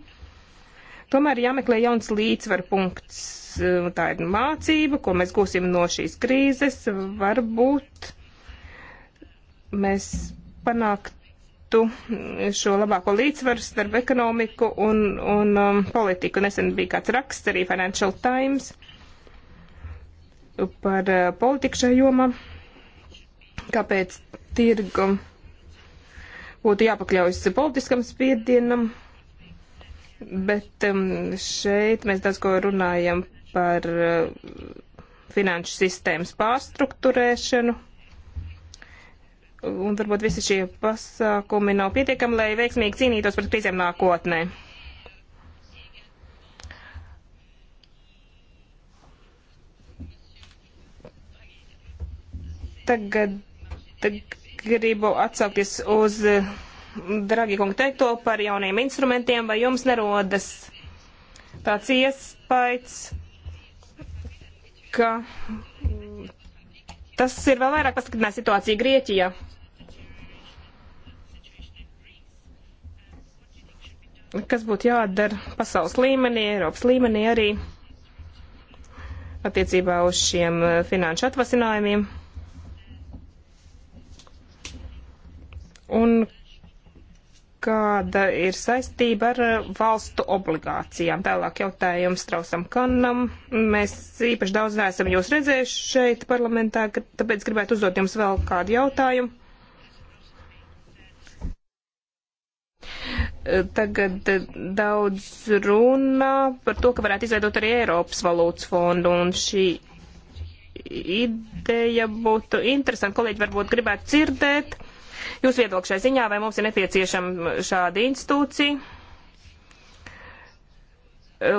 tomēr jāmeklē jauns līdzsvar punkts. Uh, tā ir mācība, ko mēs gūsim no šīs krīzes. Varbūt mēs panākt panāktu šo labāko līdzsvaru starp ekonomiku un, un um, politiku. Nesen bija kāds raksts arī Financial Times par uh, politiku šajā jomā, kāpēc tirgu būtu jāpakļaujas politiskam spiedienam, bet um, šeit mēs daudz ko runājam par uh, finanšu sistēmas pārstruktūrēšanu un varbūt visi šie pasākumi nav pietiekami, lai veiksmīgi cīnītos pret krīzēm nākotnē. Tagad, tagad gribu atsaukties uz eh, Dragi kungi teikto par jauniem instrumentiem, vai jums nerodas tāds iespējas, ka tas ir vēl vairāk pasliktinājis situāciju Grieķijā? kas būtu jādara pasaules līmenī, Eiropas līmenī arī attiecībā uz šiem eh, finanšu atvasinājumiem. Un kāda ir saistība ar eh, valstu obligācijām? Tālāk jautājums Strausam Kannam. Mēs īpaši daudz neesam jūs redzējuši šeit parlamentā, tāpēc gribētu uzdot jums vēl kādu jautājumu. tagad eh, daudz runā par to, ka varētu izveidot arī Eiropas valūtas fondu, un šī ideja būtu interesanti. Kolēģi varbūt gribētu dzirdēt jūs viedokli šai ziņā, vai mums ir nepieciešama šāda institūcija,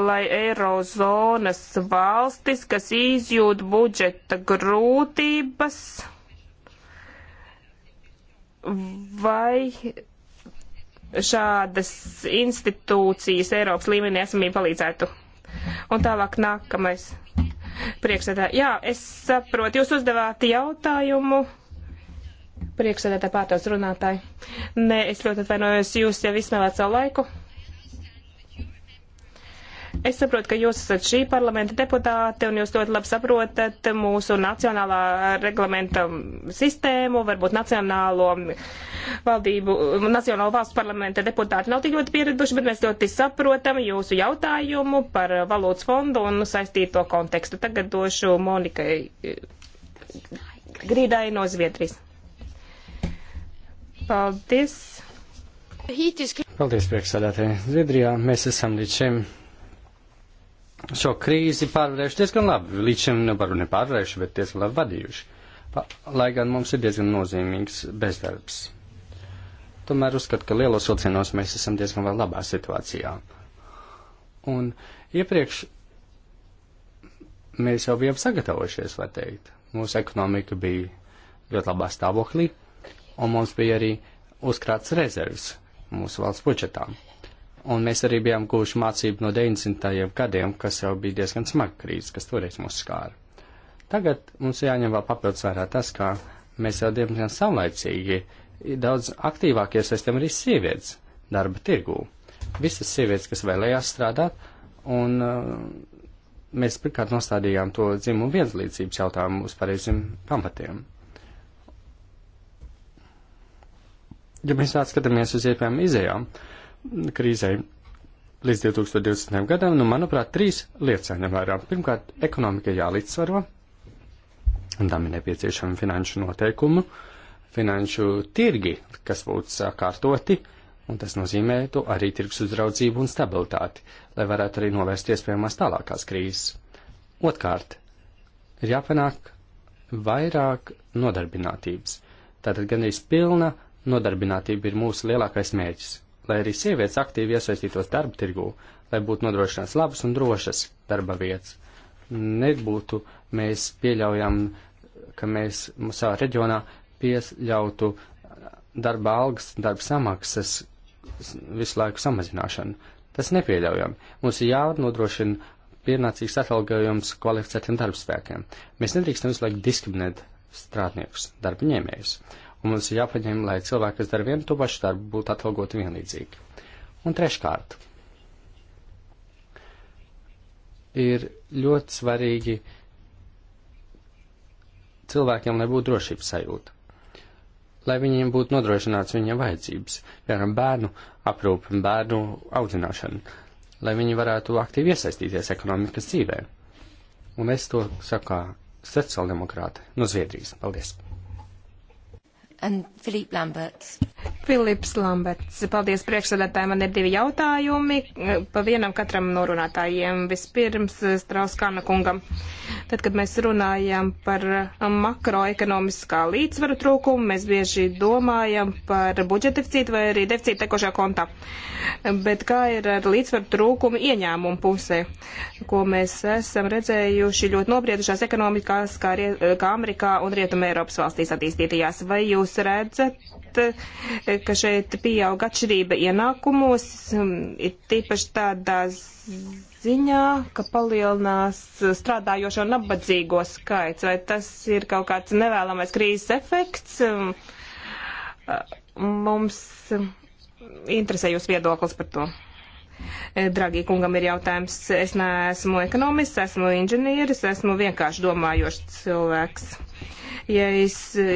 lai Eirozonas valstis, kas izjūt budžeta grūtības, vai šādas institūcijas Eiropas līmenī esamība palīdzētu. Un tālāk nākamais priekšsēdā. Jā, es saprotu, jūs uzdevāt jautājumu. Priekšsēdētā pārtaus runātāji. Nē, es ļoti atvainojos, jūs jau izsmēlēt savu laiku. Es saprotu, ka jūs esat šī parlamenta deputāte un jūs ļoti labi saprotat mūsu nacionālā reglamenta sistēmu, varbūt nacionālo valdību, nacionālo valstu parlamenta deputāti nav tik ļoti pieraduši, bet mēs ļoti saprotam jūsu jautājumu par valūtas fondu un saistīto kontekstu. Tagad došu Monikai Grīdai no Zviedrijas. Paldies. Paldies, priekšsādātē. Zviedrijā mēs esam līdz šim šo krīzi pārvarējuši diezgan labi. Līdz šim nevaru nu, nepārvarējuši, bet diezgan labi vadījuši. Pa, lai gan mums ir diezgan nozīmīgs bezdarbs. Tomēr uzskatu, ka lielos vilcienos mēs esam diezgan vēl labā situācijā. Un iepriekš mēs jau bijām sagatavojušies, var teikt. Mūsu ekonomika bija ļoti labā stāvoklī, un mums bija arī uzkrāts rezerves mūsu valsts budžetām. Un mēs arī bijām guvuši mācību no 90. gadiem, kas jau bija diezgan smaga krīze, kas toreiz mūs skāra. Tagad mums jāņem vēl papildus vērā tas, ka mēs jau diezgan savlaicīgi daudz aktīvāk iesaistām arī sievietes darba tirgū. Visas sievietes, kas vēlējās strādāt, un uh, mēs pirmkārt nostādījām to dzimumu vienlīdzības jautājumu uz pareiziem pamatiem. Ja mēs tā skatāmies uz iespējām izējām, uh, krīzei līdz 2020. gadam, nu, manuprāt, trīs lietas ņem vērā. Pirmkārt, ekonomika jālīdzsvaro, un tam ir nepieciešama finanšu noteikumu, finanšu tirgi, kas būtu sakārtoti, un tas nozīmētu arī tirgus uzraudzību un stabilitāti, lai varētu arī novērst iespējamās tālākās krīzes. Otkārt, ir jāpanāk vairāk nodarbinātības. Tātad gandrīz pilna nodarbinātība ir mūsu lielākais mērķis lai arī sievietes aktīvi iesaistītos darba tirgū, lai būtu nodrošināts labas un drošas darba vietas. Nebūtu mēs pieļaujam, ka mēs savā reģionā pieļautu darba algas, darba samaksas visu laiku samazināšanu. Tas nepieļaujami. Mums ir jānodrošina pienācīgs atalgojums kvalificētiem darbspēkiem. Mēs nedrīkstam visu laiku diskriminēt strādniekus, darba ņēmējus. Uh, un mums ir jāpaņem, lai cilvēki, kas dara vienu to pašu darbu, būtu atalgoti vienlīdzīgi. Un treškārt, ir ļoti svarīgi cilvēkiem, lai būtu drošības sajūta, lai viņiem būtu nodrošināts viņa vajadzības, piemēram, bērnu aprūpe, bērnu audzināšana, lai viņi varētu aktīvi iesaistīties ekonomikas dzīvē. Un es to saku kā sociāldemokrāti no Zviedrijas. Paldies! and Philippe Lamberts. Filips Lamberts. Paldies priekšsēdētāji. Man ir divi jautājumi. Eh, pa vienam katram no runātājiem. Vispirms eh, Strauskāna kungam. Tad, kad mēs runājam par eh, makroekonomiskā līdzsvaru trūkumu, mēs bieži domājam par budžeta deficītu vai arī deficītu tekošā kontā. Bet kā ir ar līdzsvaru trūkumu ieņēmumu pusē, ko mēs esam redzējuši ļoti nobriedušās ekonomikās, kā, kā Amerikā un Rietuma Eiropas valstīs attīstītajās? Vai jūs redzat? ka šeit pieaug atšķirība ienākumos, um, ir tīpaši tādā ziņā, ka palielinās strādājošo nabadzīgo skaits. Vai tas ir kaut kāds nevēlamais krīzes efekts? Um, uh, mums interesē jūs viedoklis par to. Eh, Dragī kungam ir jautājums. Es neesmu ekonomists, esmu inženieris, esmu vienkārši domājošs cilvēks. Ja es eh,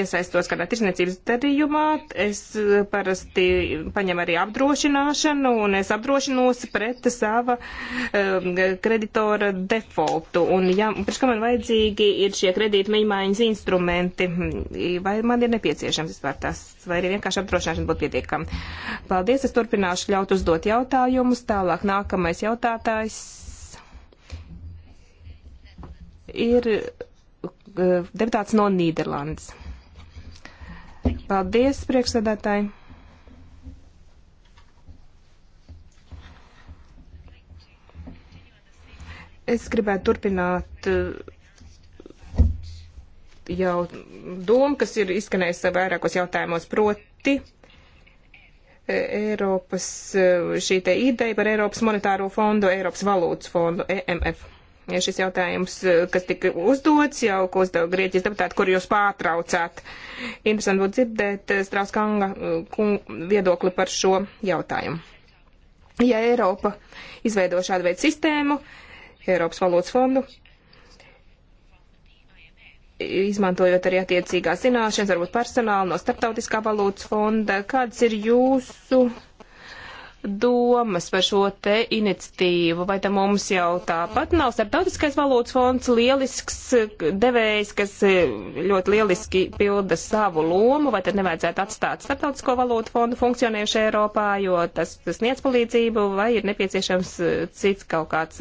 iesaistos kādā tirsniecības darījumā, es eh, parasti paņem arī apdrošināšanu un es apdrošinos pret sava um, kreditora defaultu. Un, ja, pirms kam man vajadzīgi ir šie kredīta mīmaiņas instrumenti, vai man ir nepieciešams vispār tas vai arī vienkārši apdrošināšana būtu pietiekama. Paldies, es turpināšu ļaut uzdot jautājumus. Tālāk nākamais jautātājs ir eh, deputāts no Nīderlandes. Paldies, priekšsēdētāji! Es gribētu turpināt eh, jau doma, kas ir izskanējusi vairākos jautājumos, proti e, Eiropas, e, šī te ideja par Eiropas monetāro fondu, Eiropas valūtas fondu, EMF. Ja šis jautājums, e, kas tika uzdots, jau ko uzdeva Grieķijas deputāti, kur jūs pārtraucāt. Interesanti būtu dzirdēt Strauskanga viedokli par šo jautājumu. Ja Eiropa izveido šādu veidu sistēmu, Eiropas valodas fondu, izmantojot arī attiecīgās zināšanas, varbūt personāli no starptautiskā valūtas fonda. Kāds ir jūsu domas par šo te iniciatīvu? Vai tam mums jau tāpat nav starptautiskais valūtas fonds lielisks devējs, kas ļoti lieliski pilda savu lomu, vai tad nevajadzētu atstāt starptautisko valūtu fondu funkcionējuši Eiropā, jo tas sniedz palīdzību, vai ir nepieciešams cits kaut kāds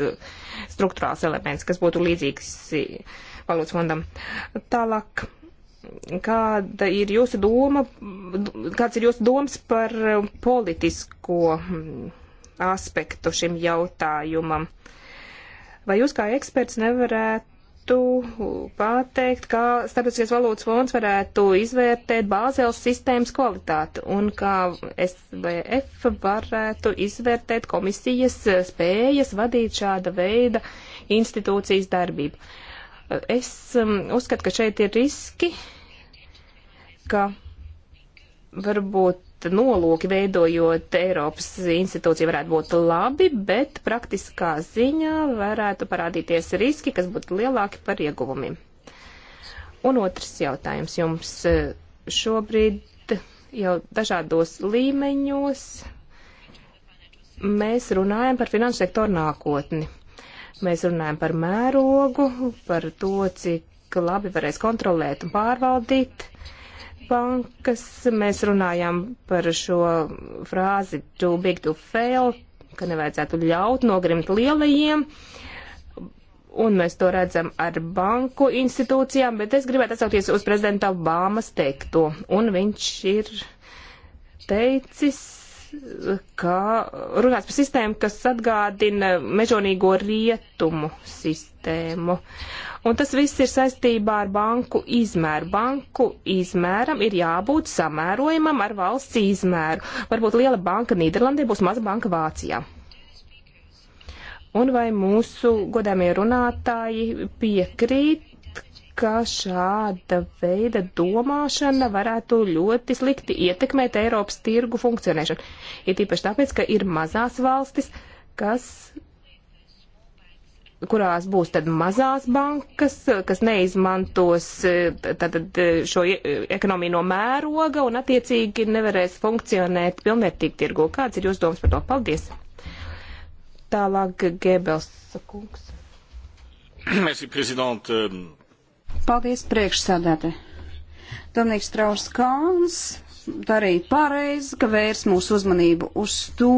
struktūrāls elements, kas būtu līdzīgs valūtas fondam. Tālāk kāda ir jūsu doma, kāds ir jūsu domas par politisko mm, aspektu šim jautājumam? Vai jūs kā eksperts nevarētu pateikt, kā Starptautiskais valūtas fonds varētu izvērtēt bāzēlas sistēmas kvalitāti un kā SVF varētu izvērtēt komisijas spējas vadīt šāda veida institūcijas darbību? Uh, Es um, uzskatu, ka šeit ir riski, ka varbūt nolūki veidojot Eiropas institūciju varētu būt labi, bet praktiskā ziņā varētu parādīties riski, kas būtu lielāki par ieguvumiem. Un otrs jautājums jums eh, šobrīd jau dažādos līmeņos mēs runājam par finanšu sektoru nākotni. Mēs runājam par mērogu, par to, cik labi varēs kontrolēt un pārvaldīt bankas. Mēs runājam par šo frāzi too big to fail, ka nevajadzētu ļaut nogrimt lielajiem. Un mēs to redzam ar banku institūcijām, bet es gribētu atsaukties uz prezidenta Obamas teikto. Un viņš ir teicis, kā runāts par sistēmu, kas atgādina mežonīgo rietumu sistēmu. Un tas viss ir saistībā ar banku izmēru. Banku izmēram ir jābūt samērojamam ar valsts izmēru. Varbūt liela banka Nīderlandē būs maza banka Vācijā. Un vai mūsu godāmie runātāji piekrīt ka šāda veida domāšana varētu ļoti slikti ietekmēt Eiropas tirgu funkcionēšanu. Ir tīpaši tāpēc, ka ir mazās valstis, kas kurās būs tad mazās bankas, kas neizmantos e, tātad e, šo e, ekonomiju no mēroga un attiecīgi nevarēs funkcionēt pilnvērtīgi tirgu. Kāds ir jūs domas par to? Paldies! Tālāk Gebels kungs. Merci, prezident. Paldies priekšsādāte. Domnīgs Traus Kāns darīja pareizi, ka vērs mūsu uzmanību uz to,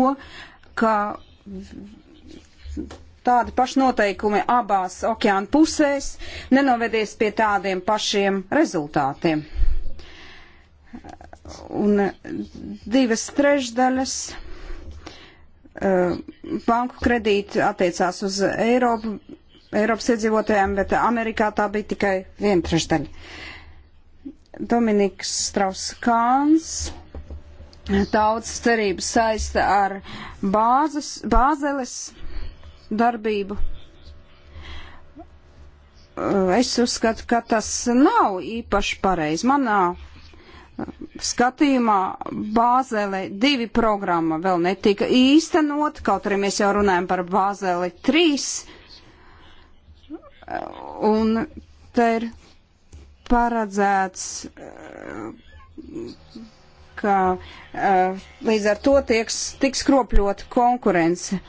ka tādi paši noteikumi abās okeāna pusēs nenovedies pie tādiem pašiem rezultātiem. Un divas trešdaļas uh, banku kredīti attiecās uz Eiropu, Eiropas iedzīvotājiem, bet Amerikā tā bija tikai viena trešdaļa. Dominiks Strauss-Kāns daudz cerības saista ar bāzes, bāzeles darbību. Es uzskatu, ka tas nav īpaši pareizi. Manā skatījumā Bāzele 2 programma vēl netika īstenot, kaut arī mēs jau runājam par Bāzeli 3 Un te ir paredzēts, ka eh, līdz ar to tieks, tiks kropļot konkurence.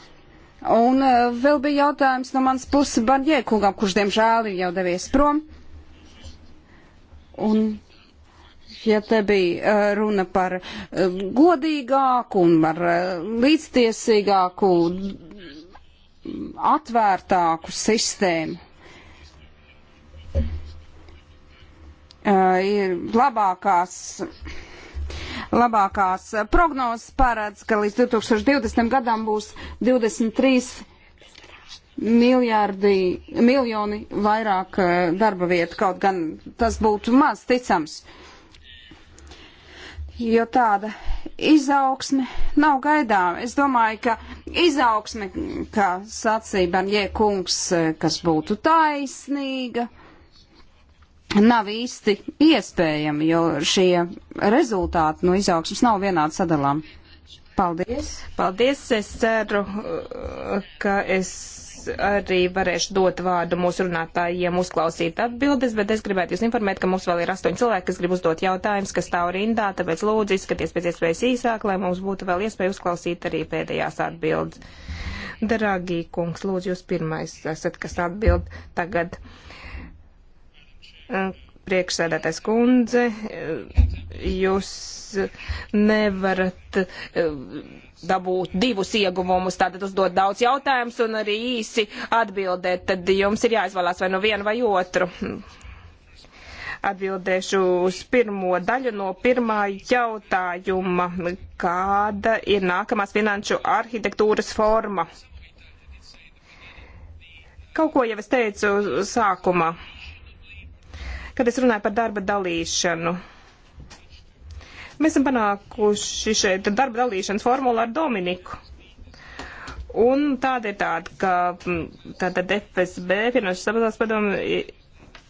Un eh, vēl bija jautājums no manas puses Barņēkungam, kurš diemžēl ir jau devies prom. Un ja te bija eh, runa par godīgāku un par līdztiesīgāku, mm, atvērtāku sistēmu. Uh, ir labākās. Labākās prognozes parāds, ka līdz 2020. gadam būs 23 miljārdi, miljoni vairāk uh, darba vietu, kaut gan tas būtu maz ticams. Jo tāda izaugsme nav gaidāma. Es domāju, ka izaugsme, kā sacīja Banjē kungs, uh, kas būtu taisnīga nav īsti iespējami, jo šie rezultāti no izaugsmas nav vienādi sadalām. Paldies! Paldies! Es ceru, ka es arī varēšu dot vārdu mūsu runātājiem, uzklausīt atbildes, bet es gribētu jūs informēt, ka mums vēl ir astoņi cilvēki, kas grib uzdot jautājumus, kas stāv rindā, tāpēc lūdzu izskaties pēc iespējas īsāk, lai mums būtu vēl iespēja uzklausīt arī pēdējās atbildes. Daragī kungs, lūdzu jūs pirmais esat, kas atbild tagad. Uh, priekšsēdētais kundze, jūs nevarat eh, dabūt divus ieguvumus, tātad uzdot daudz jautājumus un arī īsi atbildēt, tad jums ir jāizvēlās vai no nu vienu vai otru. Atbildēšu uz pirmo daļu no pirmā jautājuma. Kāda ir nākamās finanšu arhitektūras forma? Kaut ko jau es teicu sākumā. Uh, kad es runāju par darba dalīšanu. Mēs esam panākuši šeit darba dalīšanas formulu ar Dominiku. Un tāda ir tāda, ka tātad FSB, Finanšu sabatās padomu,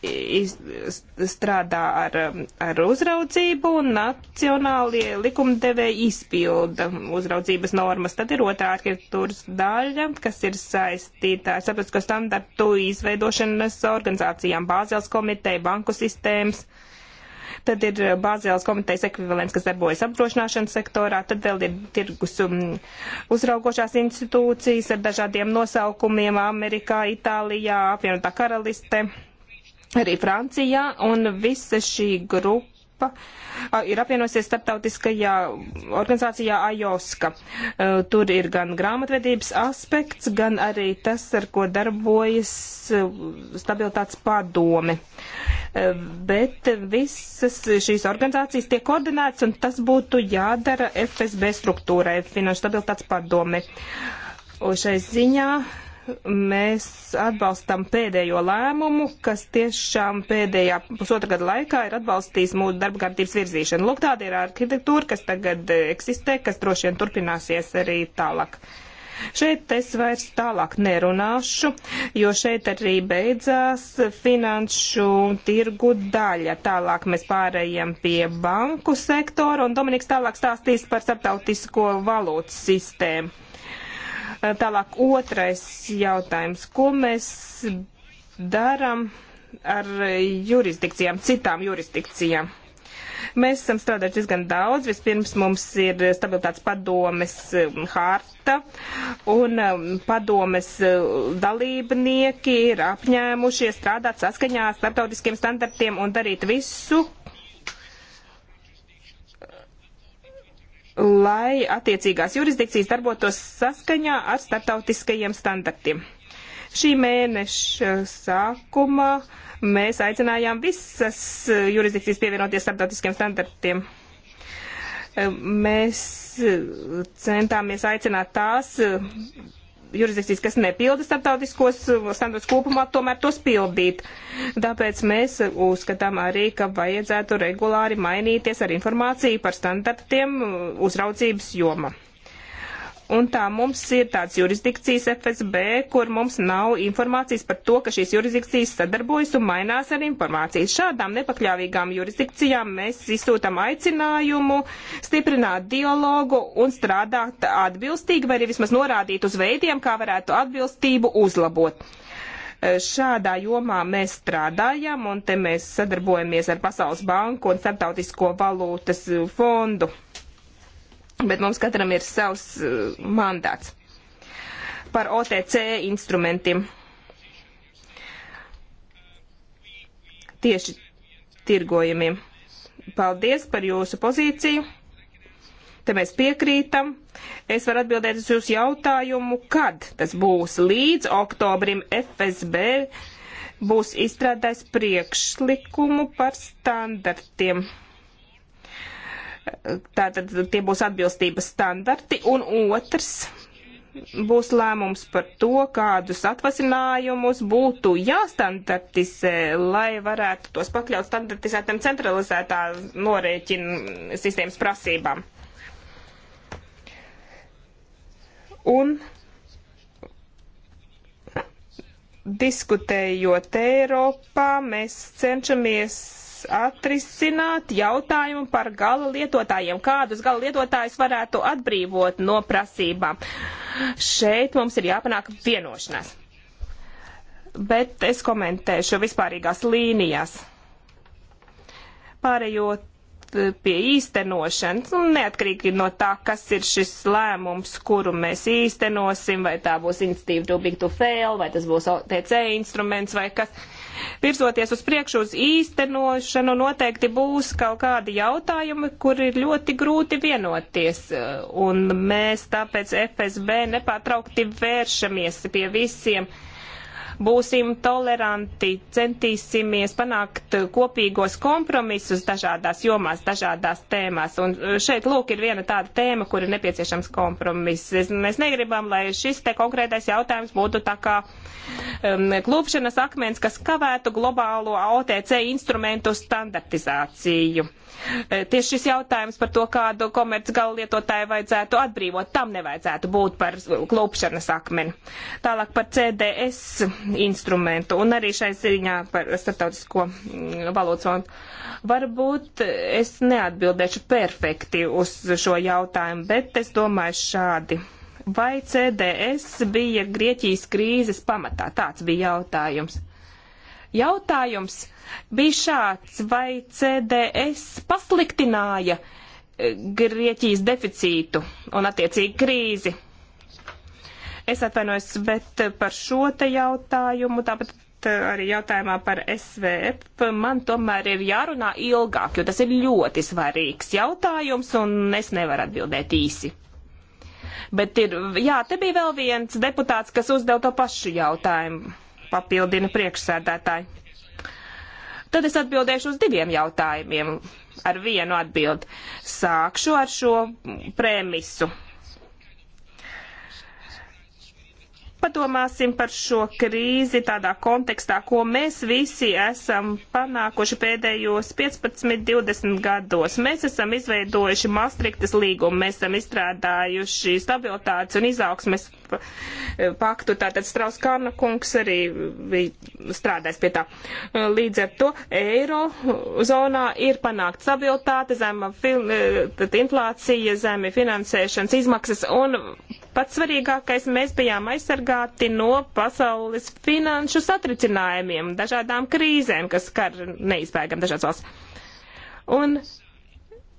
strādā ar, ar uzraudzību un nacionālie likumdevēji izpilda uzraudzības normas. Tad ir otrā arhitektūras daļa, kas ir saistīta ar starptautisko standartu izveidošanas organizācijām, Bāzēls komiteja, banku sistēmas. Tad ir Bāzēlas komitejas ekvivalents, kas darbojas apdrošināšanas sektorā, tad vēl ir tirgus um, uzraugošās institūcijas ar dažādiem nosaukumiem Amerikā, Itālijā, apvienotā karaliste arī Francijā, un visa šī grupa grupa ir apvienosies starptautiskajā organizācijā AJOSKA. Tur ir gan grāmatvedības aspekts, gan arī tas, ar ko darbojas stabilitātes padome. Bet visas šīs organizācijas tiek koordinētas, un tas būtu jādara FSB struktūrai, Finanšu stabilitātes padome. Un šai ziņā mēs atbalstam pēdējo lēmumu, kas tiešām pēdējā pusotra gada laikā ir atbalstījis mūsu darba kārtības virzīšanu. Lūk, tāda ir arhitektūra, kas tagad eh, eksistē, kas droši vien turpināsies arī tālāk. Šeit es vairs tālāk nerunāšu, jo šeit arī beidzās finanšu tirgu daļa. Tālāk mēs pārējām pie banku sektora, un Dominiks tālāk stāstīs par starptautisko valūtu sistēmu. Eh, tālāk otrais jautājums. Ko mēs daram ar jurisdikcijām, citām jurisdikcijām? Mēs esam strādājuši diezgan daudz. Vispirms mums ir stabilitātes padomes eh, harta, un eh, padomes dalībnieki ir apņēmušies strādāt saskaņā ar starptautiskiem standartiem un darīt visu, lai attiecīgās jurisdikcijas darbotos saskaņā ar starptautiskajiem standartiem. Šī mēneša sākumā mēs aicinājām visas jurisdikcijas pievienoties starptautiskiem standartiem. Mēs centāmies aicināt tās jurisdikcijas, kas nepilda starptautiskos uh, standartus kopumā, tomēr tos pildīt. Tāpēc mēs uh, uzskatām arī, ka vajadzētu regulāri mainīties ar informāciju par standartiem uh, uzraudzības joma. Un tā mums ir tāds jurisdikcijas FSB, kur mums nav informācijas par to, ka šīs jurisdikcijas sadarbojas un mainās ar informāciju. Šādām nepakļāvīgām jurisdikcijām mēs izsūtam aicinājumu stiprināt dialogu un strādāt atbilstīgi, vai arī vismaz norādīt uz veidiem, kā varētu atbilstību uzlabot šādā jomā mēs strādājam, un te mēs sadarbojamies ar Pasaules banku un Startautisko valūtas fondu bet mums katram ir savs eh, mandāts par OTC instrumentiem. Tieši tirgojumiem. Paldies par jūsu pozīciju. Te mēs piekrītam. Es varu atbildēt uz jūsu jautājumu, kad tas būs līdz oktobrim FSB būs izstrādājis priekšlikumu par standartiem. Tātad tie būs atbilstības standarti. Un otrs būs lēmums par to, kādus atvasinājumus būtu jāstandartizē, lai varētu tos pakļaut standartizētām centralizētā norēķina sistēmas prasībām. Un diskutējot Eiropā, mēs cenšamies atrisināt jautājumu par gala lietotājiem, kādus gala lietotājus varētu atbrīvot no prasībām. Šeit mums ir jāpanāk vienošanās. Bet es komentēšu vispārīgās līnijās. Pārējot eh, pie īstenošanas, un nu, neatkarīgi no tā, kas ir šis lēmums, kuru mēs īstenosim, vai tā būs institīva too big to fail, vai tas būs OTC instruments, vai kas virzoties uz priekšu uz īstenošanu, noteikti būs kaut kādi jautājumi, kur ir ļoti grūti vienoties. Un mēs tāpēc FSB nepārtraukti vēršamies pie visiem uh, būsim toleranti, centīsimies panākt kopīgos kompromisus dažādās jomās, dažādās tēmās. Un šeit, lūk, ir viena tāda tēma, kur ir nepieciešams kompromiss. Mēs negribam, lai šis te konkrētais jautājums būtu tā kā um, klūpšanas akmens, kas kavētu globālo OTC instrumentu standartizāciju. E, tieši šis jautājums par to, kādu komercgalu lietotāju vajadzētu atbrīvot, tam nevajadzētu būt par klūpšanas akmeni. Tālāk par CDS instrumentu un arī šai ziņā par starptautisko mm, valodas fondu. Varbūt es neatbildēšu perfekti uz šo jautājumu, bet es domāju šādi. Vai CDS bija Grieķijas krīzes pamatā? Tāds bija jautājums. Jautājums bija šāds, vai CDS pasliktināja eh, Grieķijas deficītu un attiecīgi krīzi? Es atvainojos, bet par šo te jautājumu, tāpat eh, arī jautājumā par SVF, man tomēr ir jārunā ilgāk, jo tas ir ļoti svarīgs jautājums, un es nevaru atbildēt īsi. Bet ir, jā, te bija vēl viens deputāts, kas uzdev to pašu jautājumu, papildina priekšsēdētāji. Tad es atbildēšu uz diviem jautājumiem ar vienu atbildi. Sākšu ar šo premisu. padomāsim par šo krīzi tādā kontekstā, ko mēs visi esam panākuši pēdējos 15-20 gados. Mēs esam izveidojuši Maastrichtas līgumu, mēs esam izstrādājuši stabilitātes un izaugsmes starp paktu. Tātad Strauskāna kungs arī bija strādājis pie tā. Līdz ar to eiro zonā ir panākt stabilitāte, zema e, inflācija, zemi finansēšanas izmaksas un pats svarīgākais mēs bijām aizsargāti no pasaules finanšu satricinājumiem, dažādām krīzēm, kas skar neizbēgam dažādas valsts. Un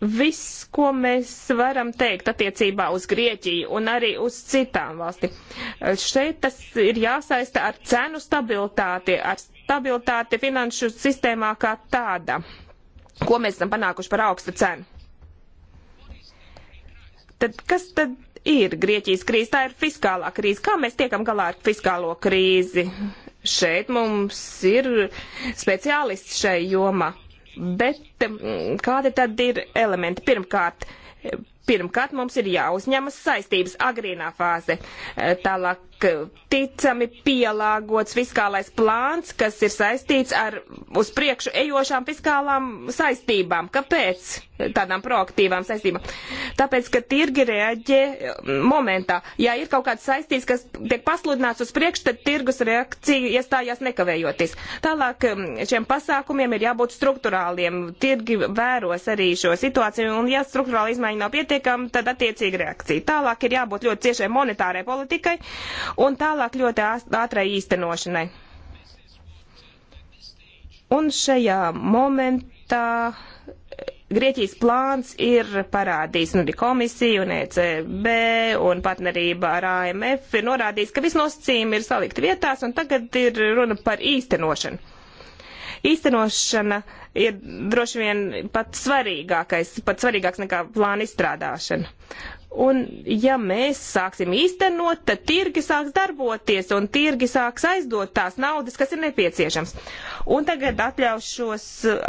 viss, ko mēs varam teikt attiecībā uz Grieķiju un arī uz citām valstīm. Šeit tas ir jāsaista ar cenu stabilitāti, ar stabilitāti finanšu sistēmā kā tāda, ko mēs esam panākuši par augstu cenu. Tad kas tad ir Grieķijas krīze? Tā ir fiskālā krīze. Kā mēs tiekam galā ar fiskālo krīzi? Šeit mums ir speciālists šai jomā. Bet mm, kādi tad ir elementi? Pirmkārt, pirmkārt mums ir jāuzņemas saistības agrīnā fāze. Eh, tālāk eh, ticami pielāgots fiskālais plāns, kas ir saistīts ar uz priekšu ejošām fiskālām saistībām. Kāpēc? tādām proaktīvām saistībām. Tāpēc, ka tirgi reaģē um, momentā. Ja ir kaut kāds saistības, kas tiek pasludināts uz priekšu, tad tirgus reakcija iestājās nekavējoties. Tālāk um, šiem pasākumiem ir jābūt struktūrāliem. Tirgi vēros arī šo situāciju, un ja struktūrāla izmaiņa nav pietiekama, tad attiecīga reakcija. Tālāk ir jābūt ļoti ciešai monetārai politikai, un tālāk ļoti ātrai īstenošanai. Un šajā momentā Grieķijas plāns ir parādījis, nu, komisija un ECB un partnerība ar AMF ir norādījis, ka viss nosacījumi ir salikti vietās un tagad ir runa par īstenošanu. Īstenošana ir droši vien pat svarīgākais, pat svarīgāks nekā plāna izstrādāšana. Un ja mēs sāksim īstenot, tad tirgi sāks darboties un tirgi sāks aizdot tās naudas, kas ir nepieciešams. Un tagad atļaušos uh,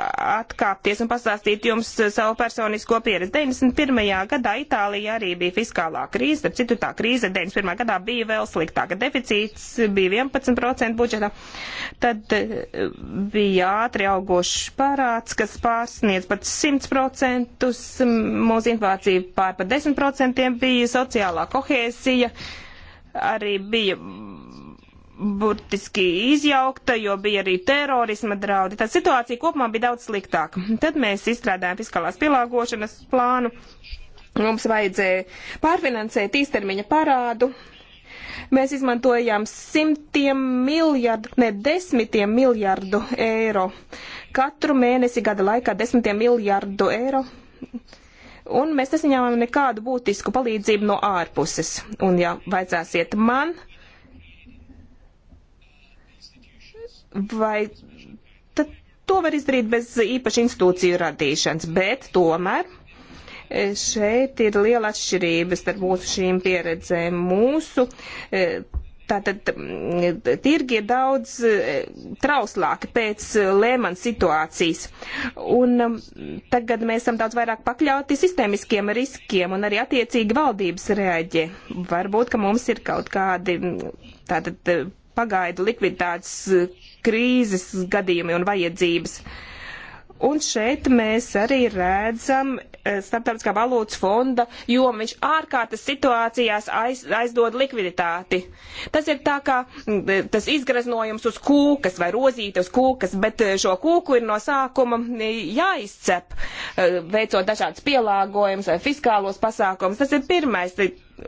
atkāpties un pastāstīt jums uh, savu personisko pieredzi. 91. gadā Itālijā arī bija fiskālā krīze, tad citu tā krīze 91. gadā bija vēl sliktāka. Deficīts bija 11% budžeta, tad uh, bija ātri augošs parāds, kas pārsniedz pat 100%, mūsu inflācija pār par 10% bija sociālā kohēzija, arī bija burtiski izjaukta, jo bija arī terorisma draudi. Tā situācija kopumā bija daudz sliktāka. Tad mēs izstrādājām fiskālās pielāgošanas plānu. Mums vajadzēja pārfinansēt īstermiņa parādu. Mēs izmantojām simtiem miljardu, ne desmitiem miljardu eiro. Katru mēnesi gada laikā desmitiem miljardu eiro un mēs nesaņēmām nekādu būtisku palīdzību no ārpuses. Un, ja vajadzēsiet man, vai tad to var izdarīt bez īpaši institūciju radīšanas, bet tomēr e, šeit ir liela atšķirība starp mūsu šīm pieredzēm. Mūsu e, tātad mm, tirgi ir daudz e, trauslāki pēc lēmana situācijas. Un mm, tagad mēs esam daudz vairāk pakļauti sistēmiskiem riskiem un arī attiecīgi valdības reaģē. Varbūt, ka mums ir kaut kādi mm, tātad pagaidu likviditātes krīzes gadījumi un vajadzības. Un šeit mēs arī redzam eh, Startautiskā valūtas fonda, jo viņš ārkārtas situācijās aiz, aizdod likviditāti. Tas ir tā kā mm, tas izgraznojums uz kūkas vai rozīte uz kūkas, bet eh, šo kūku ir no sākuma eh, jāizcep, veicot dažādas pielāgojumus vai fiskālos pasākumus. Tas ir pirmais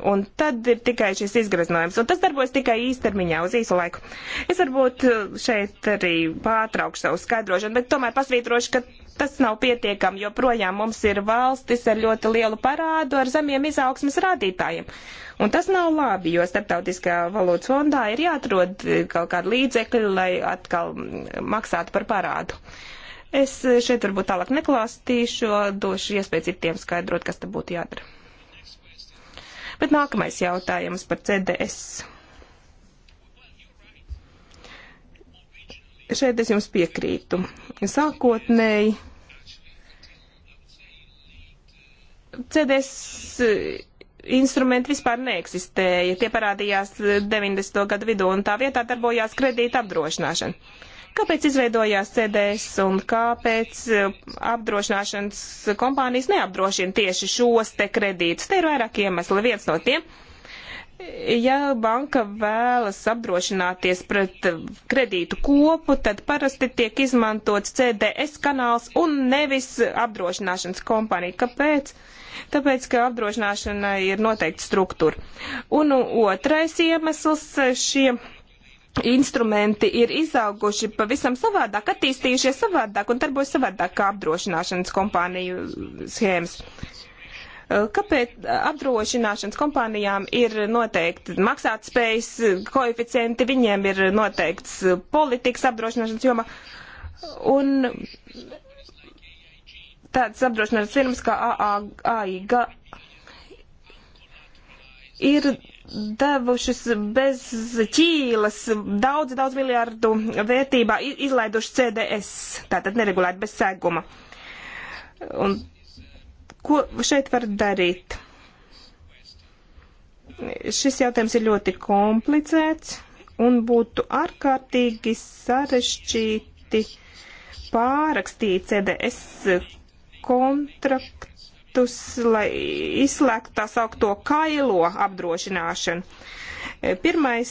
Un tad ir tikai šis izgreznojums. Un tas darbojas tikai īstermiņā, uz īsu laiku. Es varbūt uh, šeit arī pārtraukšu savu skaidrošanu, bet tomēr pasvītrošu, ka tas nav pietiekami, jo projām mums ir valstis ar ļoti lielu parādu, ar zemiem izaugsmas rādītājiem. Un tas nav labi, jo starptautiskā valūtas fondā ir jāatrod uh, kaut kāda līdzekļa, lai atkal mm, maksātu par parādu. Es uh, šeit varbūt tālāk neklāstīšu, došu iespēju citiem skaidrot, kas te būtu jādara. Bet nākamais jautājums par CDS. Šeit es jums piekrītu. Sākotnēji CDS eh, instrumenti vispār neeksistēja. Tie parādījās 90. Eh, gadu vidū un tā vietā darbojās kredīta apdrošināšana. Kāpēc izveidojās CDS un kāpēc uh, apdrošināšanas kompānijas neapdrošina tieši šos te kredītus? Te ir vairāk iemesli. Viens no tiem ja banka vēlas apdrošināties pret uh, kredītu kopu, tad parasti tiek izmantots CDS kanāls un nevis apdrošināšanas kompānija. Kāpēc? Tāpēc, ka apdrošināšanai ir noteikta struktūra. Un otrais iemesls uh, šiem instrumenti ir izauguši pavisam savādāk, attīstījušies savādāk un darbojas savādāk kā apdrošināšanas kompāniju schēmas. Kāpēc apdrošināšanas kompānijām ir noteikti maksātspējas koeficienti, viņiem ir noteikts politikas apdrošināšanas joma, un tādas apdrošināšanas firmas kā AAG ir devušas bez ķīlas daudz, daudz miljardu vērtībā izlaiduši CDS, tātad neregulēti bez seguma. Un ko šeit var darīt? Šis jautājums ir ļoti komplicēts un būtu ārkārtīgi sarežģīti pārrakstīt CDS kontraktu produktus, lai izslēgtu tā saukto kailo apdrošināšanu. Pirmais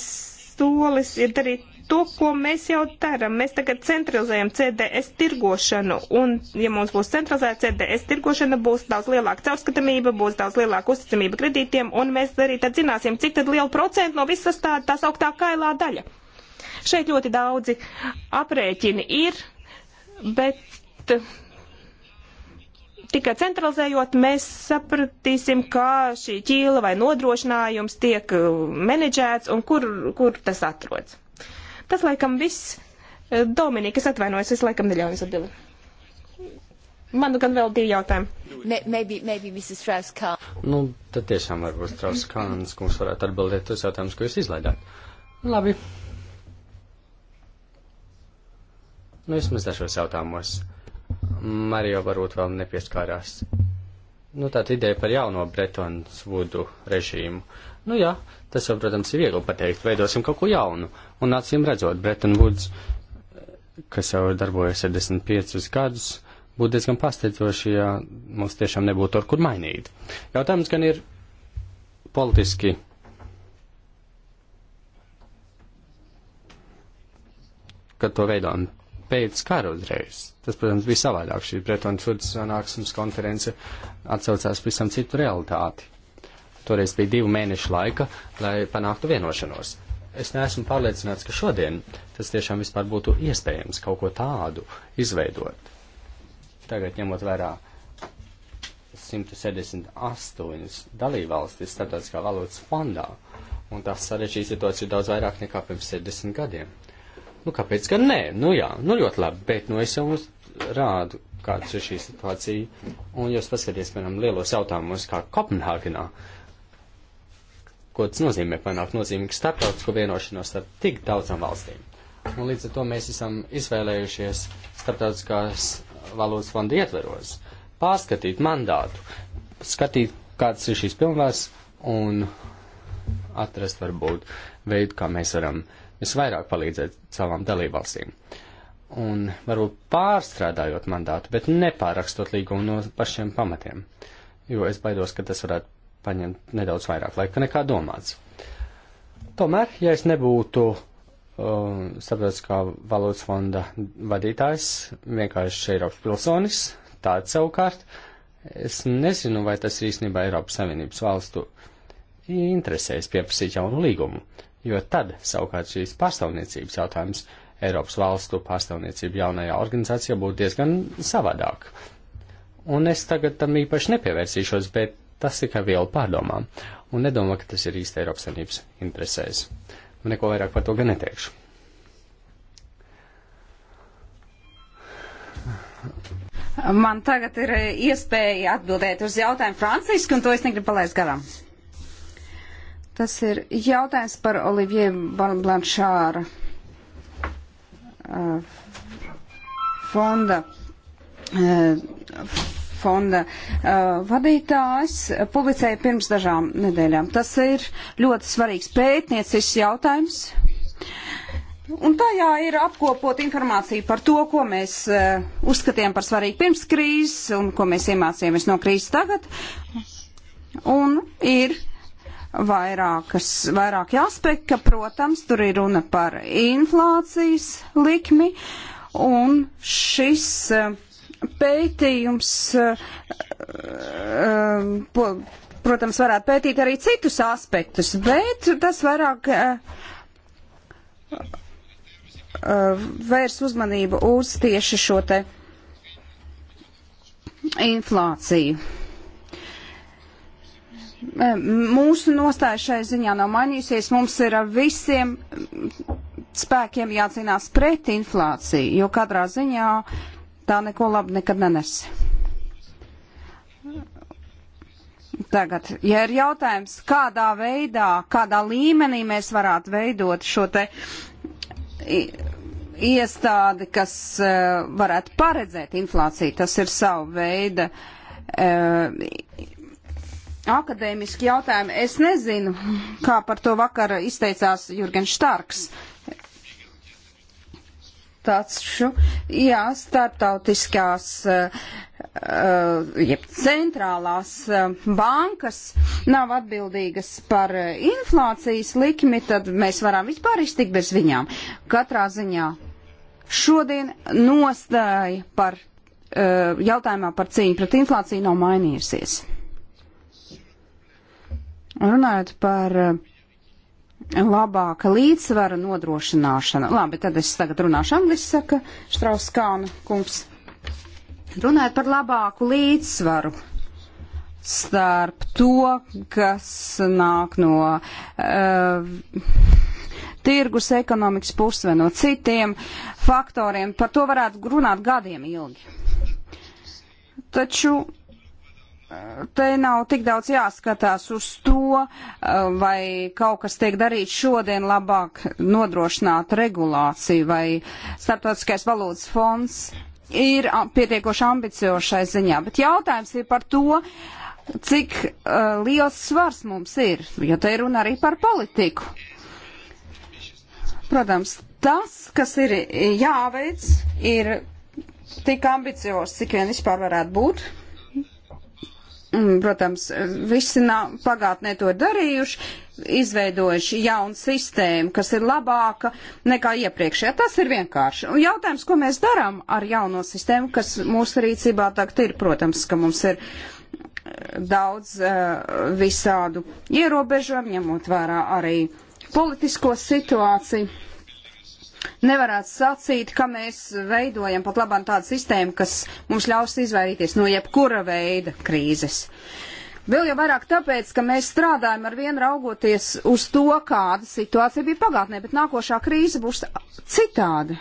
solis ir darīt to, ko mēs jau darām. Mēs tagad centralizējam CDS tirgošanu, un, ja mums būs centralizēta CDS tirgošana, būs daudz lielāka caurskatamība, būs daudz lielāka uzticamība kredītiem, un mēs arī tad zināsim, cik tad lielu procentu no visas tā, tā sauktā kailā daļa. Šeit ļoti daudzi aprēķini ir, bet Tikai centralizējot, mēs sapratīsim, kā šī ķīla vai nodrošinājums tiek uh, menedžēts un kur, kur tas atrodas. Tas, laikam, viss. Uh, Dominika, es atvainojos, es laikam neļauju jums atbildēt. Man gan vēl divi jautājumi. Maybe, maybe Mrs. Trauskā. Nu, tad tiešām varbūt Trauskāns, kungs varētu atbildēt uz jautājumus, ko jūs izlaidāt. Labi. Nu, vismaz dažos jautājumos. Uh, Marija varbūt vēl nepieskārās. Nu, tā ideja par jauno Bretons vudu režīmu. Nu jā, tas jau, protams, ir viegli pateikt, veidosim kaut ko jaunu. Un acīm redzot, Bretons vuds, kas jau ir darbojies 75 gadus, būtu diezgan pārsteidzoši, ja mums tiešām nebūtu ar kur mainīt. Jautājums gan ir politiski. Kad to veidojam pēc kara uzreiz. Tas, protams, bija savādāk. Šī Bretonas Vuds sanāksmes konference atsaucās visam citu realitāti. Toreiz bija divu mēnešu laika, lai panāktu vienošanos. Es neesmu pārliecināts, ka šodien tas tiešām vispār būtu iespējams kaut ko tādu izveidot. Tagad ņemot vērā 178 dalībvalstis starptautiskā valūtas fondā, un tas sarežģīja situāciju daudz vairāk nekā pirms 70 gadiem. Nu, kāpēc gan nē? Nu, jā, nu ļoti labi, bet nu es jums rādu, kāda ir šī situācija. Un jūs paskatieties, piemēram, lielos jautājumos, kā Kopenhāgenā. Ko tas nozīmē panākt nozīmīgu starptautisko vienošanos ar tik daudzām valstīm? Un līdz ar to mēs esam izvēlējušies starptautiskās valūtas fonda ietveros pārskatīt mandātu, skatīt, kāds ir šīs pilnvars un atrast varbūt veidu, kā mēs varam uh, visvairāk palīdzēt savām dalībvalstīm. Un varbūt pārstrādājot mandātu, bet nepārakstot līgumu no pašiem pamatiem, jo es baidos, ka tas varētu paņemt nedaudz vairāk laika nekā domāts. Tomēr, ja es nebūtu uh, starptautiskā valodas fonda vadītājs, vienkārši Eiropas pilsonis, tāds savukārt, es nezinu, vai tas īstenībā Eiropas Savienības valstu interesēs pieprasīt jaunu līgumu, jo tad savukārt šīs pārstāvniecības jautājums Eiropas valstu pārstāvniecība jaunajā organizācijā būtu diezgan savādāk. Un es tagad tam īpaši nepievērsīšos, bet tas tikai vielu pārdomām, un nedomāju, ka tas ir īsti Eiropas Savienības interesēs. Un neko vairāk par to gan neteikšu. Man tagad ir eh, iespēja atbildēt uz jautājumu franciski, un to es negribu palaist garām. Tas ir jautājums par Olivier Blanchāra uh, fonda, uh, fonda uh, vadītājs publicēja pirms dažām nedēļām. Tas ir ļoti svarīgs pētniecis jautājums. Un tajā ir apkopot informāciju par to, ko mēs uh, uzskatījām par svarīgu pirms krīzes un ko mēs iemācījāmies no krīzes tagad. Un ir vairākas, vairāki aspekti, ka, protams, tur ir runa par inflācijas likmi, un šis eh, pētījums, eh, eh, protams, varētu pētīt arī citus aspektus, bet tas vairāk vērs uzmanību uz tieši šo te inflāciju. Mūsu nostāja šai ziņā nav mainījusies. Mums ir ar visiem mm, spēkiem jācīnās pret inflāciju, jo katrā ziņā tā neko labu nekad nenes. Tagad, ja ir jautājums, kādā veidā, kādā līmenī mēs varētu veidot šo te iestādi, kas uh, varētu paredzēt inflāciju, tas ir savu veidu uh, akadēmiski jautājumi. Es nezinu, kā par to vakar izteicās Jurgens Štārks. Taču, jā, starptautiskās, eh, jeb centrālās eh, bankas nav atbildīgas par eh, inflācijas likmi, tad mēs varam vispār iztikt bez viņām. Katrā ziņā šodien nostāja par jautājumā par cīņu pret inflāciju nav mainījusies. Runājot par eh, labāka līdzsvara nodrošināšana. Labi, tad es tagad runāšu angliski, saka Štrauskāna kungs. Runājot par labāku līdzsvaru starp to, kas nāk no uh, tirgus ekonomikas puses vai no citiem faktoriem, par to varētu runāt gadiem ilgi. Taču te nav tik daudz jāskatās uz to, eh, vai kaut kas tiek darīts šodien labāk nodrošināt regulāciju, vai starptautiskais valūtas fonds ir pietiekoši ambiciošai ziņā. Bet jautājums ir par to, cik uh, liels svars mums ir, jo te ir runa arī par politiku. Protams, tas, kas ir jāveic, ir tik ambiciozs, cik vien vispār varētu būt Mm, protams, visi nav pagātnē to darījuši, izveidojuši jaunu sistēmu, kas ir labāka nekā iepriekšējā. Tas ir vienkārši. Un jautājums, ko mēs darām ar jauno sistēmu, kas mūsu rīcībā tagad ir, protams, ka mums ir eh, daudz uh, visādu ierobežojumu, ņemot vērā arī politisko situāciju nevarētu sacīt, ka mēs veidojam pat labāk tādu sistēmu, kas mums ļaus izvairīties no jebkura veida krīzes. Vēl jau vairāk tāpēc, ka mēs strādājam ar vienu raugoties uz to, kāda situācija bija pagātnē, bet nākošā krīze būs citāda.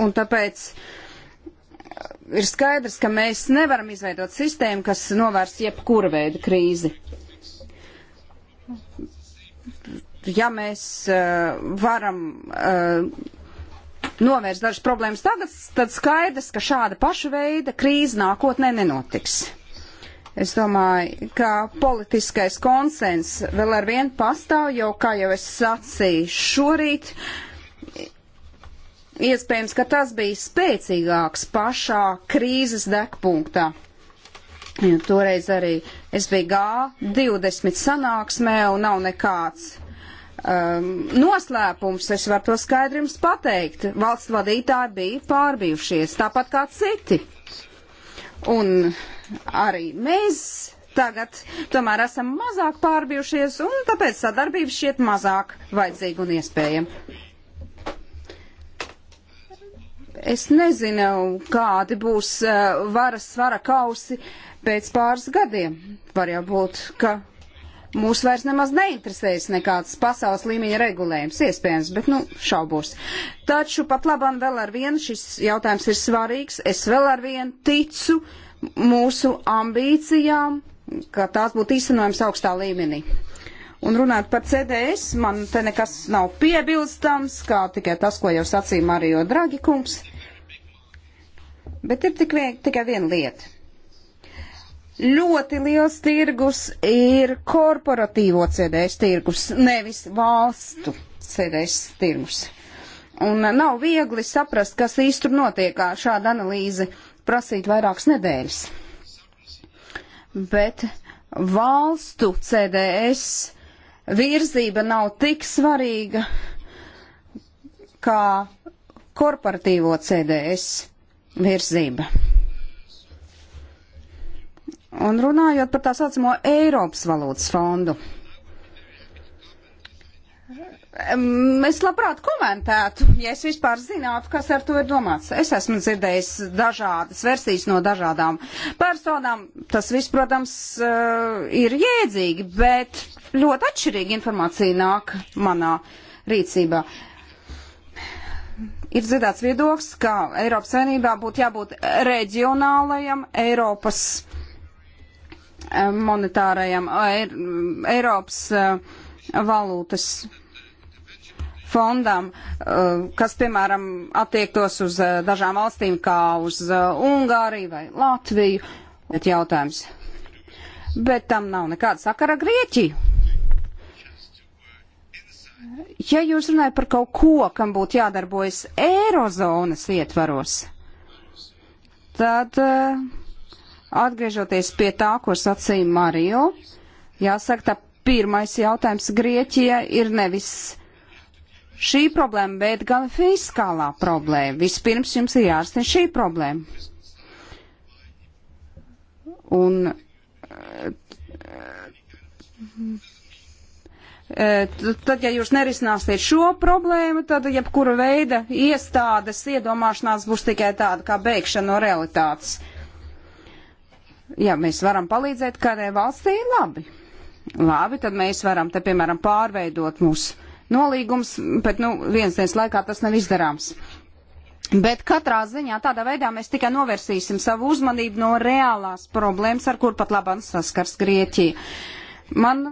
Un tāpēc uh, ir skaidrs, ka mēs nevaram izveidot sistēmu, kas novērs jebkura veida krīzi. Ja mēs uh, varam uh, novērst dažas problēmas tagad, tad skaidrs, ka šāda paša veida krīze nākotnē nenotiks. Es domāju, ka politiskais konsens vēl ar vienu pastāv, jo, kā jau es sacīju šorīt, iespējams, ka tas bija spēcīgāks pašā krīzes degpunktā. Jo toreiz arī es biju G20 sanāksmē un nav nekāds um, noslēpums, es varu to skaidri jums pateikt. Valsts vadītāji bija pārbijušies, tāpat kā citi. Un arī mēs tagad tomēr esam mazāk pārbijušies, un tāpēc sadarbība šķiet mazāk vajadzīga un iespējama. Es nezinu, kādi būs uh, varas svara kausi pēc pāris gadiem. Var jau būt, ka mūs vairs nemaz neinteresēs nekāds pasaules līmeņa regulējums, iespējams, bet, nu, šaubos. Taču pat labam vēl ar vienu šis jautājums ir svarīgs. Es vēl ar vienu ticu mūsu ambīcijām, ka tās būtu īstenojams augstā līmenī. Un runāt par CDS, man te nekas nav piebilstams, kā tikai tas, ko jau sacīja Marijo Dragikungs. Bet ir tik vien, tikai viena lieta. Ļoti liels tirgus ir korporatīvo CDS tirgus, nevis valstu CDS tirgus. Un nav viegli saprast, kas īsti tur notiek, kā šāda analīze prasīt vairākas nedēļas. Bet valstu CDS virzība nav tik svarīga kā korporatīvo CDS virzība. Un runājot par tā saucamo Eiropas valūtas fondu. Es labprāt komentētu, ja es vispār zinātu, kas ar to ir domāts. Es esmu dzirdējis dažādas versijas no dažādām personām. Tas viss, protams, e, ir jēdzīgi, bet ļoti atšķirīga informācija nāk manā rīcībā. Ir dzirdēts viedoklis, ka Eiropas Savienībā būtu jābūt reģionālajam Eiropas monetārajam mm, Eiropas valūtas fondam, kas, piemēram, attiektos uz dažām valstīm kā uz Ungāriju vai Latviju. Bet jautājums. Bet tam nav nekāda sakara Grieķiju. Ja jūs runājat par kaut ko, kam būtu jādarbojas Eirozonas ietvaros, tad uh, Atgriežoties pie tā, ko sacīja Mario, jāsaka, tā pirmais jautājums Grieķija ir nevis šī problēma, bet gan fiskālā problēma. Vispirms jums ir jārisina šī problēma. Un eh, eh, tad, ja jūs nerisināsiet šo problēmu, tad jebkura veida iestādes iedomāšanās būs tikai tāda kā bēgšana no realitātes. Uh, ja mēs varam palīdzēt kādai valstī, labi. Labi, tad mēs varam te, piemēram, pārveidot mūsu nolīgums, bet, nu, viens dienas laikā tas nav izdarāms. Bet katrā ziņā tādā veidā mēs tikai novērsīsim savu uzmanību no reālās problēmas, ar kur pat labāk saskars Grieķija. Man,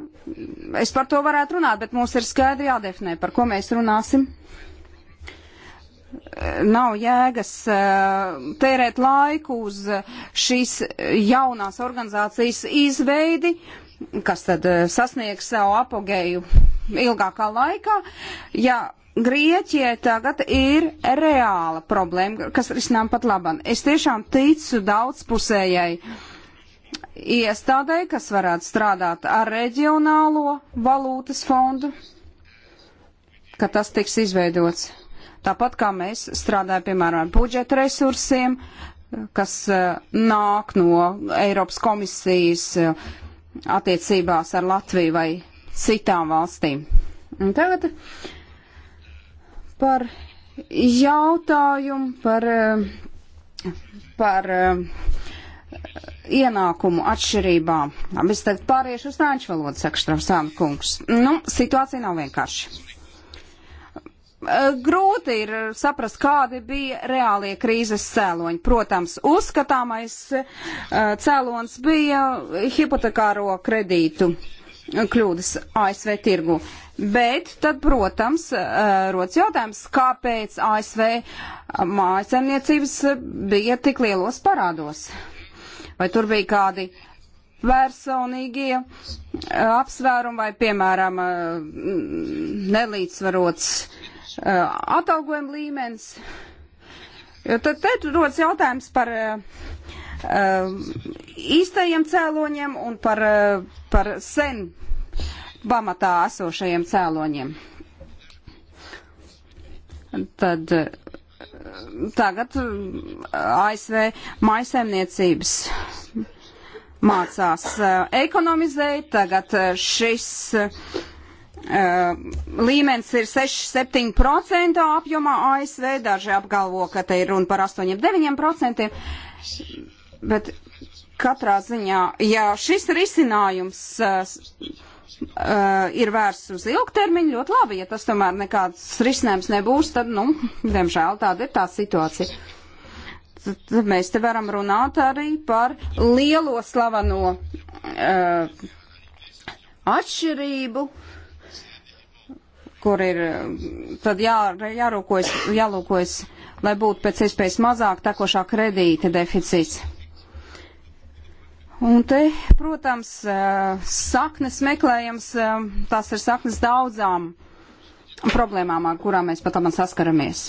es par to varētu runāt, bet mums ir skaidri jādefinē, par ko mēs runāsim nav jēgas eh, tērēt laiku uz eh, šīs jaunās organizācijas izveidi, kas tad eh, sasniegs savu apogēju ilgākā laikā, ja Grieķijai tagad ir reāla problēma, kas risinām pat labam. Es tiešām ticu daudzpusējai iestādēji, kas varētu strādāt ar reģionālo valūtas fondu, ka tas tiks izveidots. Tāpat kā mēs strādājam, piemēram, ar budžeta resursiem, kas eh, nāk no Eiropas komisijas eh, attiecībās ar Latviju vai citām valstīm. Un tagad par jautājumu par, eh, par ienākumu atšķirībām. Es tagad pāriešu uz nāņu valodu, saka Štrāmsāna kungs. Nu, situācija nav vienkārši. Eh, grūti ir saprast, kādi bija reālie krīzes cēloņi. Protams, uzskatāmais eh, cēlons bija hipotekāro kredītu eh, kļūdas ASV tirgu. Bet tad, protams, rodas jautājums, kāpēc ASV mājasemniecības bija tik lielos parādos? Vai tur bija kādi personīgie apsvērumi vai, piemēram, nelīdzsvarots uh, Uh, atalgojuma līmenis. Jo tad, tad rodas jautājums par uh, uh, īstajiem cēloņiem un par, uh, par sen pamatā esošajiem cēloņiem. Tad uh, tagad ASV maisaimniecības mācās ekonomizēt, tagad šis uh, Uh, līmenis ir 6-7% apjomā ASV, daži apgalvo, ka te ir runa par 8-9%, bet katrā ziņā, ja šis risinājums uh, uh, ir vērsts uz ilgtermiņu, ļoti labi, ja tas tomēr nekāds risinājums nebūs, tad, nu, diemžēl tāda ir tā situācija. Tad mēs te varam runāt arī par lielo slaveno uh, atšķirību uh, kur ir tad jā, jārūkojas, jālūkojas, lai būtu pēc iespējas mazāk tekošā kredīta deficīts. Un te, protams, eh, saknes meklējams, eh, tās ir saknes daudzām problēmām, ar kurām mēs pat labam saskaramies.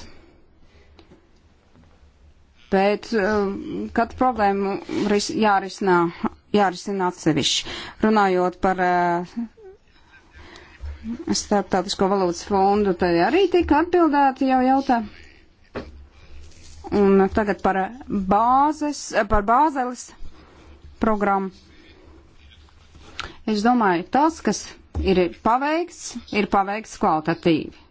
Bet eh, kad problēmu jārisinā, jārisina atsevišķi. Runājot par Starptautisko valūtas fondu, tad arī tika atbildēti jau jautā. Un tagad par bāzes, par bāzeles programmu. Es domāju, tas, kas ir paveikts, ir paveikts kvalitatīvi.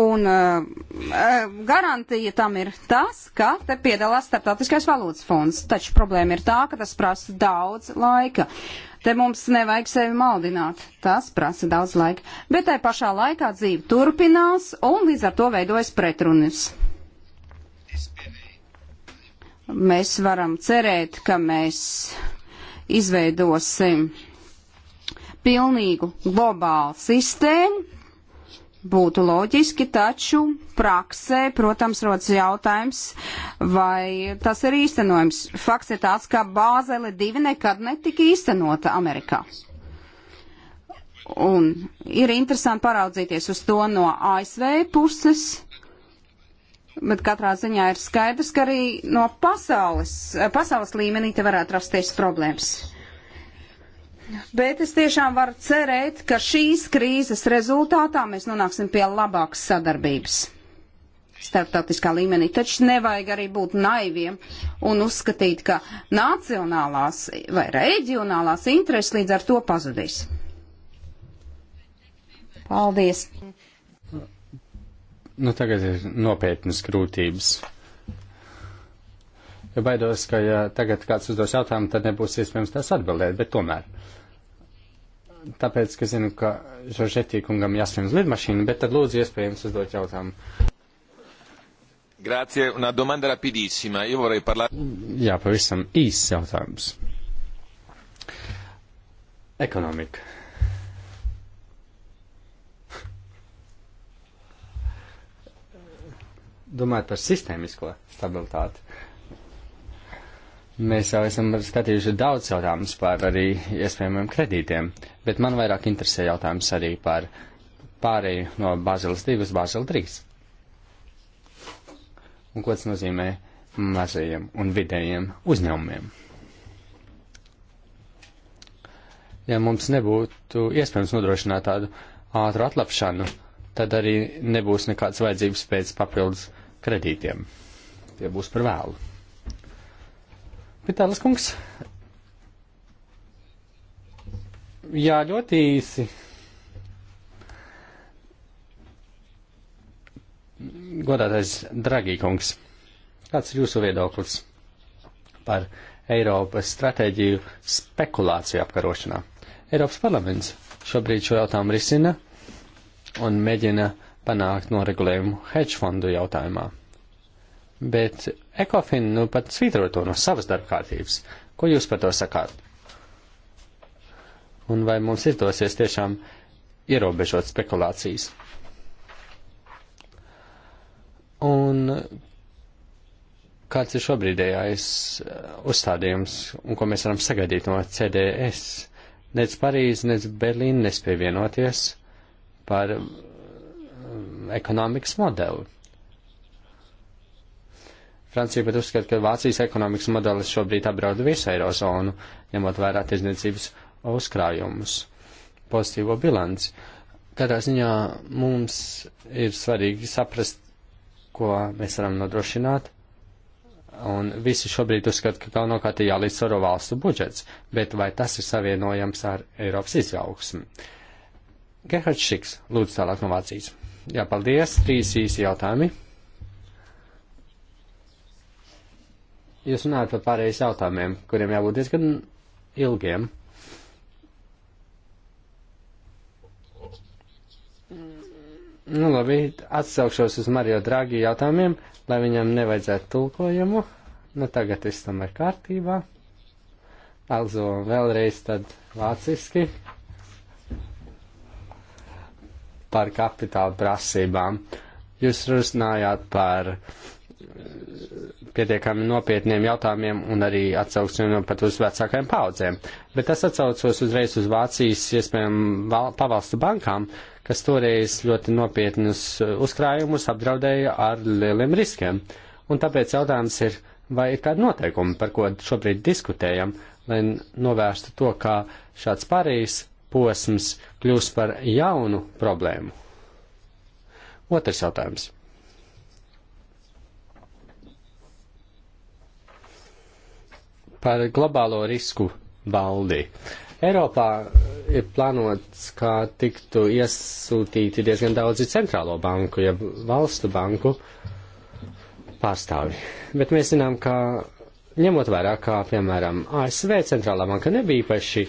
Un uh, garantija tam ir tas, ka te piedalās starptautiskais valūtas fonds. Taču problēma ir tā, ka tas prasa daudz laika. Uh, Te mums nevajag sevi maldināt. Tas prasa daudz laika. Bet tai pašā laikā dzīve turpinās un līdz ar to veidojas pretrunis. Mēs varam cerēt, ka mēs izveidosim pilnīgu globālu sistēmu, būtu loģiski, taču praksē, protams, rodas jautājums, vai tas ir īstenojams. Fakts ir tāds, ka Bāzele 2 nekad netika īstenota Amerikā. Un ir interesanti paraudzīties uz to no ASV puses, bet katrā ziņā ir skaidrs, ka arī no pasaules, pasaules līmenī te varētu rasties problēmas. Bet es tiešām varu cerēt, ka šīs krīzes rezultātā mēs nonāksim pie labākas sadarbības starptautiskā līmenī. Taču nevajag arī būt naiviem un uzskatīt, ka nacionālās vai reģionālās intereses līdz ar to pazudīs. Paldies! Nu, tagad ir nopietnas grūtības. Ja baidos, ka ja tagad kāds uzdos jautājumu, tad nebūs iespējams tās atbildēt, bet tomēr tāpēc, ka zinu, ka Žoržetī kungam jāsvien uz lidmašīnu, bet tad lūdzu iespējams uzdot jautājumu. Grazie, una domanda rapidissima. Io vorrei parlare. Jā, pavisam īsts jautājums. Ekonomika. Domājot par sistēmisko stabilitāti Mēs jau esam skatījuši daudz jautājumus par arī iespējamiem kredītiem, bet man vairāk interesē jautājums arī par pārēju no Bāzeles 2 uz Bāzeli 3. Un ko tas nozīmē mazajiem un vidējiem uzņēmumiem? Ja mums nebūtu iespējams nodrošināt tādu ātru atlapšanu, tad arī nebūs nekādas vajadzības pēc papildus kredītiem. Tie būs par vēlu. Pitālis kungs. Jā, ļoti īsi. Godātais Dragī kungs, kāds ir jūsu viedoklis par Eiropas stratēģiju spekulāciju apkarošanā? Eiropas parlaments šobrīd šo jautājumu risina un mēģina panākt noregulējumu hedge fondu jautājumā. Bet Ekofin nu pat svītro to no savas darba kārtības. Ko jūs par to sakāt? Un vai mums izdosies tiešām ierobežot spekulācijas? Un kāds ir šobrīdējais uh, uzstādījums un ko mēs varam sagaidīt no CDS? Nec Parīze, nec Berlīna nespēja vienoties par um, ekonomikas modeli. Francija pat uzskata, ka Vācijas ekonomikas modelis šobrīd apdraud visu eirozonu, ņemot vērā tirdzniecības uzkrājumus, pozitīvo bilanci. Katrā ziņā mums ir svarīgi saprast, ko mēs varam nodrošināt, un visi šobrīd uzskata, ka galvenokārt ir jālīdzsvaro valstu budžets, bet vai tas ir savienojams ar Eiropas izaugsmu? Gerhards Šiks, lūdzu tālāk no Vācijas. Jā, paldies, trīs īsi jautājumi. Jūs runājat par pārējais jautājumiem, kuriem jābūt diezgan ilgiem. Nu, labi, atsaukšos uz Mario Draghi jautājumiem, lai viņam nevajadzētu tulkojumu. Nu, tagad viss tam ir kārtībā. Alzo vēlreiz tad vāciski par kapitāla prasībām. Jūs runājāt par pietiekami nopietniem jautājumiem un arī atsauksmēm nu, pat uz vecākajām paudzēm. Bet tas atsaucos uzreiz uz Vācijas iespējām pavalstu bankām, kas toreiz ļoti nopietnus uh, uzkrājumus apdraudēja ar lieliem riskiem. Un tāpēc jautājums ir, vai ir kādi noteikumi, par ko šobrīd diskutējam, lai novērstu to, kā šāds pārējais posms kļūs par jaunu problēmu. Otrs jautājums. par globālo risku valdi. Eiropā ir plānots, kā tiktu iesūtīti diezgan daudzi centrālo banku, ja valstu banku pārstāvi. Bet mēs zinām, ka ņemot vērā, kā piemēram ASV centrālā banka nebija īpaši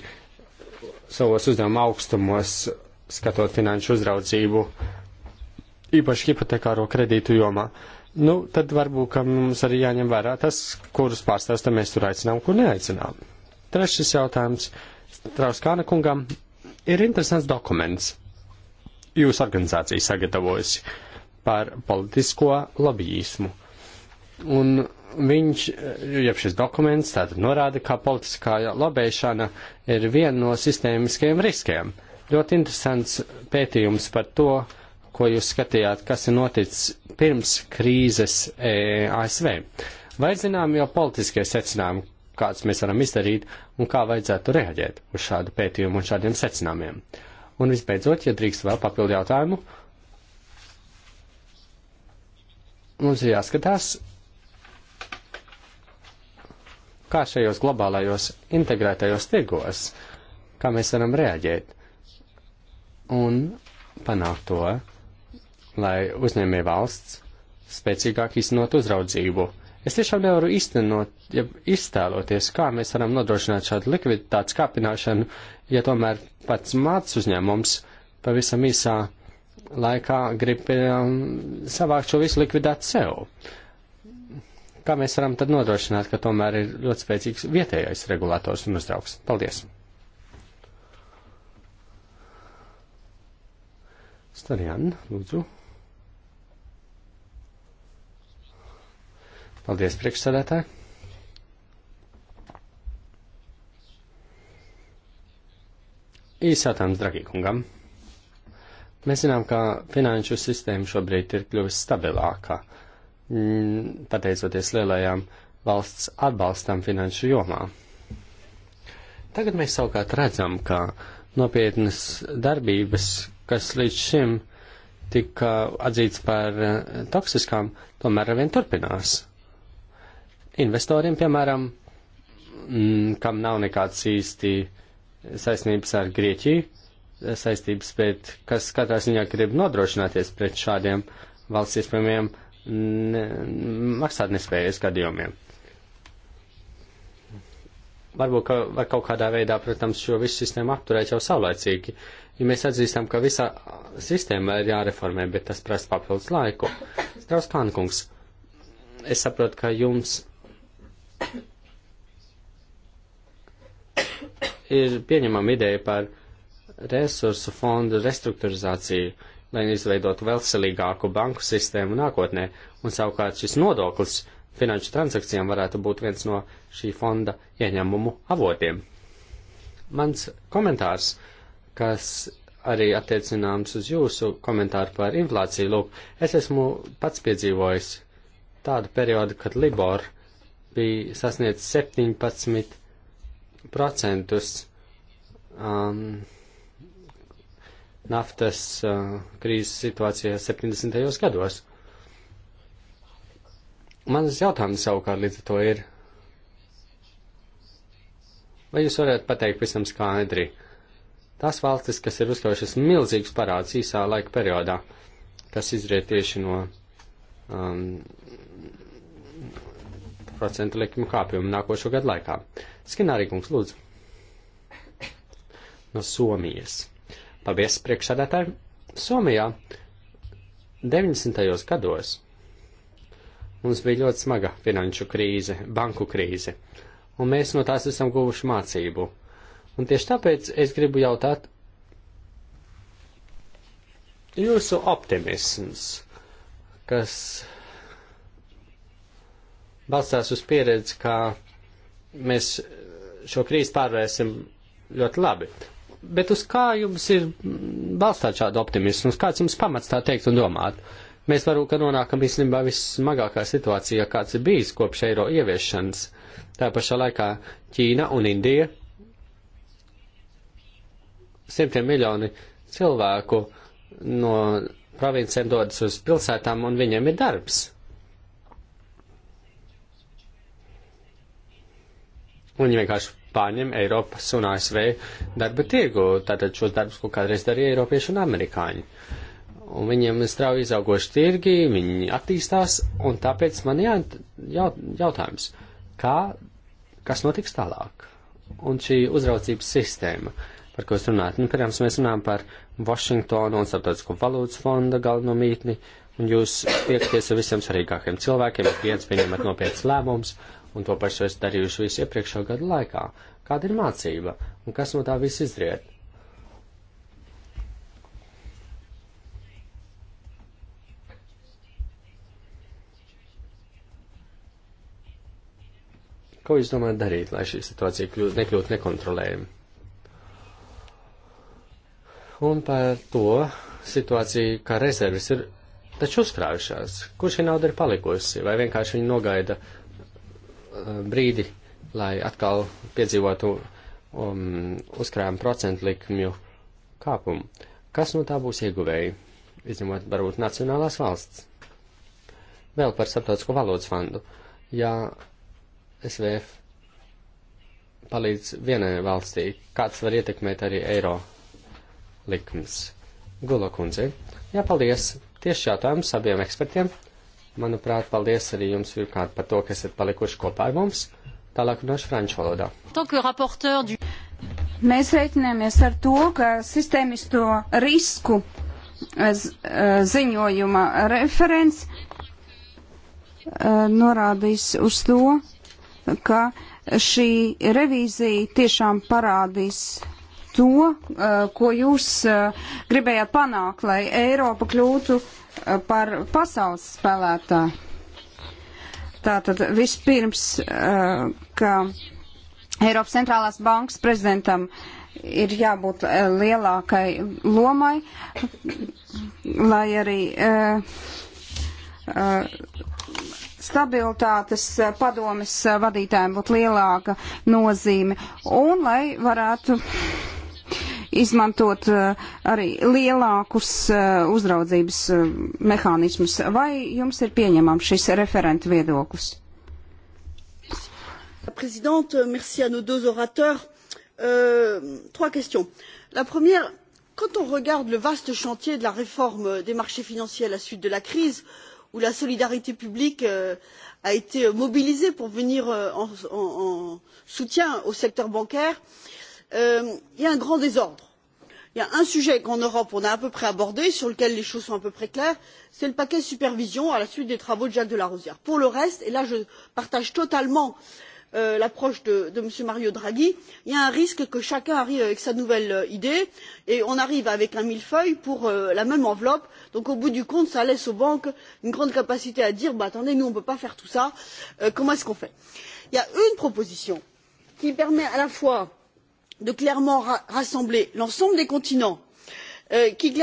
savos uzdevuma augstumos skatot finanšu uzraudzību, īpaši hipotekāro kredītu jomā. Uh, nu, tad varbūt, ka mums arī jāņem vērā tas, kurus pārstāvus tam mēs tur aicinām, kur neaicinām. Trešais jautājums Trauskāna kungam ir interesants dokuments. Jūsu organizācija sagatavojusi par politisko lobbyismu. Un viņš, jeb šis dokuments, tātad norāda, ka politiskā lobēšana ir viena no sistēmiskajiem riskiem. Ļoti interesants pētījums par to, ko jūs skatījāt, kas ir noticis pirms krīzes e, ASV. Vai zinām jau politiskie secinājumi, kāds mēs varam izdarīt un kā vajadzētu reaģēt uz šādu pētījumu un šādiem secinājumiem? Un visbeidzot, ja drīkst vēl papildu jautājumu, mums ir jāskatās, kā šajos globālajos integrētajos tirgos, kā mēs varam reaģēt un panākt to, lai uzņēmē valsts spēcīgāk iznot uzraudzību. Es tiešām nevaru iztenot, ja iztēloties, kā mēs varam nodrošināt šādu likviditātes kāpināšanu, ja tomēr pats māc uzņēmums pavisam īsā laikā grib um, savākt šo visu likvidēt sev. Kā mēs varam tad nodrošināt, ka tomēr ir ļoti spēcīgs vietējais regulators un uzraugs? Paldies! Starian, lūdzu. Paldies, priekšsēdētāji! Īsātams, dragīkungam, mēs zinām, ka finanšu sistēma šobrīd ir kļuvis stabilākā, pateicoties lielajām valsts atbalstam finanšu jomā. Tagad mēs savukārt redzam, ka nopietnas darbības, kas līdz šim tika atzīts par eh, toksiskām, tomēr arvien turpinās investoriem, piemēram, mm, kam nav nekāds īsti saistības ar Grieķiju, saistības, bet kas katrā ziņā grib nodrošināties pret šādiem valsts iespējamiem ne, maksāt nespējas gadījumiem. Varbūt, ka var kaut kādā veidā, protams, šo visu sistēmu apturēt jau saulēcīgi, ja mēs atzīstam, ka visā sistēma ir jāreformē, bet tas prasa papildus laiku. Strauss Kankungs, es saprotu, ka jums Ir pieņemama ideja par resursu fondu restruktūrizāciju, lai izveidotu veselīgāku banku sistēmu nākotnē, un savukārt šis nodoklis finanšu transakcijām varētu būt viens no šī fonda ieņēmumu avotiem. Mans komentārs, kas arī attiecināms uz jūsu komentāru par inflāciju, lūk, es esmu pats piedzīvojis tādu periodu, kad Libor bija sasniedz 17% um, naftas uh, krīzes situācijā 70. gados. Manas jautājums savukārt līdz ar to ir, vai jūs varētu pateikt visam skaidri, tās valstis, kas ir uzkrājušas milzīgas parāds īsā laika periodā, kas izriet tieši no um, procentu likuma kāpjumu nākošo gadu laikā. Skinārī kungs, lūdzu. No Somijas. Paldies, priekšsēdētāji. Somijā 90. gados mums bija ļoti smaga finanšu krīze, banku krīze, un mēs no tās esam guvuši mācību. Un tieši tāpēc es gribu jautāt jūsu optimisms, kas balstās uz pieredzi, ka mēs šo krīzi pārvarēsim ļoti labi. Bet uz kā jums ir balstāt šādu optimismu? Uz kāds jums pamats tā teikt un domāt? Mēs varam, ka nonākam īstenībā vissmagākā situācijā, kāds ir bijis kopš eiro ieviešanas. Tā pašā laikā Ķīna un Indija simtiem miljoni cilvēku no provincēm dodas uz pilsētām un viņiem ir darbs. un viņi vienkārši pārņem Eiropas un ASV darba tirgu. Tātad šos darbus kaut kādreiz darīja Eiropieši un Amerikāņi. Un viņiem ir strauji izaugoši tirgi, viņi attīstās, un tāpēc man jā, jautājums, kā, kas notiks tālāk? Un šī uzraudzības sistēma, par ko es runāju, nu, pirms mēs runājam par Vašingtonu un Startautisko valūtas fonda galveno mītni, un jūs tiekties ar visiem svarīgākiem cilvēkiem, viens pieņemat nopietnas lēmums, un to pašu esmu darījuši visu iepriekšējo gadu laikā. Kāda ir mācība un kas no tā viss izriet? Ko jūs domājat darīt, lai šī situācija kļūt, nekļūtu nekontrolējama? Un par to situāciju, kā rezerves ir taču uzkrājušās. Kur šī nauda ir palikusi? Vai vienkārši viņi nogaida brīdi, lai atkal piedzīvotu um, uzkrājuma procentu likmju kāpumu. Kas no tā būs ieguvēji, izņemot varbūt nacionālās valsts? Vēl par starptautisko valodas fondu. Ja SVF palīdz vienai valstī, kāds var ietekmēt arī eiro likmes? Gula kundze. Jā, paldies. Tieši jautājums abiem ekspertiem. Manuprāt, paldies arī jums pirmkārt par to, ka esat palikuši kopā ar mums. Tālāk runāšu franču valodā. Mēs reiķināmies ar to, ka sistēmisto risku eh, eh, ziņojuma referents eh, norādījis uz to, ka šī revīzija tiešām parādīs to, eh, ko jūs eh, gribējāt panākt, lai Eiropa kļūtu eh, par pasaules spēlētāju. Tātad vispirms, ka Eiropas centrālās bankas prezidentam ir jābūt lielākai lomai, lai arī stabilitātes padomes vadītājiem būtu lielāka nozīme un lai varētu izmantot eh, arī lielākus eh, uzraudzības eh, mehānismus. Vai jums ir pieņemams šis referenta viedoklis? Présidente, merci à nos deux orateurs. Euh, trois questions. La première, quand on regarde le vaste chantier de la réforme des marchés financiers à la suite de la crise, où la solidarité publique euh, a été mobilisée pour venir euh, en, en, en soutien au secteur bancaire, euh, Euh, il y a un grand désordre. il y a un sujet qu'en europe on a à peu près abordé sur lequel les choses sont à peu près claires c'est le paquet supervision à la suite des travaux de jacques de larosière. pour le reste et là je partage totalement euh, l'approche de m. mario draghi il y a un risque que chacun arrive avec sa nouvelle euh, idée et on arrive avec un millefeuille pour la même enveloppe donc au bout du compte cela laisse aux banques une grande capacité à dire attendez nous on ne peut pas faire tout cela comment est ce qu'on fait? il y a une proposition qui permet à la fois de clairement rassembler l'ensemble des continents euh, qui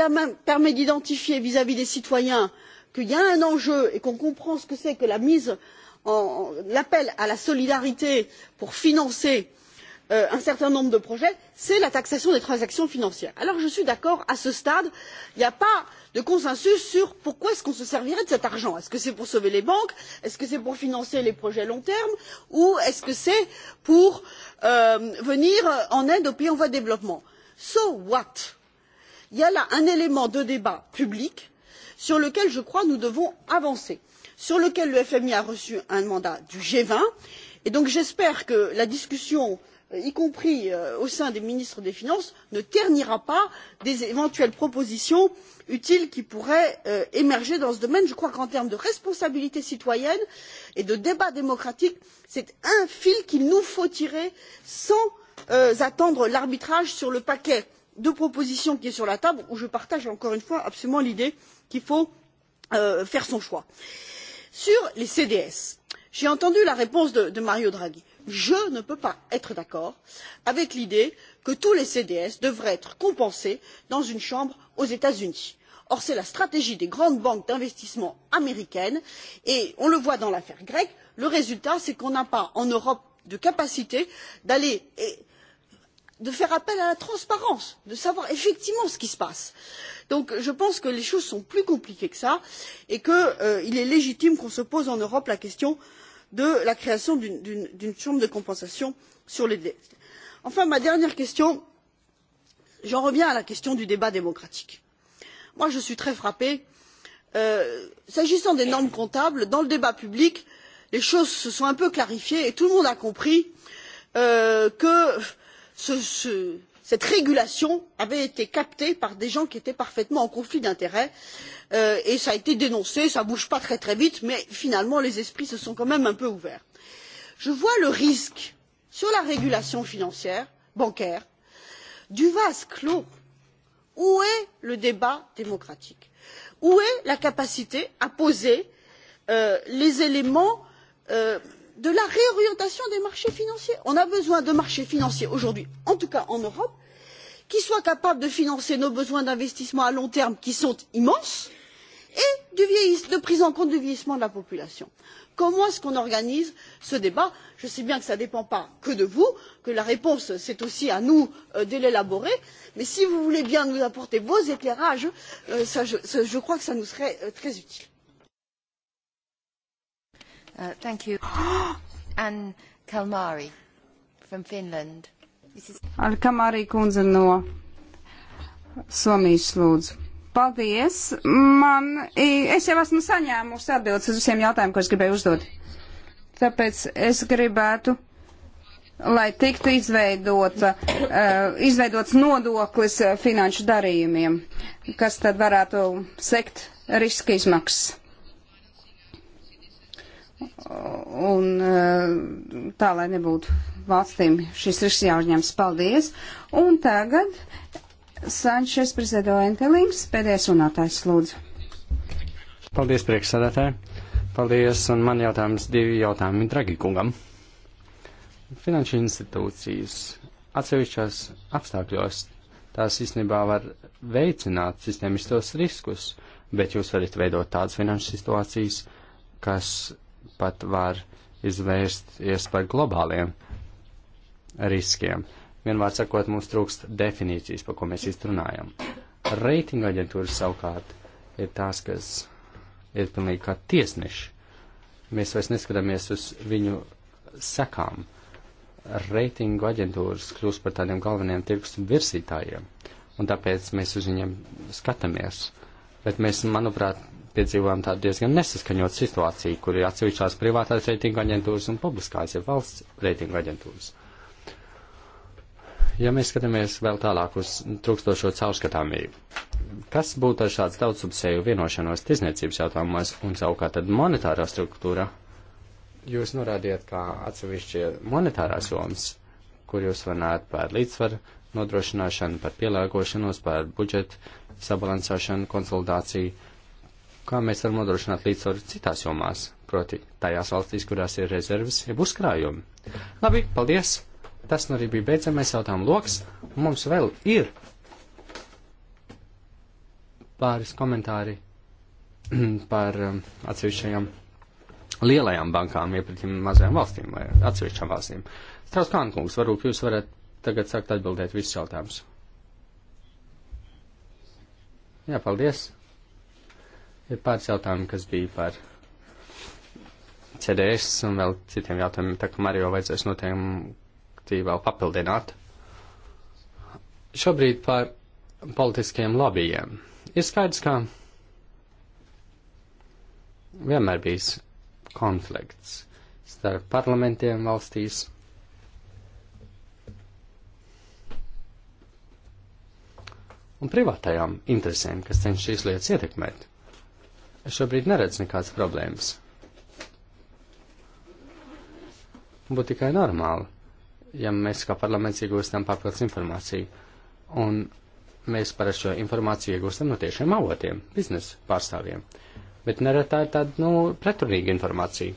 permet d'identifier vis à vis des citoyens qu'il y a un enjeu et qu'on comprend ce que c'est que l'appel à la solidarité pour financer Euh, un certain nombre de projets c'est la taxation des transactions financières. alors je suis d'accord à ce stade il n'y a pas de consensus sur pourquoi on se servirait de cet argent est ce que c'est pour sauver les banques est ce que c'est pour financer les projets à long terme ou est ce que c'est pour euh, venir en aide aux pays en voie de développement? so what? il y a là un élément de débat public sur lequel je crois nous devons avancer sur lequel le fmi a reçu un mandat du g vingt et donc j'espère que la discussion Euh, y compris euh, au sein des ministres des finances ne ternira pas des éventuelles propositions utiles qui pourraient euh, émerger dans ce domaine. je crois qu'en termes de responsabilité citoyenne et de débat démocratique c'est un fil qu'il nous faut tirer sans attendre l'arbitrage sur le paquet de propositions qui est sur la table où je partage encore une fois absolument l'idée qu'il faut faire son choix. sur les cds j'ai entendu la réponse de mario draghi je ne peux pas être d'accord avec l'idée que tous les cds devraient être compensés dans une chambre aux états unis. or c'est la stratégie des grandes banques d'investissement américaines et on le voit dans l'affaire grecque le résultat c'est qu'on n'a pas en europe de capacité de faire appel à la transparence de savoir effectivement ce qui se passe. donc je pense que les choses sont plus compliquées que cela et qu'il euh, est légitime qu'on se pose en europe la question de la création d'une chambre de compensation sur les dettes. enfin ma dernière question j'en reviens à la question du débat démocratique. Moi, je suis très frappée euh, s'agissant des normes comptables dans le débat public les choses se sont un peu clarifiées et tout le monde a compris euh, que ce, ce, cette régulation avait été captée par des gens qui étaient parfaitement en conflit d'intérêts euh, et cela a été dénoncé cela ne bouge pas très très vite mais finalement les esprits se sont quand même un peu ouverts. je vois le risque sur la régulation financière bancaire du vase clos. où est le débat démocratique? où est la capacité à poser euh, les éléments euh, de la réorientation des marchés financiers? on a besoin de marchés financiers aujourd'hui en tout cas en europe qui soit capable de financer nos besoins d'investissement à long terme qui sont immenses et de prise en compte du vieillissement de la population. comment est ce qu'on organise ce débat? je sais bien que cela ne dépend pas que de vous que la réponse c'est aussi à nous euh, de l'élaborer mais si vous voulez bien nous apporter vos éclairages euh, je crois que cela nous serait euh, très utile. Uh, thank you. Anne Kalmari from Finland. Ar kam arī kundze no Somijas lūdzu. Paldies! Man, es jau esmu saņēmusi atbildes uz visiem jautājumiem, ko es gribēju uzdot. Tāpēc es gribētu lai tiktu izveidota, uh, izveidots nodoklis finanšu darījumiem, kas tad varētu sekt riska izmaksas un e, tā, lai nebūtu valstīm šis risks jāuzņems. Paldies! Un tagad Sančes Prezedo Entelings, pēdējais runātājs, lūdzu. Paldies, priekšsēdētāji! Paldies, un man jautājums divi jautājumi Dragikungam. Finanšu institūcijas atsevišķās apstākļos tās īstenībā var veicināt sistēmistos riskus, bet jūs varat veidot tādas finanšu situācijas, kas pat var izvērsties par globāliem riskiem. Vienmēr sakot, mums trūkst definīcijas, par ko mēs īstenojam. Reitinga aģentūras savukārt ir tās, kas ir pilnīgi kā tiesneši. Mēs vairs neskatāmies uz viņu sekām. Reitingu aģentūras kļūst par tādiem galveniem tirgus virsītājiem, un tāpēc mēs uz viņiem skatāmies. Bet mēs, manuprāt, piedzīvojam tādu diezgan nesaskaņotu situāciju, kur ir atsevišķās privātās reitinga aģentūras un publiskās, ja valsts reitinga aģentūras. Ja mēs skatāmies vēl tālāk uz trūkstošo caurskatāmību, kas būtu ar šāds daudzsubsēju vienošanos tirzniecības jautājumos un savukārt tad monetārā struktūra? Jūs norādījat, kā atsevišķie monetārās jomas, kur jūs runājat par līdzsvaru nodrošināšanu, par pielāgošanos, par budžetu sabalansēšanu, konsolidāciju kā mēs varam nodrošināt līdzsvaru citās jomās, proti tajās valstīs, kurās ir rezerves, jeb uzkrājumi. Labi, paldies! Tas nu arī bija beidzamais jautājumu loks. Mums vēl ir pāris komentāri par um, atsevišķajām lielajām bankām, iepratīm mazajām valstīm vai atsevišķām valstīm. Strauss Kānkungs, varbūt jūs varat tagad sākt atbildēt visus jautājumus. Jā, paldies! Ir pāris jautājumi, kas bija par CDS un vēl citiem jautājumiem, tā kā Mario vajadzēs noteikti vēl papildināt. Šobrīd par politiskiem lobbyiem. Ir skaidrs, ka vienmēr bijis konflikts starp parlamentiem valstīs. un privātajām interesēm, kas cenšas šīs lietas ietekmēt. Es šobrīd neredzu nekādas problēmas. Būtu tikai normāli, ja mēs kā parlaments iegūstam papildus informāciju. Un mēs parasti šo informāciju iegūstam no tiešiem avotiem, biznesa pārstāvjiem. Bet neretā ir tāda, nu, pretrunīga informācija.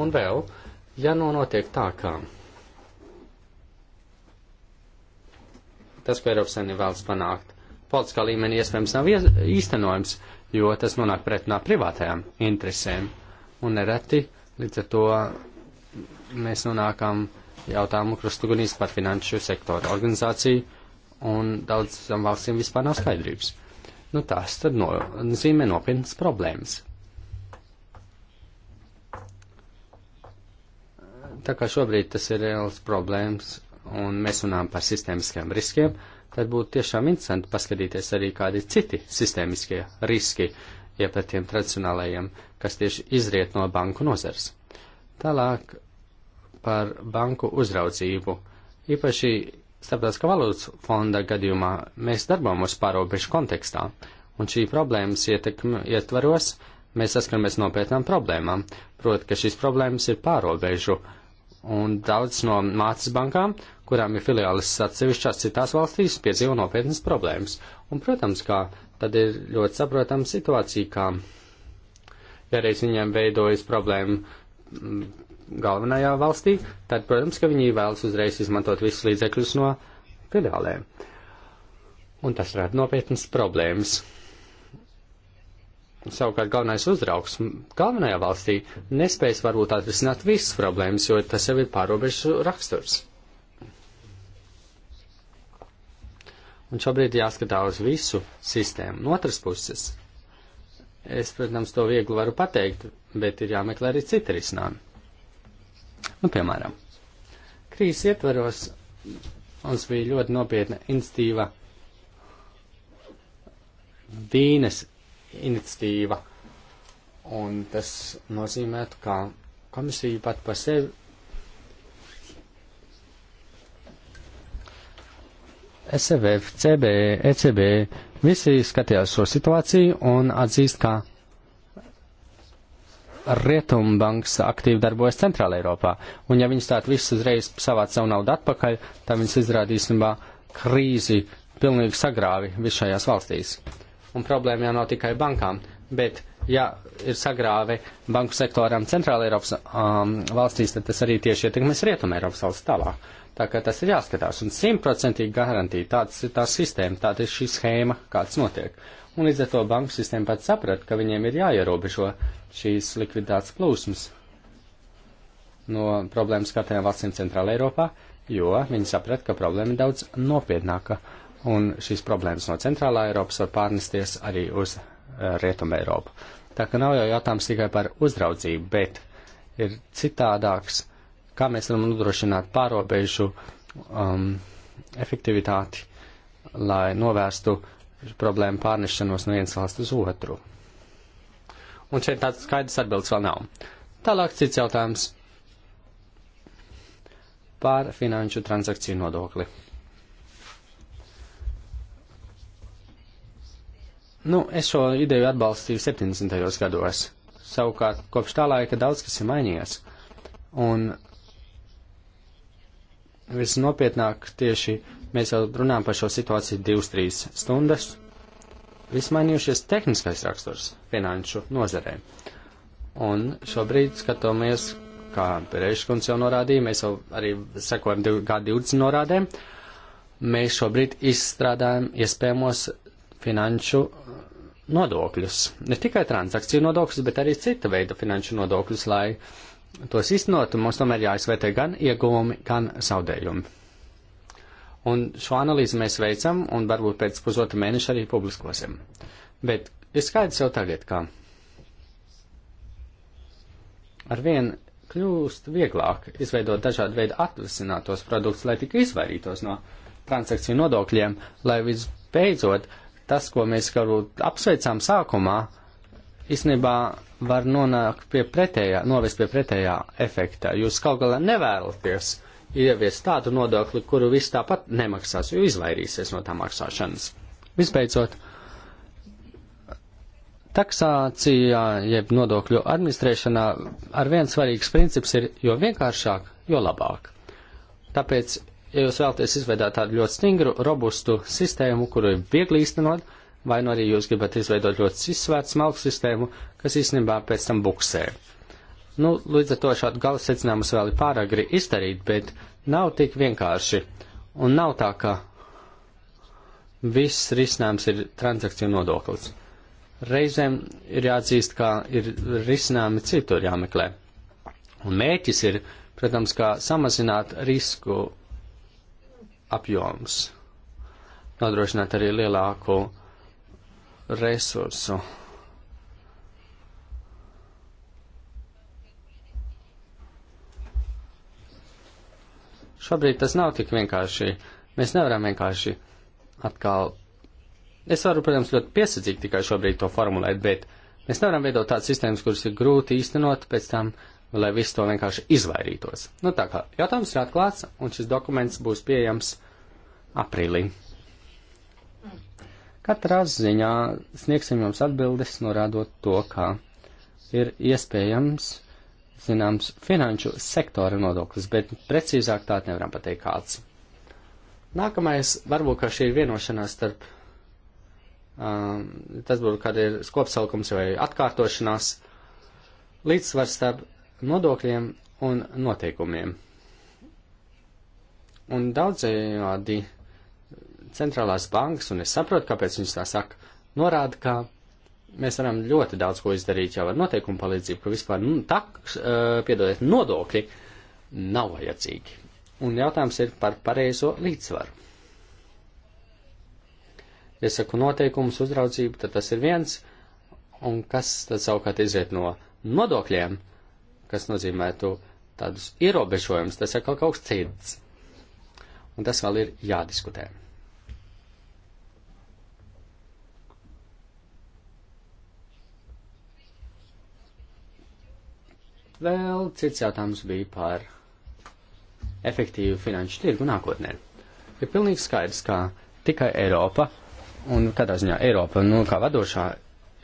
Un vēl, ja nu no notiek tā, kā tas, ko Eiropas Savienība vēlas panākt, politiskā līmenī iespējams nav īstenojams, jo tas nonāk pretinā privātajām interesēm. Un nereti līdz ar to mēs nonākam jautājumu krustugunīs par finanšu sektoru organizāciju, un daudzam valstīm vispār nav skaidrības. Nu, tās tad nozīmē nopietnas problēmas. Tā kā šobrīd tas ir reāls problēmas, un mēs runājam par sistēmiskiem riskiem, uh, tad būtu tiešām interesanti paskatīties arī kādi citi sistēmiskie riski, ja pat tiem tradicionālajiem, kas tieši izriet no banku nozars. Tālāk par banku uzraudzību. Īpaši starptautiskā valūtas fonda gadījumā mēs darbojamies pārobežu kontekstā, un šī problēmas ietekmi ietvaros mēs saskaramies nopietnām problēmām, proti, ka šīs problēmas ir pārobežu, un daudz no mācas bankām kurām ir filiālis atsevišķās citās valstīs, piedzīvo nopietnas problēmas. Un, protams, kā tad ir ļoti saprotama situācija, kā, ja reiz viņiem veidojas problēma mm, galvenajā valstī, tad, protams, ka viņi vēlas uzreiz izmantot visus līdzekļus no filiālēm. Un tas rada nopietnas problēmas. Savukārt galvenais uzraugs galvenajā valstī nespējas varbūt atrisināt visas problēmas, jo tas jau ir pārobežu raksturs. Un šobrīd jāskatā uz visu sistēmu. No otras puses, es, protams, to viegli varu pateikt, bet ir jāmeklē arī citi risinājumi. Nu, piemēram, krīzes ietvaros mums bija ļoti nopietna institīva, vīnes institīva, un tas nozīmētu, ka komisija pat par sevi SVF, CB, ECB, visi skatījās šo situāciju un atzīst, ka Rietumbanks aktīvi darbojas Centrāla Eiropā. Un ja viņi stātu visus uzreiz savāt savu naudu atpakaļ, tad viņas izrādīsimā nu, krīzi pilnīgi sagrāvi visajās valstīs. Un problēma jau nav tikai bankām, bet ja ir sagrāvi banku sektoram Centrāla Eiropas um, valstīs, tad tas arī tieši ietekmēs Rietuma Eiropas valsts tālāk. Tā kā tas ir jāskatās un simtprocentīgi garantīt, tāds ir tā sistēma, tāda ir šī schēma, kāds notiek. Un līdz ar to banku sistēma pat saprat, ka viņiem ir jāierobežo šīs likviditātes plūsmas no problēmas kārtējām valstīm Centrāla Eiropā, jo viņi saprat, ka problēma ir daudz nopietnāka. Un šīs problēmas no Centrālā Eiropas var pārnesties arī uz uh, eh, Rietumē Eiropu. Tā ka nav jau jautājums tikai par uzraudzību, bet ir citādāks kā mēs varam nodrošināt pārobežu um, efektivitāti, lai novērstu problēmu pārnešanos no vienas valsts uz otru. Un šeit tāds skaidrs atbildes vēl nav. Tālāk cits jautājums par finanšu transakciju nodokli. Nu, es šo ideju atbalstīju 70. gados. Savukārt, kopš tā laika daudz kas ir mainījies. Un visnopietnāk tieši mēs jau runājam par šo situāciju 2-3 stundas. Vismainījušies tehniskais raksturs finanšu nozarē. Un šobrīd skatāmies, kā Pereiškunds jau norādīja, mēs jau arī sekojam G20 norādēm. Mēs šobrīd izstrādājam iespējamos finanšu uh, nodokļus. Ne tikai transakciju nodokļus, bet arī cita veida finanšu nodokļus, lai uh, tos iznot, mums tomēr jāizvērtē gan ieguvumi, gan zaudējumi. Un šo analīzi mēs veicam un varbūt pēc pusotra mēneša arī publiskosim. Bet ir skaidrs jau tagad, ka arvien kļūst vieglāk izveidot dažādu veidu atvasinātos produktus, lai tik izvairītos no transakciju nodokļiem, lai visbeidzot tas, ko mēs varbūt apsveicām sākumā, īstenībā var nonākt pie pretējā, novest pie pretējā efekta. Jūs kaut galā nevēlaties ieviest tādu nodokli, kuru viss tāpat nemaksās, jo izvairīsies no tā maksāšanas. Vispēcot, taksācijā jeb nodokļu administrēšanā ar viens svarīgs princips ir, jo vienkāršāk, jo labāk. Tāpēc, ja jūs vēlaties izveidot tādu ļoti stingru, robustu sistēmu, kuru ir viegli īstenot, vai nu arī jūs gribat izveidot ļoti izsvērtu smalku sistēmu, kas īstenībā pēc tam buksē. Nu, līdz ar to šādu gala secinājumus vēl ir pārāk grūti izdarīt, bet nav tik vienkārši. Un nav tā, ka viss risinājums ir transakciju nodoklis. Reizēm ir jāatzīst, ka ir risinājumi citur jāmeklē. Un mērķis ir, protams, kā samazināt risku apjoms, nodrošināt arī lielāku resursu. Šobrīd tas nav tik vienkārši. Mēs nevaram vienkārši atkal. Es varu, protams, ļoti piesardzīgi tikai šobrīd to formulēt, bet mēs nevaram veidot tādas sistēmas, kuras ir grūti īstenot pēc tam, lai visu to vienkārši izvairītos. Nu tā kā jautājums ir atklāts, un šis dokuments būs pieejams aprīlī. Katrā ziņā sniegsim jums atbildes, norādot to, kā ir iespējams, zināms, finanšu sektora nodoklis, bet precīzāk tā nevaram pateikt kāds. Nākamais, varbūt, ka šī ir vienošanās starp, um, tas būtu, kad ir skopsaukums vai atkārtošanās, līdzsvars starp nodokļiem un noteikumiem. Un daudzējādi. Ja centrālās bankas, un es saprotu, kāpēc viņas tā saka, norāda, ka mēs varam ļoti daudz ko izdarīt jau ar noteikumu palīdzību, ka vispār nu, taks, uh, piedodiet, nodokļi nav vajadzīgi. Un jautājums ir par pareizo līdzsvaru. Ja saku noteikumus uzraudzību, tad tas ir viens, un kas tad savukārt iziet no nodokļiem, kas nozīmētu tādus ierobežojumus, tas ir kaut kas cits. Un tas vēl ir jādiskutē. vēl cits jautājums bija par efektīvu finanšu tirgu nākotnē. Ir pilnīgi skaidrs, ka tikai Eiropa, un kādā ziņā Eiropa, nu, kā vadošā,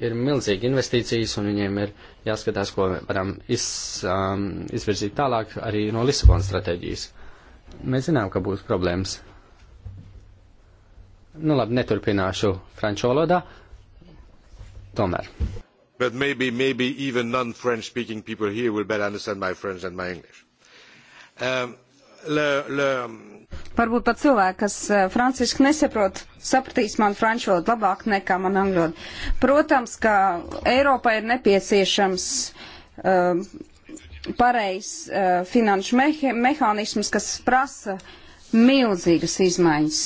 ir milzīgi investīcijas, un viņiem ir jāskatās, ko varam iz, um, izvirzīt tālāk arī no Lisabonas stratēģijas. Mēs zinām, ka būs problēmas. Nu labi, neturpināšu franču valodā. Tomēr but maybe, maybe even non french speaking people here will better understand my french than my english. Um, le, le, um, Varbūt pat cilvēki, kas uh, franciski nesaprot, sapratīs man franču valodu labāk nekā man angļu valodu. Protams, ka Eiropai ir nepieciešams um, pareizs uh, finanšu mehe, mehānisms, kas prasa milzīgas izmaiņas.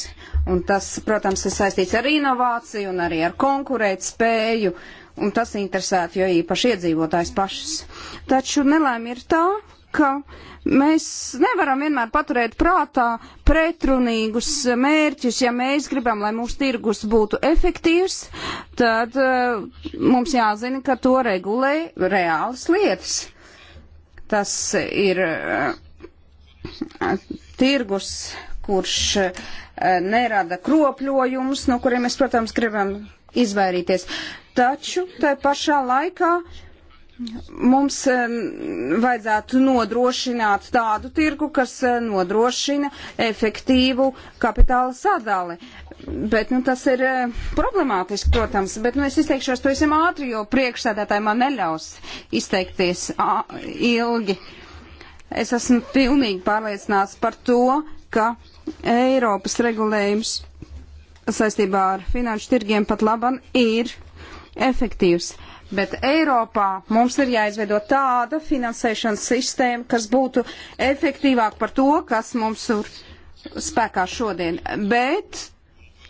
Un tas, protams, ir saistīts ar inovāciju un arī ar konkurēt spēju. Uh, un tas interesētu jo īpaši iedzīvotājs pašas. Taču nelēm ir tā, ka mēs nevaram vienmēr paturēt prātā pretrunīgus mērķus. Ja mēs gribam, lai mūsu tirgus būtu efektīvs, tad uh, mums jāzina, ka to regulē reālas lietas. Tas ir uh, tirgus, kurš uh, nerada kropļojumus, no kuriem mēs, protams, gribam izvairīties. Taču tā pašā laikā mums vajadzētu nodrošināt tādu tirgu, kas eh, nodrošina efektīvu kapitāla sadali. Bet, nu, tas ir eh, problemātiski, protams, bet, nu, es izteikšos to visam ātri, jo priekšsēdētāji man neļaus izteikties ilgi. Es esmu pilnīgi pārliecināts par to, ka Eiropas regulējums saistībā ar finanšu tirgiem pat laban ir efektīvs. Bet Eiropā mums ir jāizveido tāda finansēšanas sistēma, kas būtu efektīvāk par to, kas mums ir spēkā šodien. Bet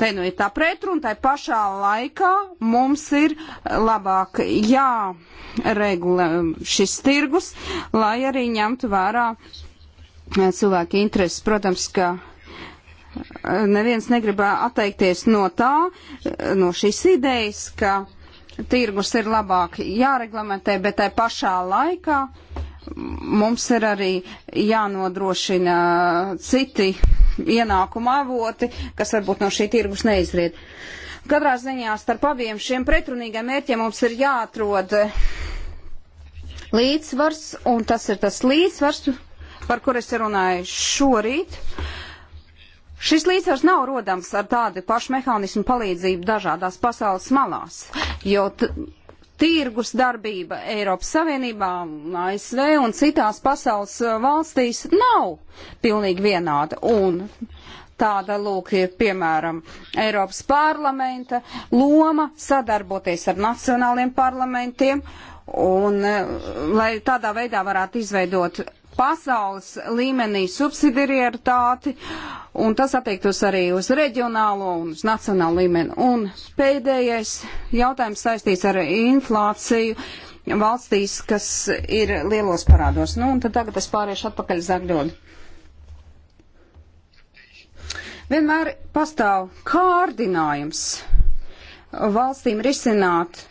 te nu ir tā pretruna, tai pašā laikā mums ir labāk jāregulē šis tirgus, lai arī ņemtu vērā cilvēku intereses. Protams, ka neviens negrib atteikties no tā, no šīs idejas, ka tirgus ir labāk jāreglamentē, bet tai pašā laikā mums ir arī jānodrošina citi ienākuma avoti, kas varbūt no šī tirgus neizriet. Katrā ziņā starp abiem šiem pretrunīgiem mērķiem mums ir jāatrod līdzsvars, un tas ir tas līdzsvars, par kur es runāju šorīt. Uh, Šis līdzsvars nav rodams ar tādu pašu mehānismu palīdzību dažādās pasaules malās, jo tirgus darbība Eiropas Savienībā, ASV un citās pasaules uh, valstīs nav pilnīgi vienāda. Un tāda lūk ir, piemēram, Eiropas parlamenta loma sadarboties ar nacionāliem parlamentiem. Un, uh, lai tādā veidā varētu izveidot pasaules līmenī subsidiarietāti, un tas attiektos arī uz reģionālo un uz nacionālo līmeni. Un pēdējais jautājums saistīts ar inflāciju valstīs, kas ir lielos parādos. Nu, un tad tagad es pāriešu atpakaļ zagļodu. Vienmēr pastāv kārdinājums valstīm risināt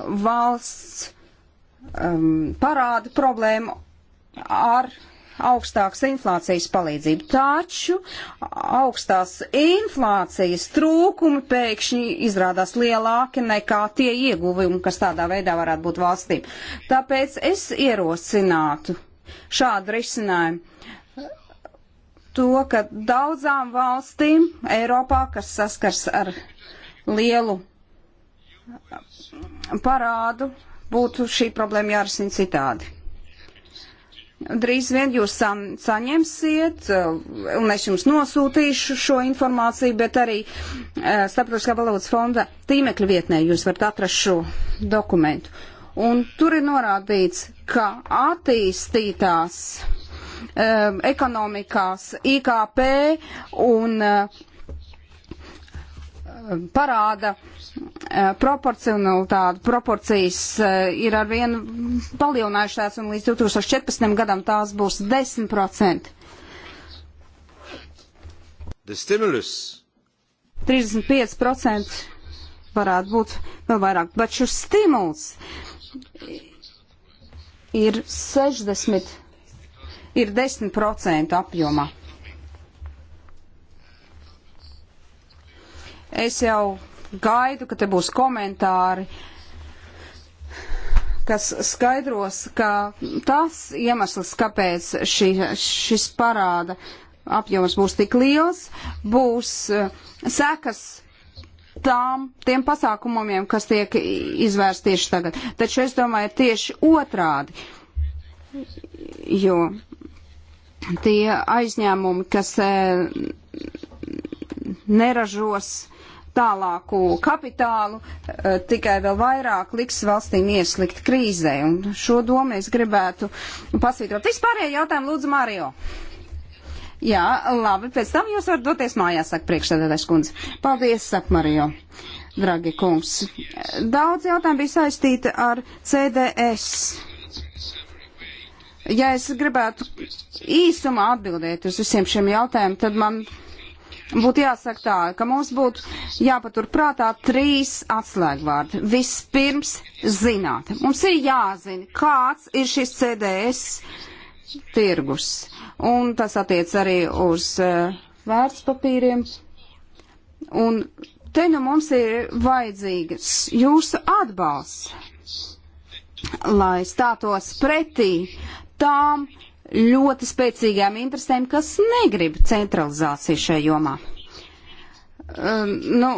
valsts um, parādu problēmu ar augstākas inflācijas palīdzību. Taču augstās inflācijas trūkumi pēkšņi izrādās lielāki nekā tie ieguvumi, kas tādā veidā varētu būt valstīm. Tāpēc es ierosinātu šādu risinājumu. To, ka daudzām valstīm Eiropā, kas saskars ar lielu parādu, būtu šī problēma jārisina citādi drīz vien jūs sam, saņemsiet, eh, un es jums nosūtīšu šo informāciju, bet arī uh, Starptautiskā valodas fonda tīmekļa vietnē jūs varat atrast šo dokumentu. Un tur ir norādīts, ka attīstītās um, ekonomikās IKP un uh, parāda eh, proporcionalitāti, proporcijas eh, ir arvien palielinājušās un līdz 2014. gadam tās būs 10%. 35% varētu būt vēl vairāk, bet šis stimuls ir 60, ir 10% apjomā. Es jau gaidu, ka te būs komentāri, kas skaidros, ka tas iemesls, kāpēc šī, šis parāda apjoms būs tik liels, būs eh, sekas tām, tiem pasākumiem, kas tiek izvērst tieši tagad. Taču es domāju tieši otrādi, jo tie aizņēmumi, kas eh, neražos tālāku kapitālu, eh, tikai vēl vairāk liks valstīm ieslikt krīzē. Un šo domu es gribētu pasvītrot. Vispārējie jautājumi lūdzu Mario. Jā, labi, pēc tam jūs varat doties mājās, saka priekšsēdētājs kundze. Paldies, saka Mario. Dragi kungs, daudz jautājumu bija saistīti ar CDS. Ja es gribētu īsumā atbildēt uz visiem šiem jautājumiem, tad man būtu jāsaka tā, ka mums būtu jāpatur prātā trīs atslēgvārdi. Vispirms zināt. Mums ir jāzina, kāds ir šis CDS tirgus. Un tas attiec arī uz uh, vērtspapīriem. Un te nu mums ir vajadzīgas jūsu atbalsts, lai stātos pretī tām ļoti spēcīgām interesēm, kas negrib centralizāciju šajā jomā. Um, nu,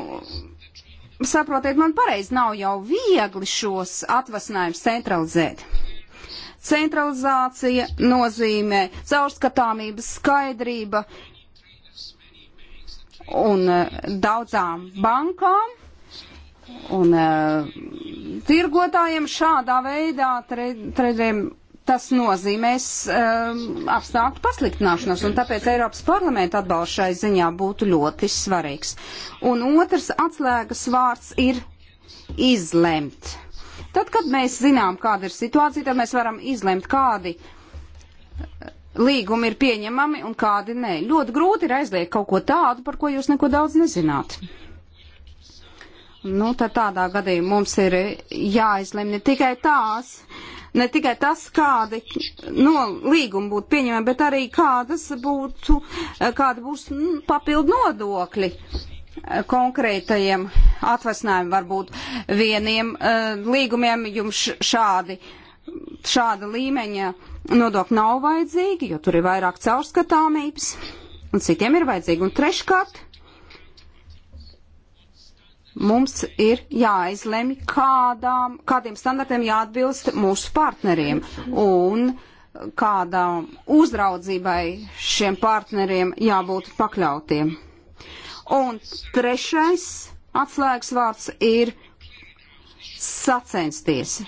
saprotiet man pareizi, nav jau viegli šos atvasinājumus centralizēt. Centralizācija nozīmē caurskatāmība, skaidrība un uh, daudzām bankām un uh, tirgotājiem šādā veidā tradiem tas nozīmēs um, apstākļu pasliktināšanos, un tāpēc Eiropas parlamenta atbalsts šai ziņā būtu ļoti svarīgs. Un otrs atslēgas vārds ir izlemt. Tad, kad mēs zinām, kāda ir situācija, tad mēs varam izlemt, kādi uh, līgumi ir pieņemami un kādi nē. Ļoti grūti ir aizliegt kaut ko tādu, par ko jūs neko daudz nezināt. Nu, tad tādā gadījumā mums ir jāizlem ne tikai tās ne tikai tas, kādi no nu, līgumi būtu pieņemami, bet arī kādas būtu, kāda būs nu, papildu nodokļi eh, konkrētajiem atvasinājumiem varbūt vieniem eh, līgumiem jums šādi, šāda līmeņa nodokļi nav vajadzīgi, jo tur ir vairāk caurskatāmības, un citiem ir vajadzīgi, un treškārt mums ir jāizlemj, kādām, kādiem standartiem jāatbilst mūsu partneriem un kādām uzraudzībai šiem partneriem jābūt pakļautiem. Un trešais atslēgas vārds ir sacensties,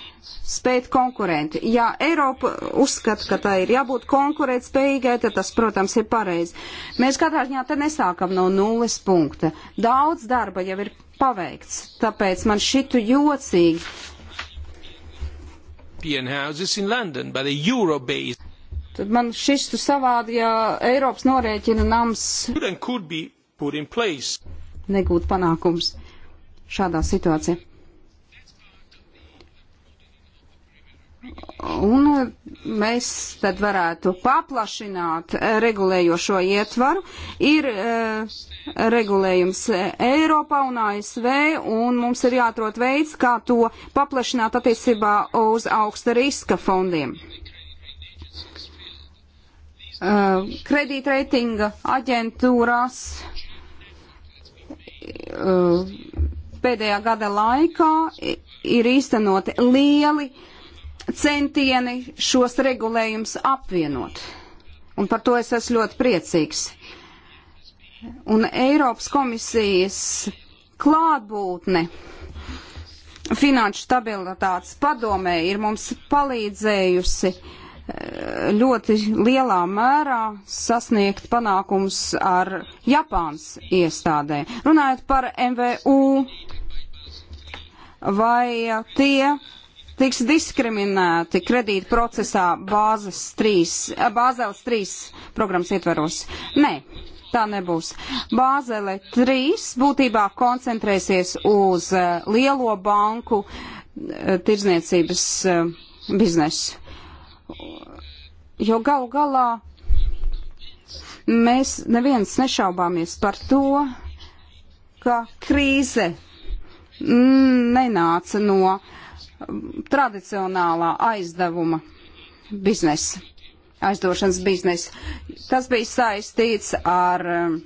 spēt konkurenti. Ja Eiropa uzskata, ka tā ir jābūt konkurētspējīgai, tad tas, protams, ir pareizi. Mēs katrā ziņā te nesākam no nulles punkta. Daudz darba jau ir paveikts. Tāpēc man šitu jocīgi. London, Tad man šis tu savādi, ja Eiropas norēķina nams negūtu panākums šādā situācijā. Un mēs tad varētu paplašināt regulējošo ietvaru. Ir e, regulējums Eiropā un ASV, un mums ir jāatrod veids, kā to paplašināt attiecībā uz augsta riska fondiem. E, kredītreitinga aģentūrās e, pēdējā gada laikā ir īstenoti lieli centieni šos regulējumus apvienot. Un par to es esmu ļoti priecīgs. Un Eiropas komisijas klātbūtne Finanšu stabilitātes padomē ir mums palīdzējusi eh, ļoti lielā mērā sasniegt panākums ar Japānas iestādē. Runājot par MVU, vai tie tiks diskriminēti kredīta procesā bāzes 3, bāzēles 3 programmas ietveros. Nē, tā nebūs. Bāzele 3 būtībā koncentrēsies uz eh, lielo banku eh, tirdzniecības eh, biznesu. Jo galu galā mēs neviens nešaubāmies par to, ka krīze nenāca no uh, tradicionālā aizdevuma biznesa, aizdošanas biznesa. Tas bija saistīts ar um,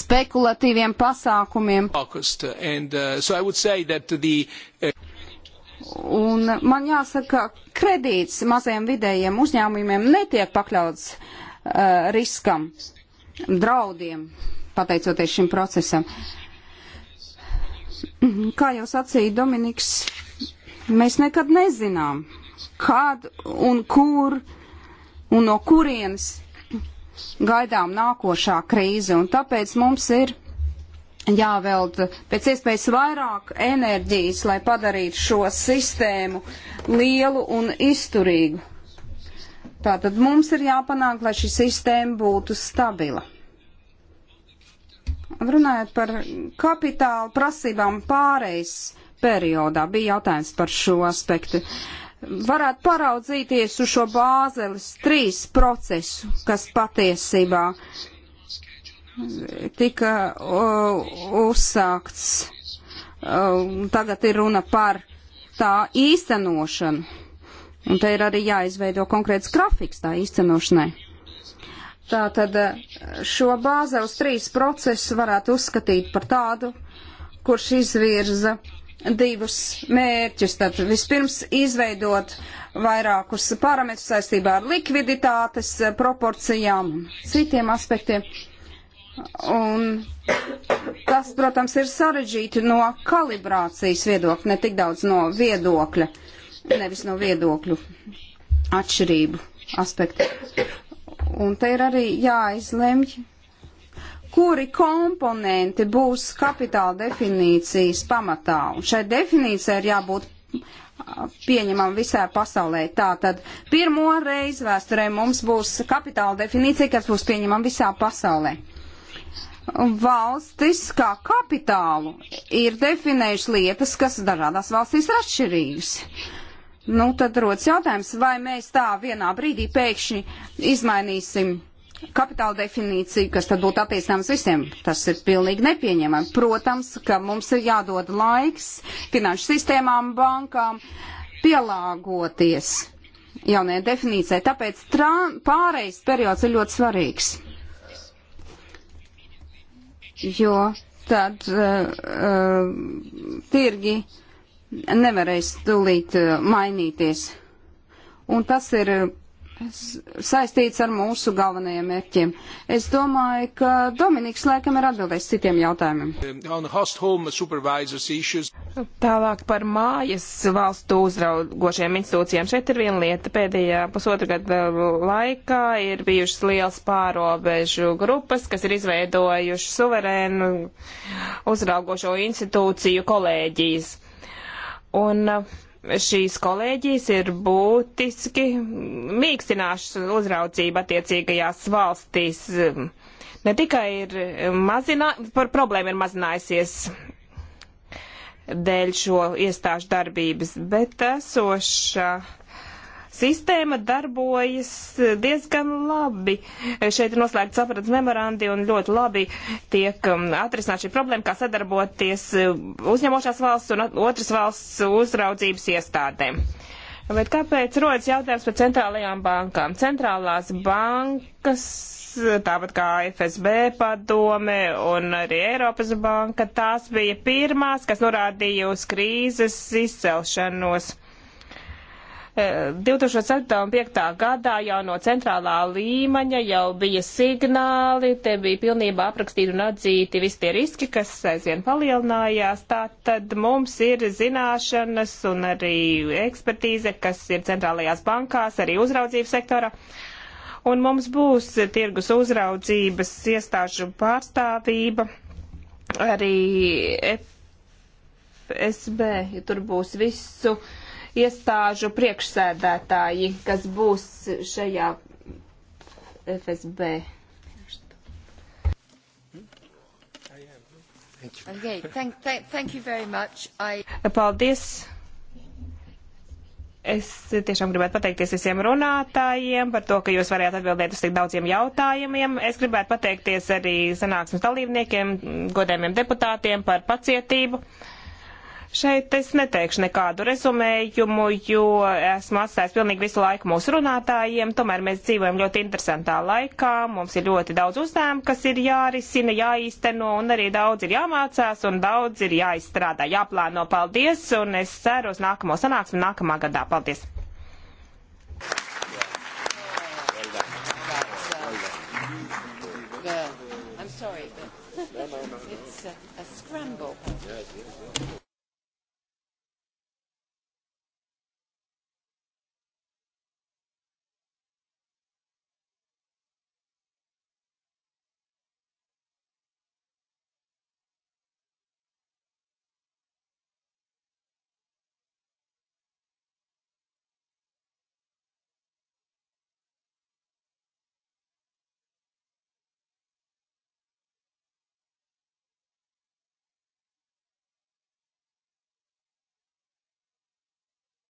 spekulatīviem pasākumiem. And, uh, so the, uh... Un man jāsaka, kredīts mazajiem vidējiem uzņēmumiem netiek pakļauts uh, riskam, draudiem, pateicoties šim procesam. Kā jau sacīja Dominiks, Mēs nekad nezinām, kad un kur un no kurienes gaidām nākošā krīze, un tāpēc mums ir jāveld pēc iespējas vairāk enerģijas, lai padarītu šo sistēmu lielu un izturīgu. Tātad mums ir jāpanāk, lai šī sistēma būtu stabila. Runājot par kapitāla prasībām pārējais periodā. Bija jautājums par šo aspektu. Varētu paraudzīties uz šo bāzeles trīs procesu, kas patiesībā tika uh, uzsākts. Uh, tagad ir runa par tā īstenošanu. Un te ir arī jāizveido konkrēts grafiks tā īstenošanai. Tātad e, šo bāze uz trīs procesu varētu uzskatīt par tādu, kurš izvirza divus mērķus. Tad vispirms izveidot vairākus parametrus saistībā ar likviditātes proporcijām un citiem aspektiem. Un tas, protams, ir sarežģīti no kalibrācijas viedokļa, ne tik daudz no viedokļa, nevis no viedokļu atšķirību aspekta. Un te ir arī jāizlemj, kuri komponenti būs kapitāla definīcijas pamatā. Un šai definīcijai ir jābūt pieņemam visā pasaulē. Tātad pirmo reizi vēsturē mums būs kapitāla definīcija, kas būs pieņemam visā pasaulē. Valstis kā kapitālu ir definējuši lietas, kas dažādās valstīs ir atšķirīgas. Nu, tad rodas jautājums, vai mēs tā vienā brīdī pēkšņi izmainīsim kapitāla definīciju, kas tad būtu attiecināms visiem. Tas ir pilnīgi nepieņemami. Protams, ka mums ir jādod laiks finanšu sistēmām, bankām pielāgoties jaunajai definīcijai. Tāpēc pārejas periods ir ļoti svarīgs. Jo tad uh, uh, tirgi nevarēs tūlīt uh, mainīties. Un tas ir saistīts ar mūsu galvenajiem mērķiem. Es domāju, ka Dominiks laikam ir atbildējis citiem jautājumiem. Tālāk par mājas valstu uzraugošiem institūcijiem. Šeit ir viena lieta. Pēdējā pusotra gada laikā ir bijušas liels pārobežu grupas, kas ir izveidojuši suverēnu uzraugošo institūciju kolēģijas. Un uh, šīs kolēģijas ir būtiski mīkstināšas uzraudzība attiecīgajās valstīs. Ne tikai ir mazinā, par problēmu ir mazinājusies dēļ šo iestāžu darbības, bet esoša sistēma darbojas diezgan labi. Šeit ir noslēgts sapratnes memorandi un ļoti labi tiek um, atrisināt šī problēma, kā sadarboties uh, uzņemošās valsts un otras valsts uzraudzības iestādēm. Bet kāpēc rodas jautājums par centrālajām bankām? Centrālās bankas, tāpat kā FSB padome un arī Eiropas banka, tās bija pirmās, kas norādīja uz krīzes izcelšanos. 2007. E, un 2005. gadā jau no centrālā līmeņa jau bija signāli, te bija pilnībā aprakstīti un atzīti visi tie riski, kas aizvien palielinājās. Tātad mums ir zināšanas un arī ekspertīze, kas ir centrālajās bankās, arī uzraudzības sektora un mums būs tirgus uzraudzības iestāžu pārstāvība arī FSB, ja tur būs visu iestāžu priekšsēdētāji, kas būs šajā FSB. Okay, thank, thank, thank you very much. I... Paldies. Es tiešām gribētu pateikties visiem runātājiem par to, ka jūs varējāt atbildēt uz tik daudziem jautājumiem. Es gribētu pateikties arī sanāksmes dalībniekiem, godējumiem deputātiem par pacietību. Uh, Šeit es neteikšu nekādu rezumējumu, jo esmu atstājis pilnīgi visu laiku mūsu runātājiem. Tomēr mēs dzīvojam ļoti interesantā laikā. Mums ir ļoti daudz uzdevumu, kas ir jārisina, jāīsteno, un arī daudz ir jāmācās, un daudz ir jāizstrādā, jāplāno. Paldies, un es ceru uz nākamo sanāksmi nākamā gadā. Paldies! Well, I'm sorry, but it's a, a scramble.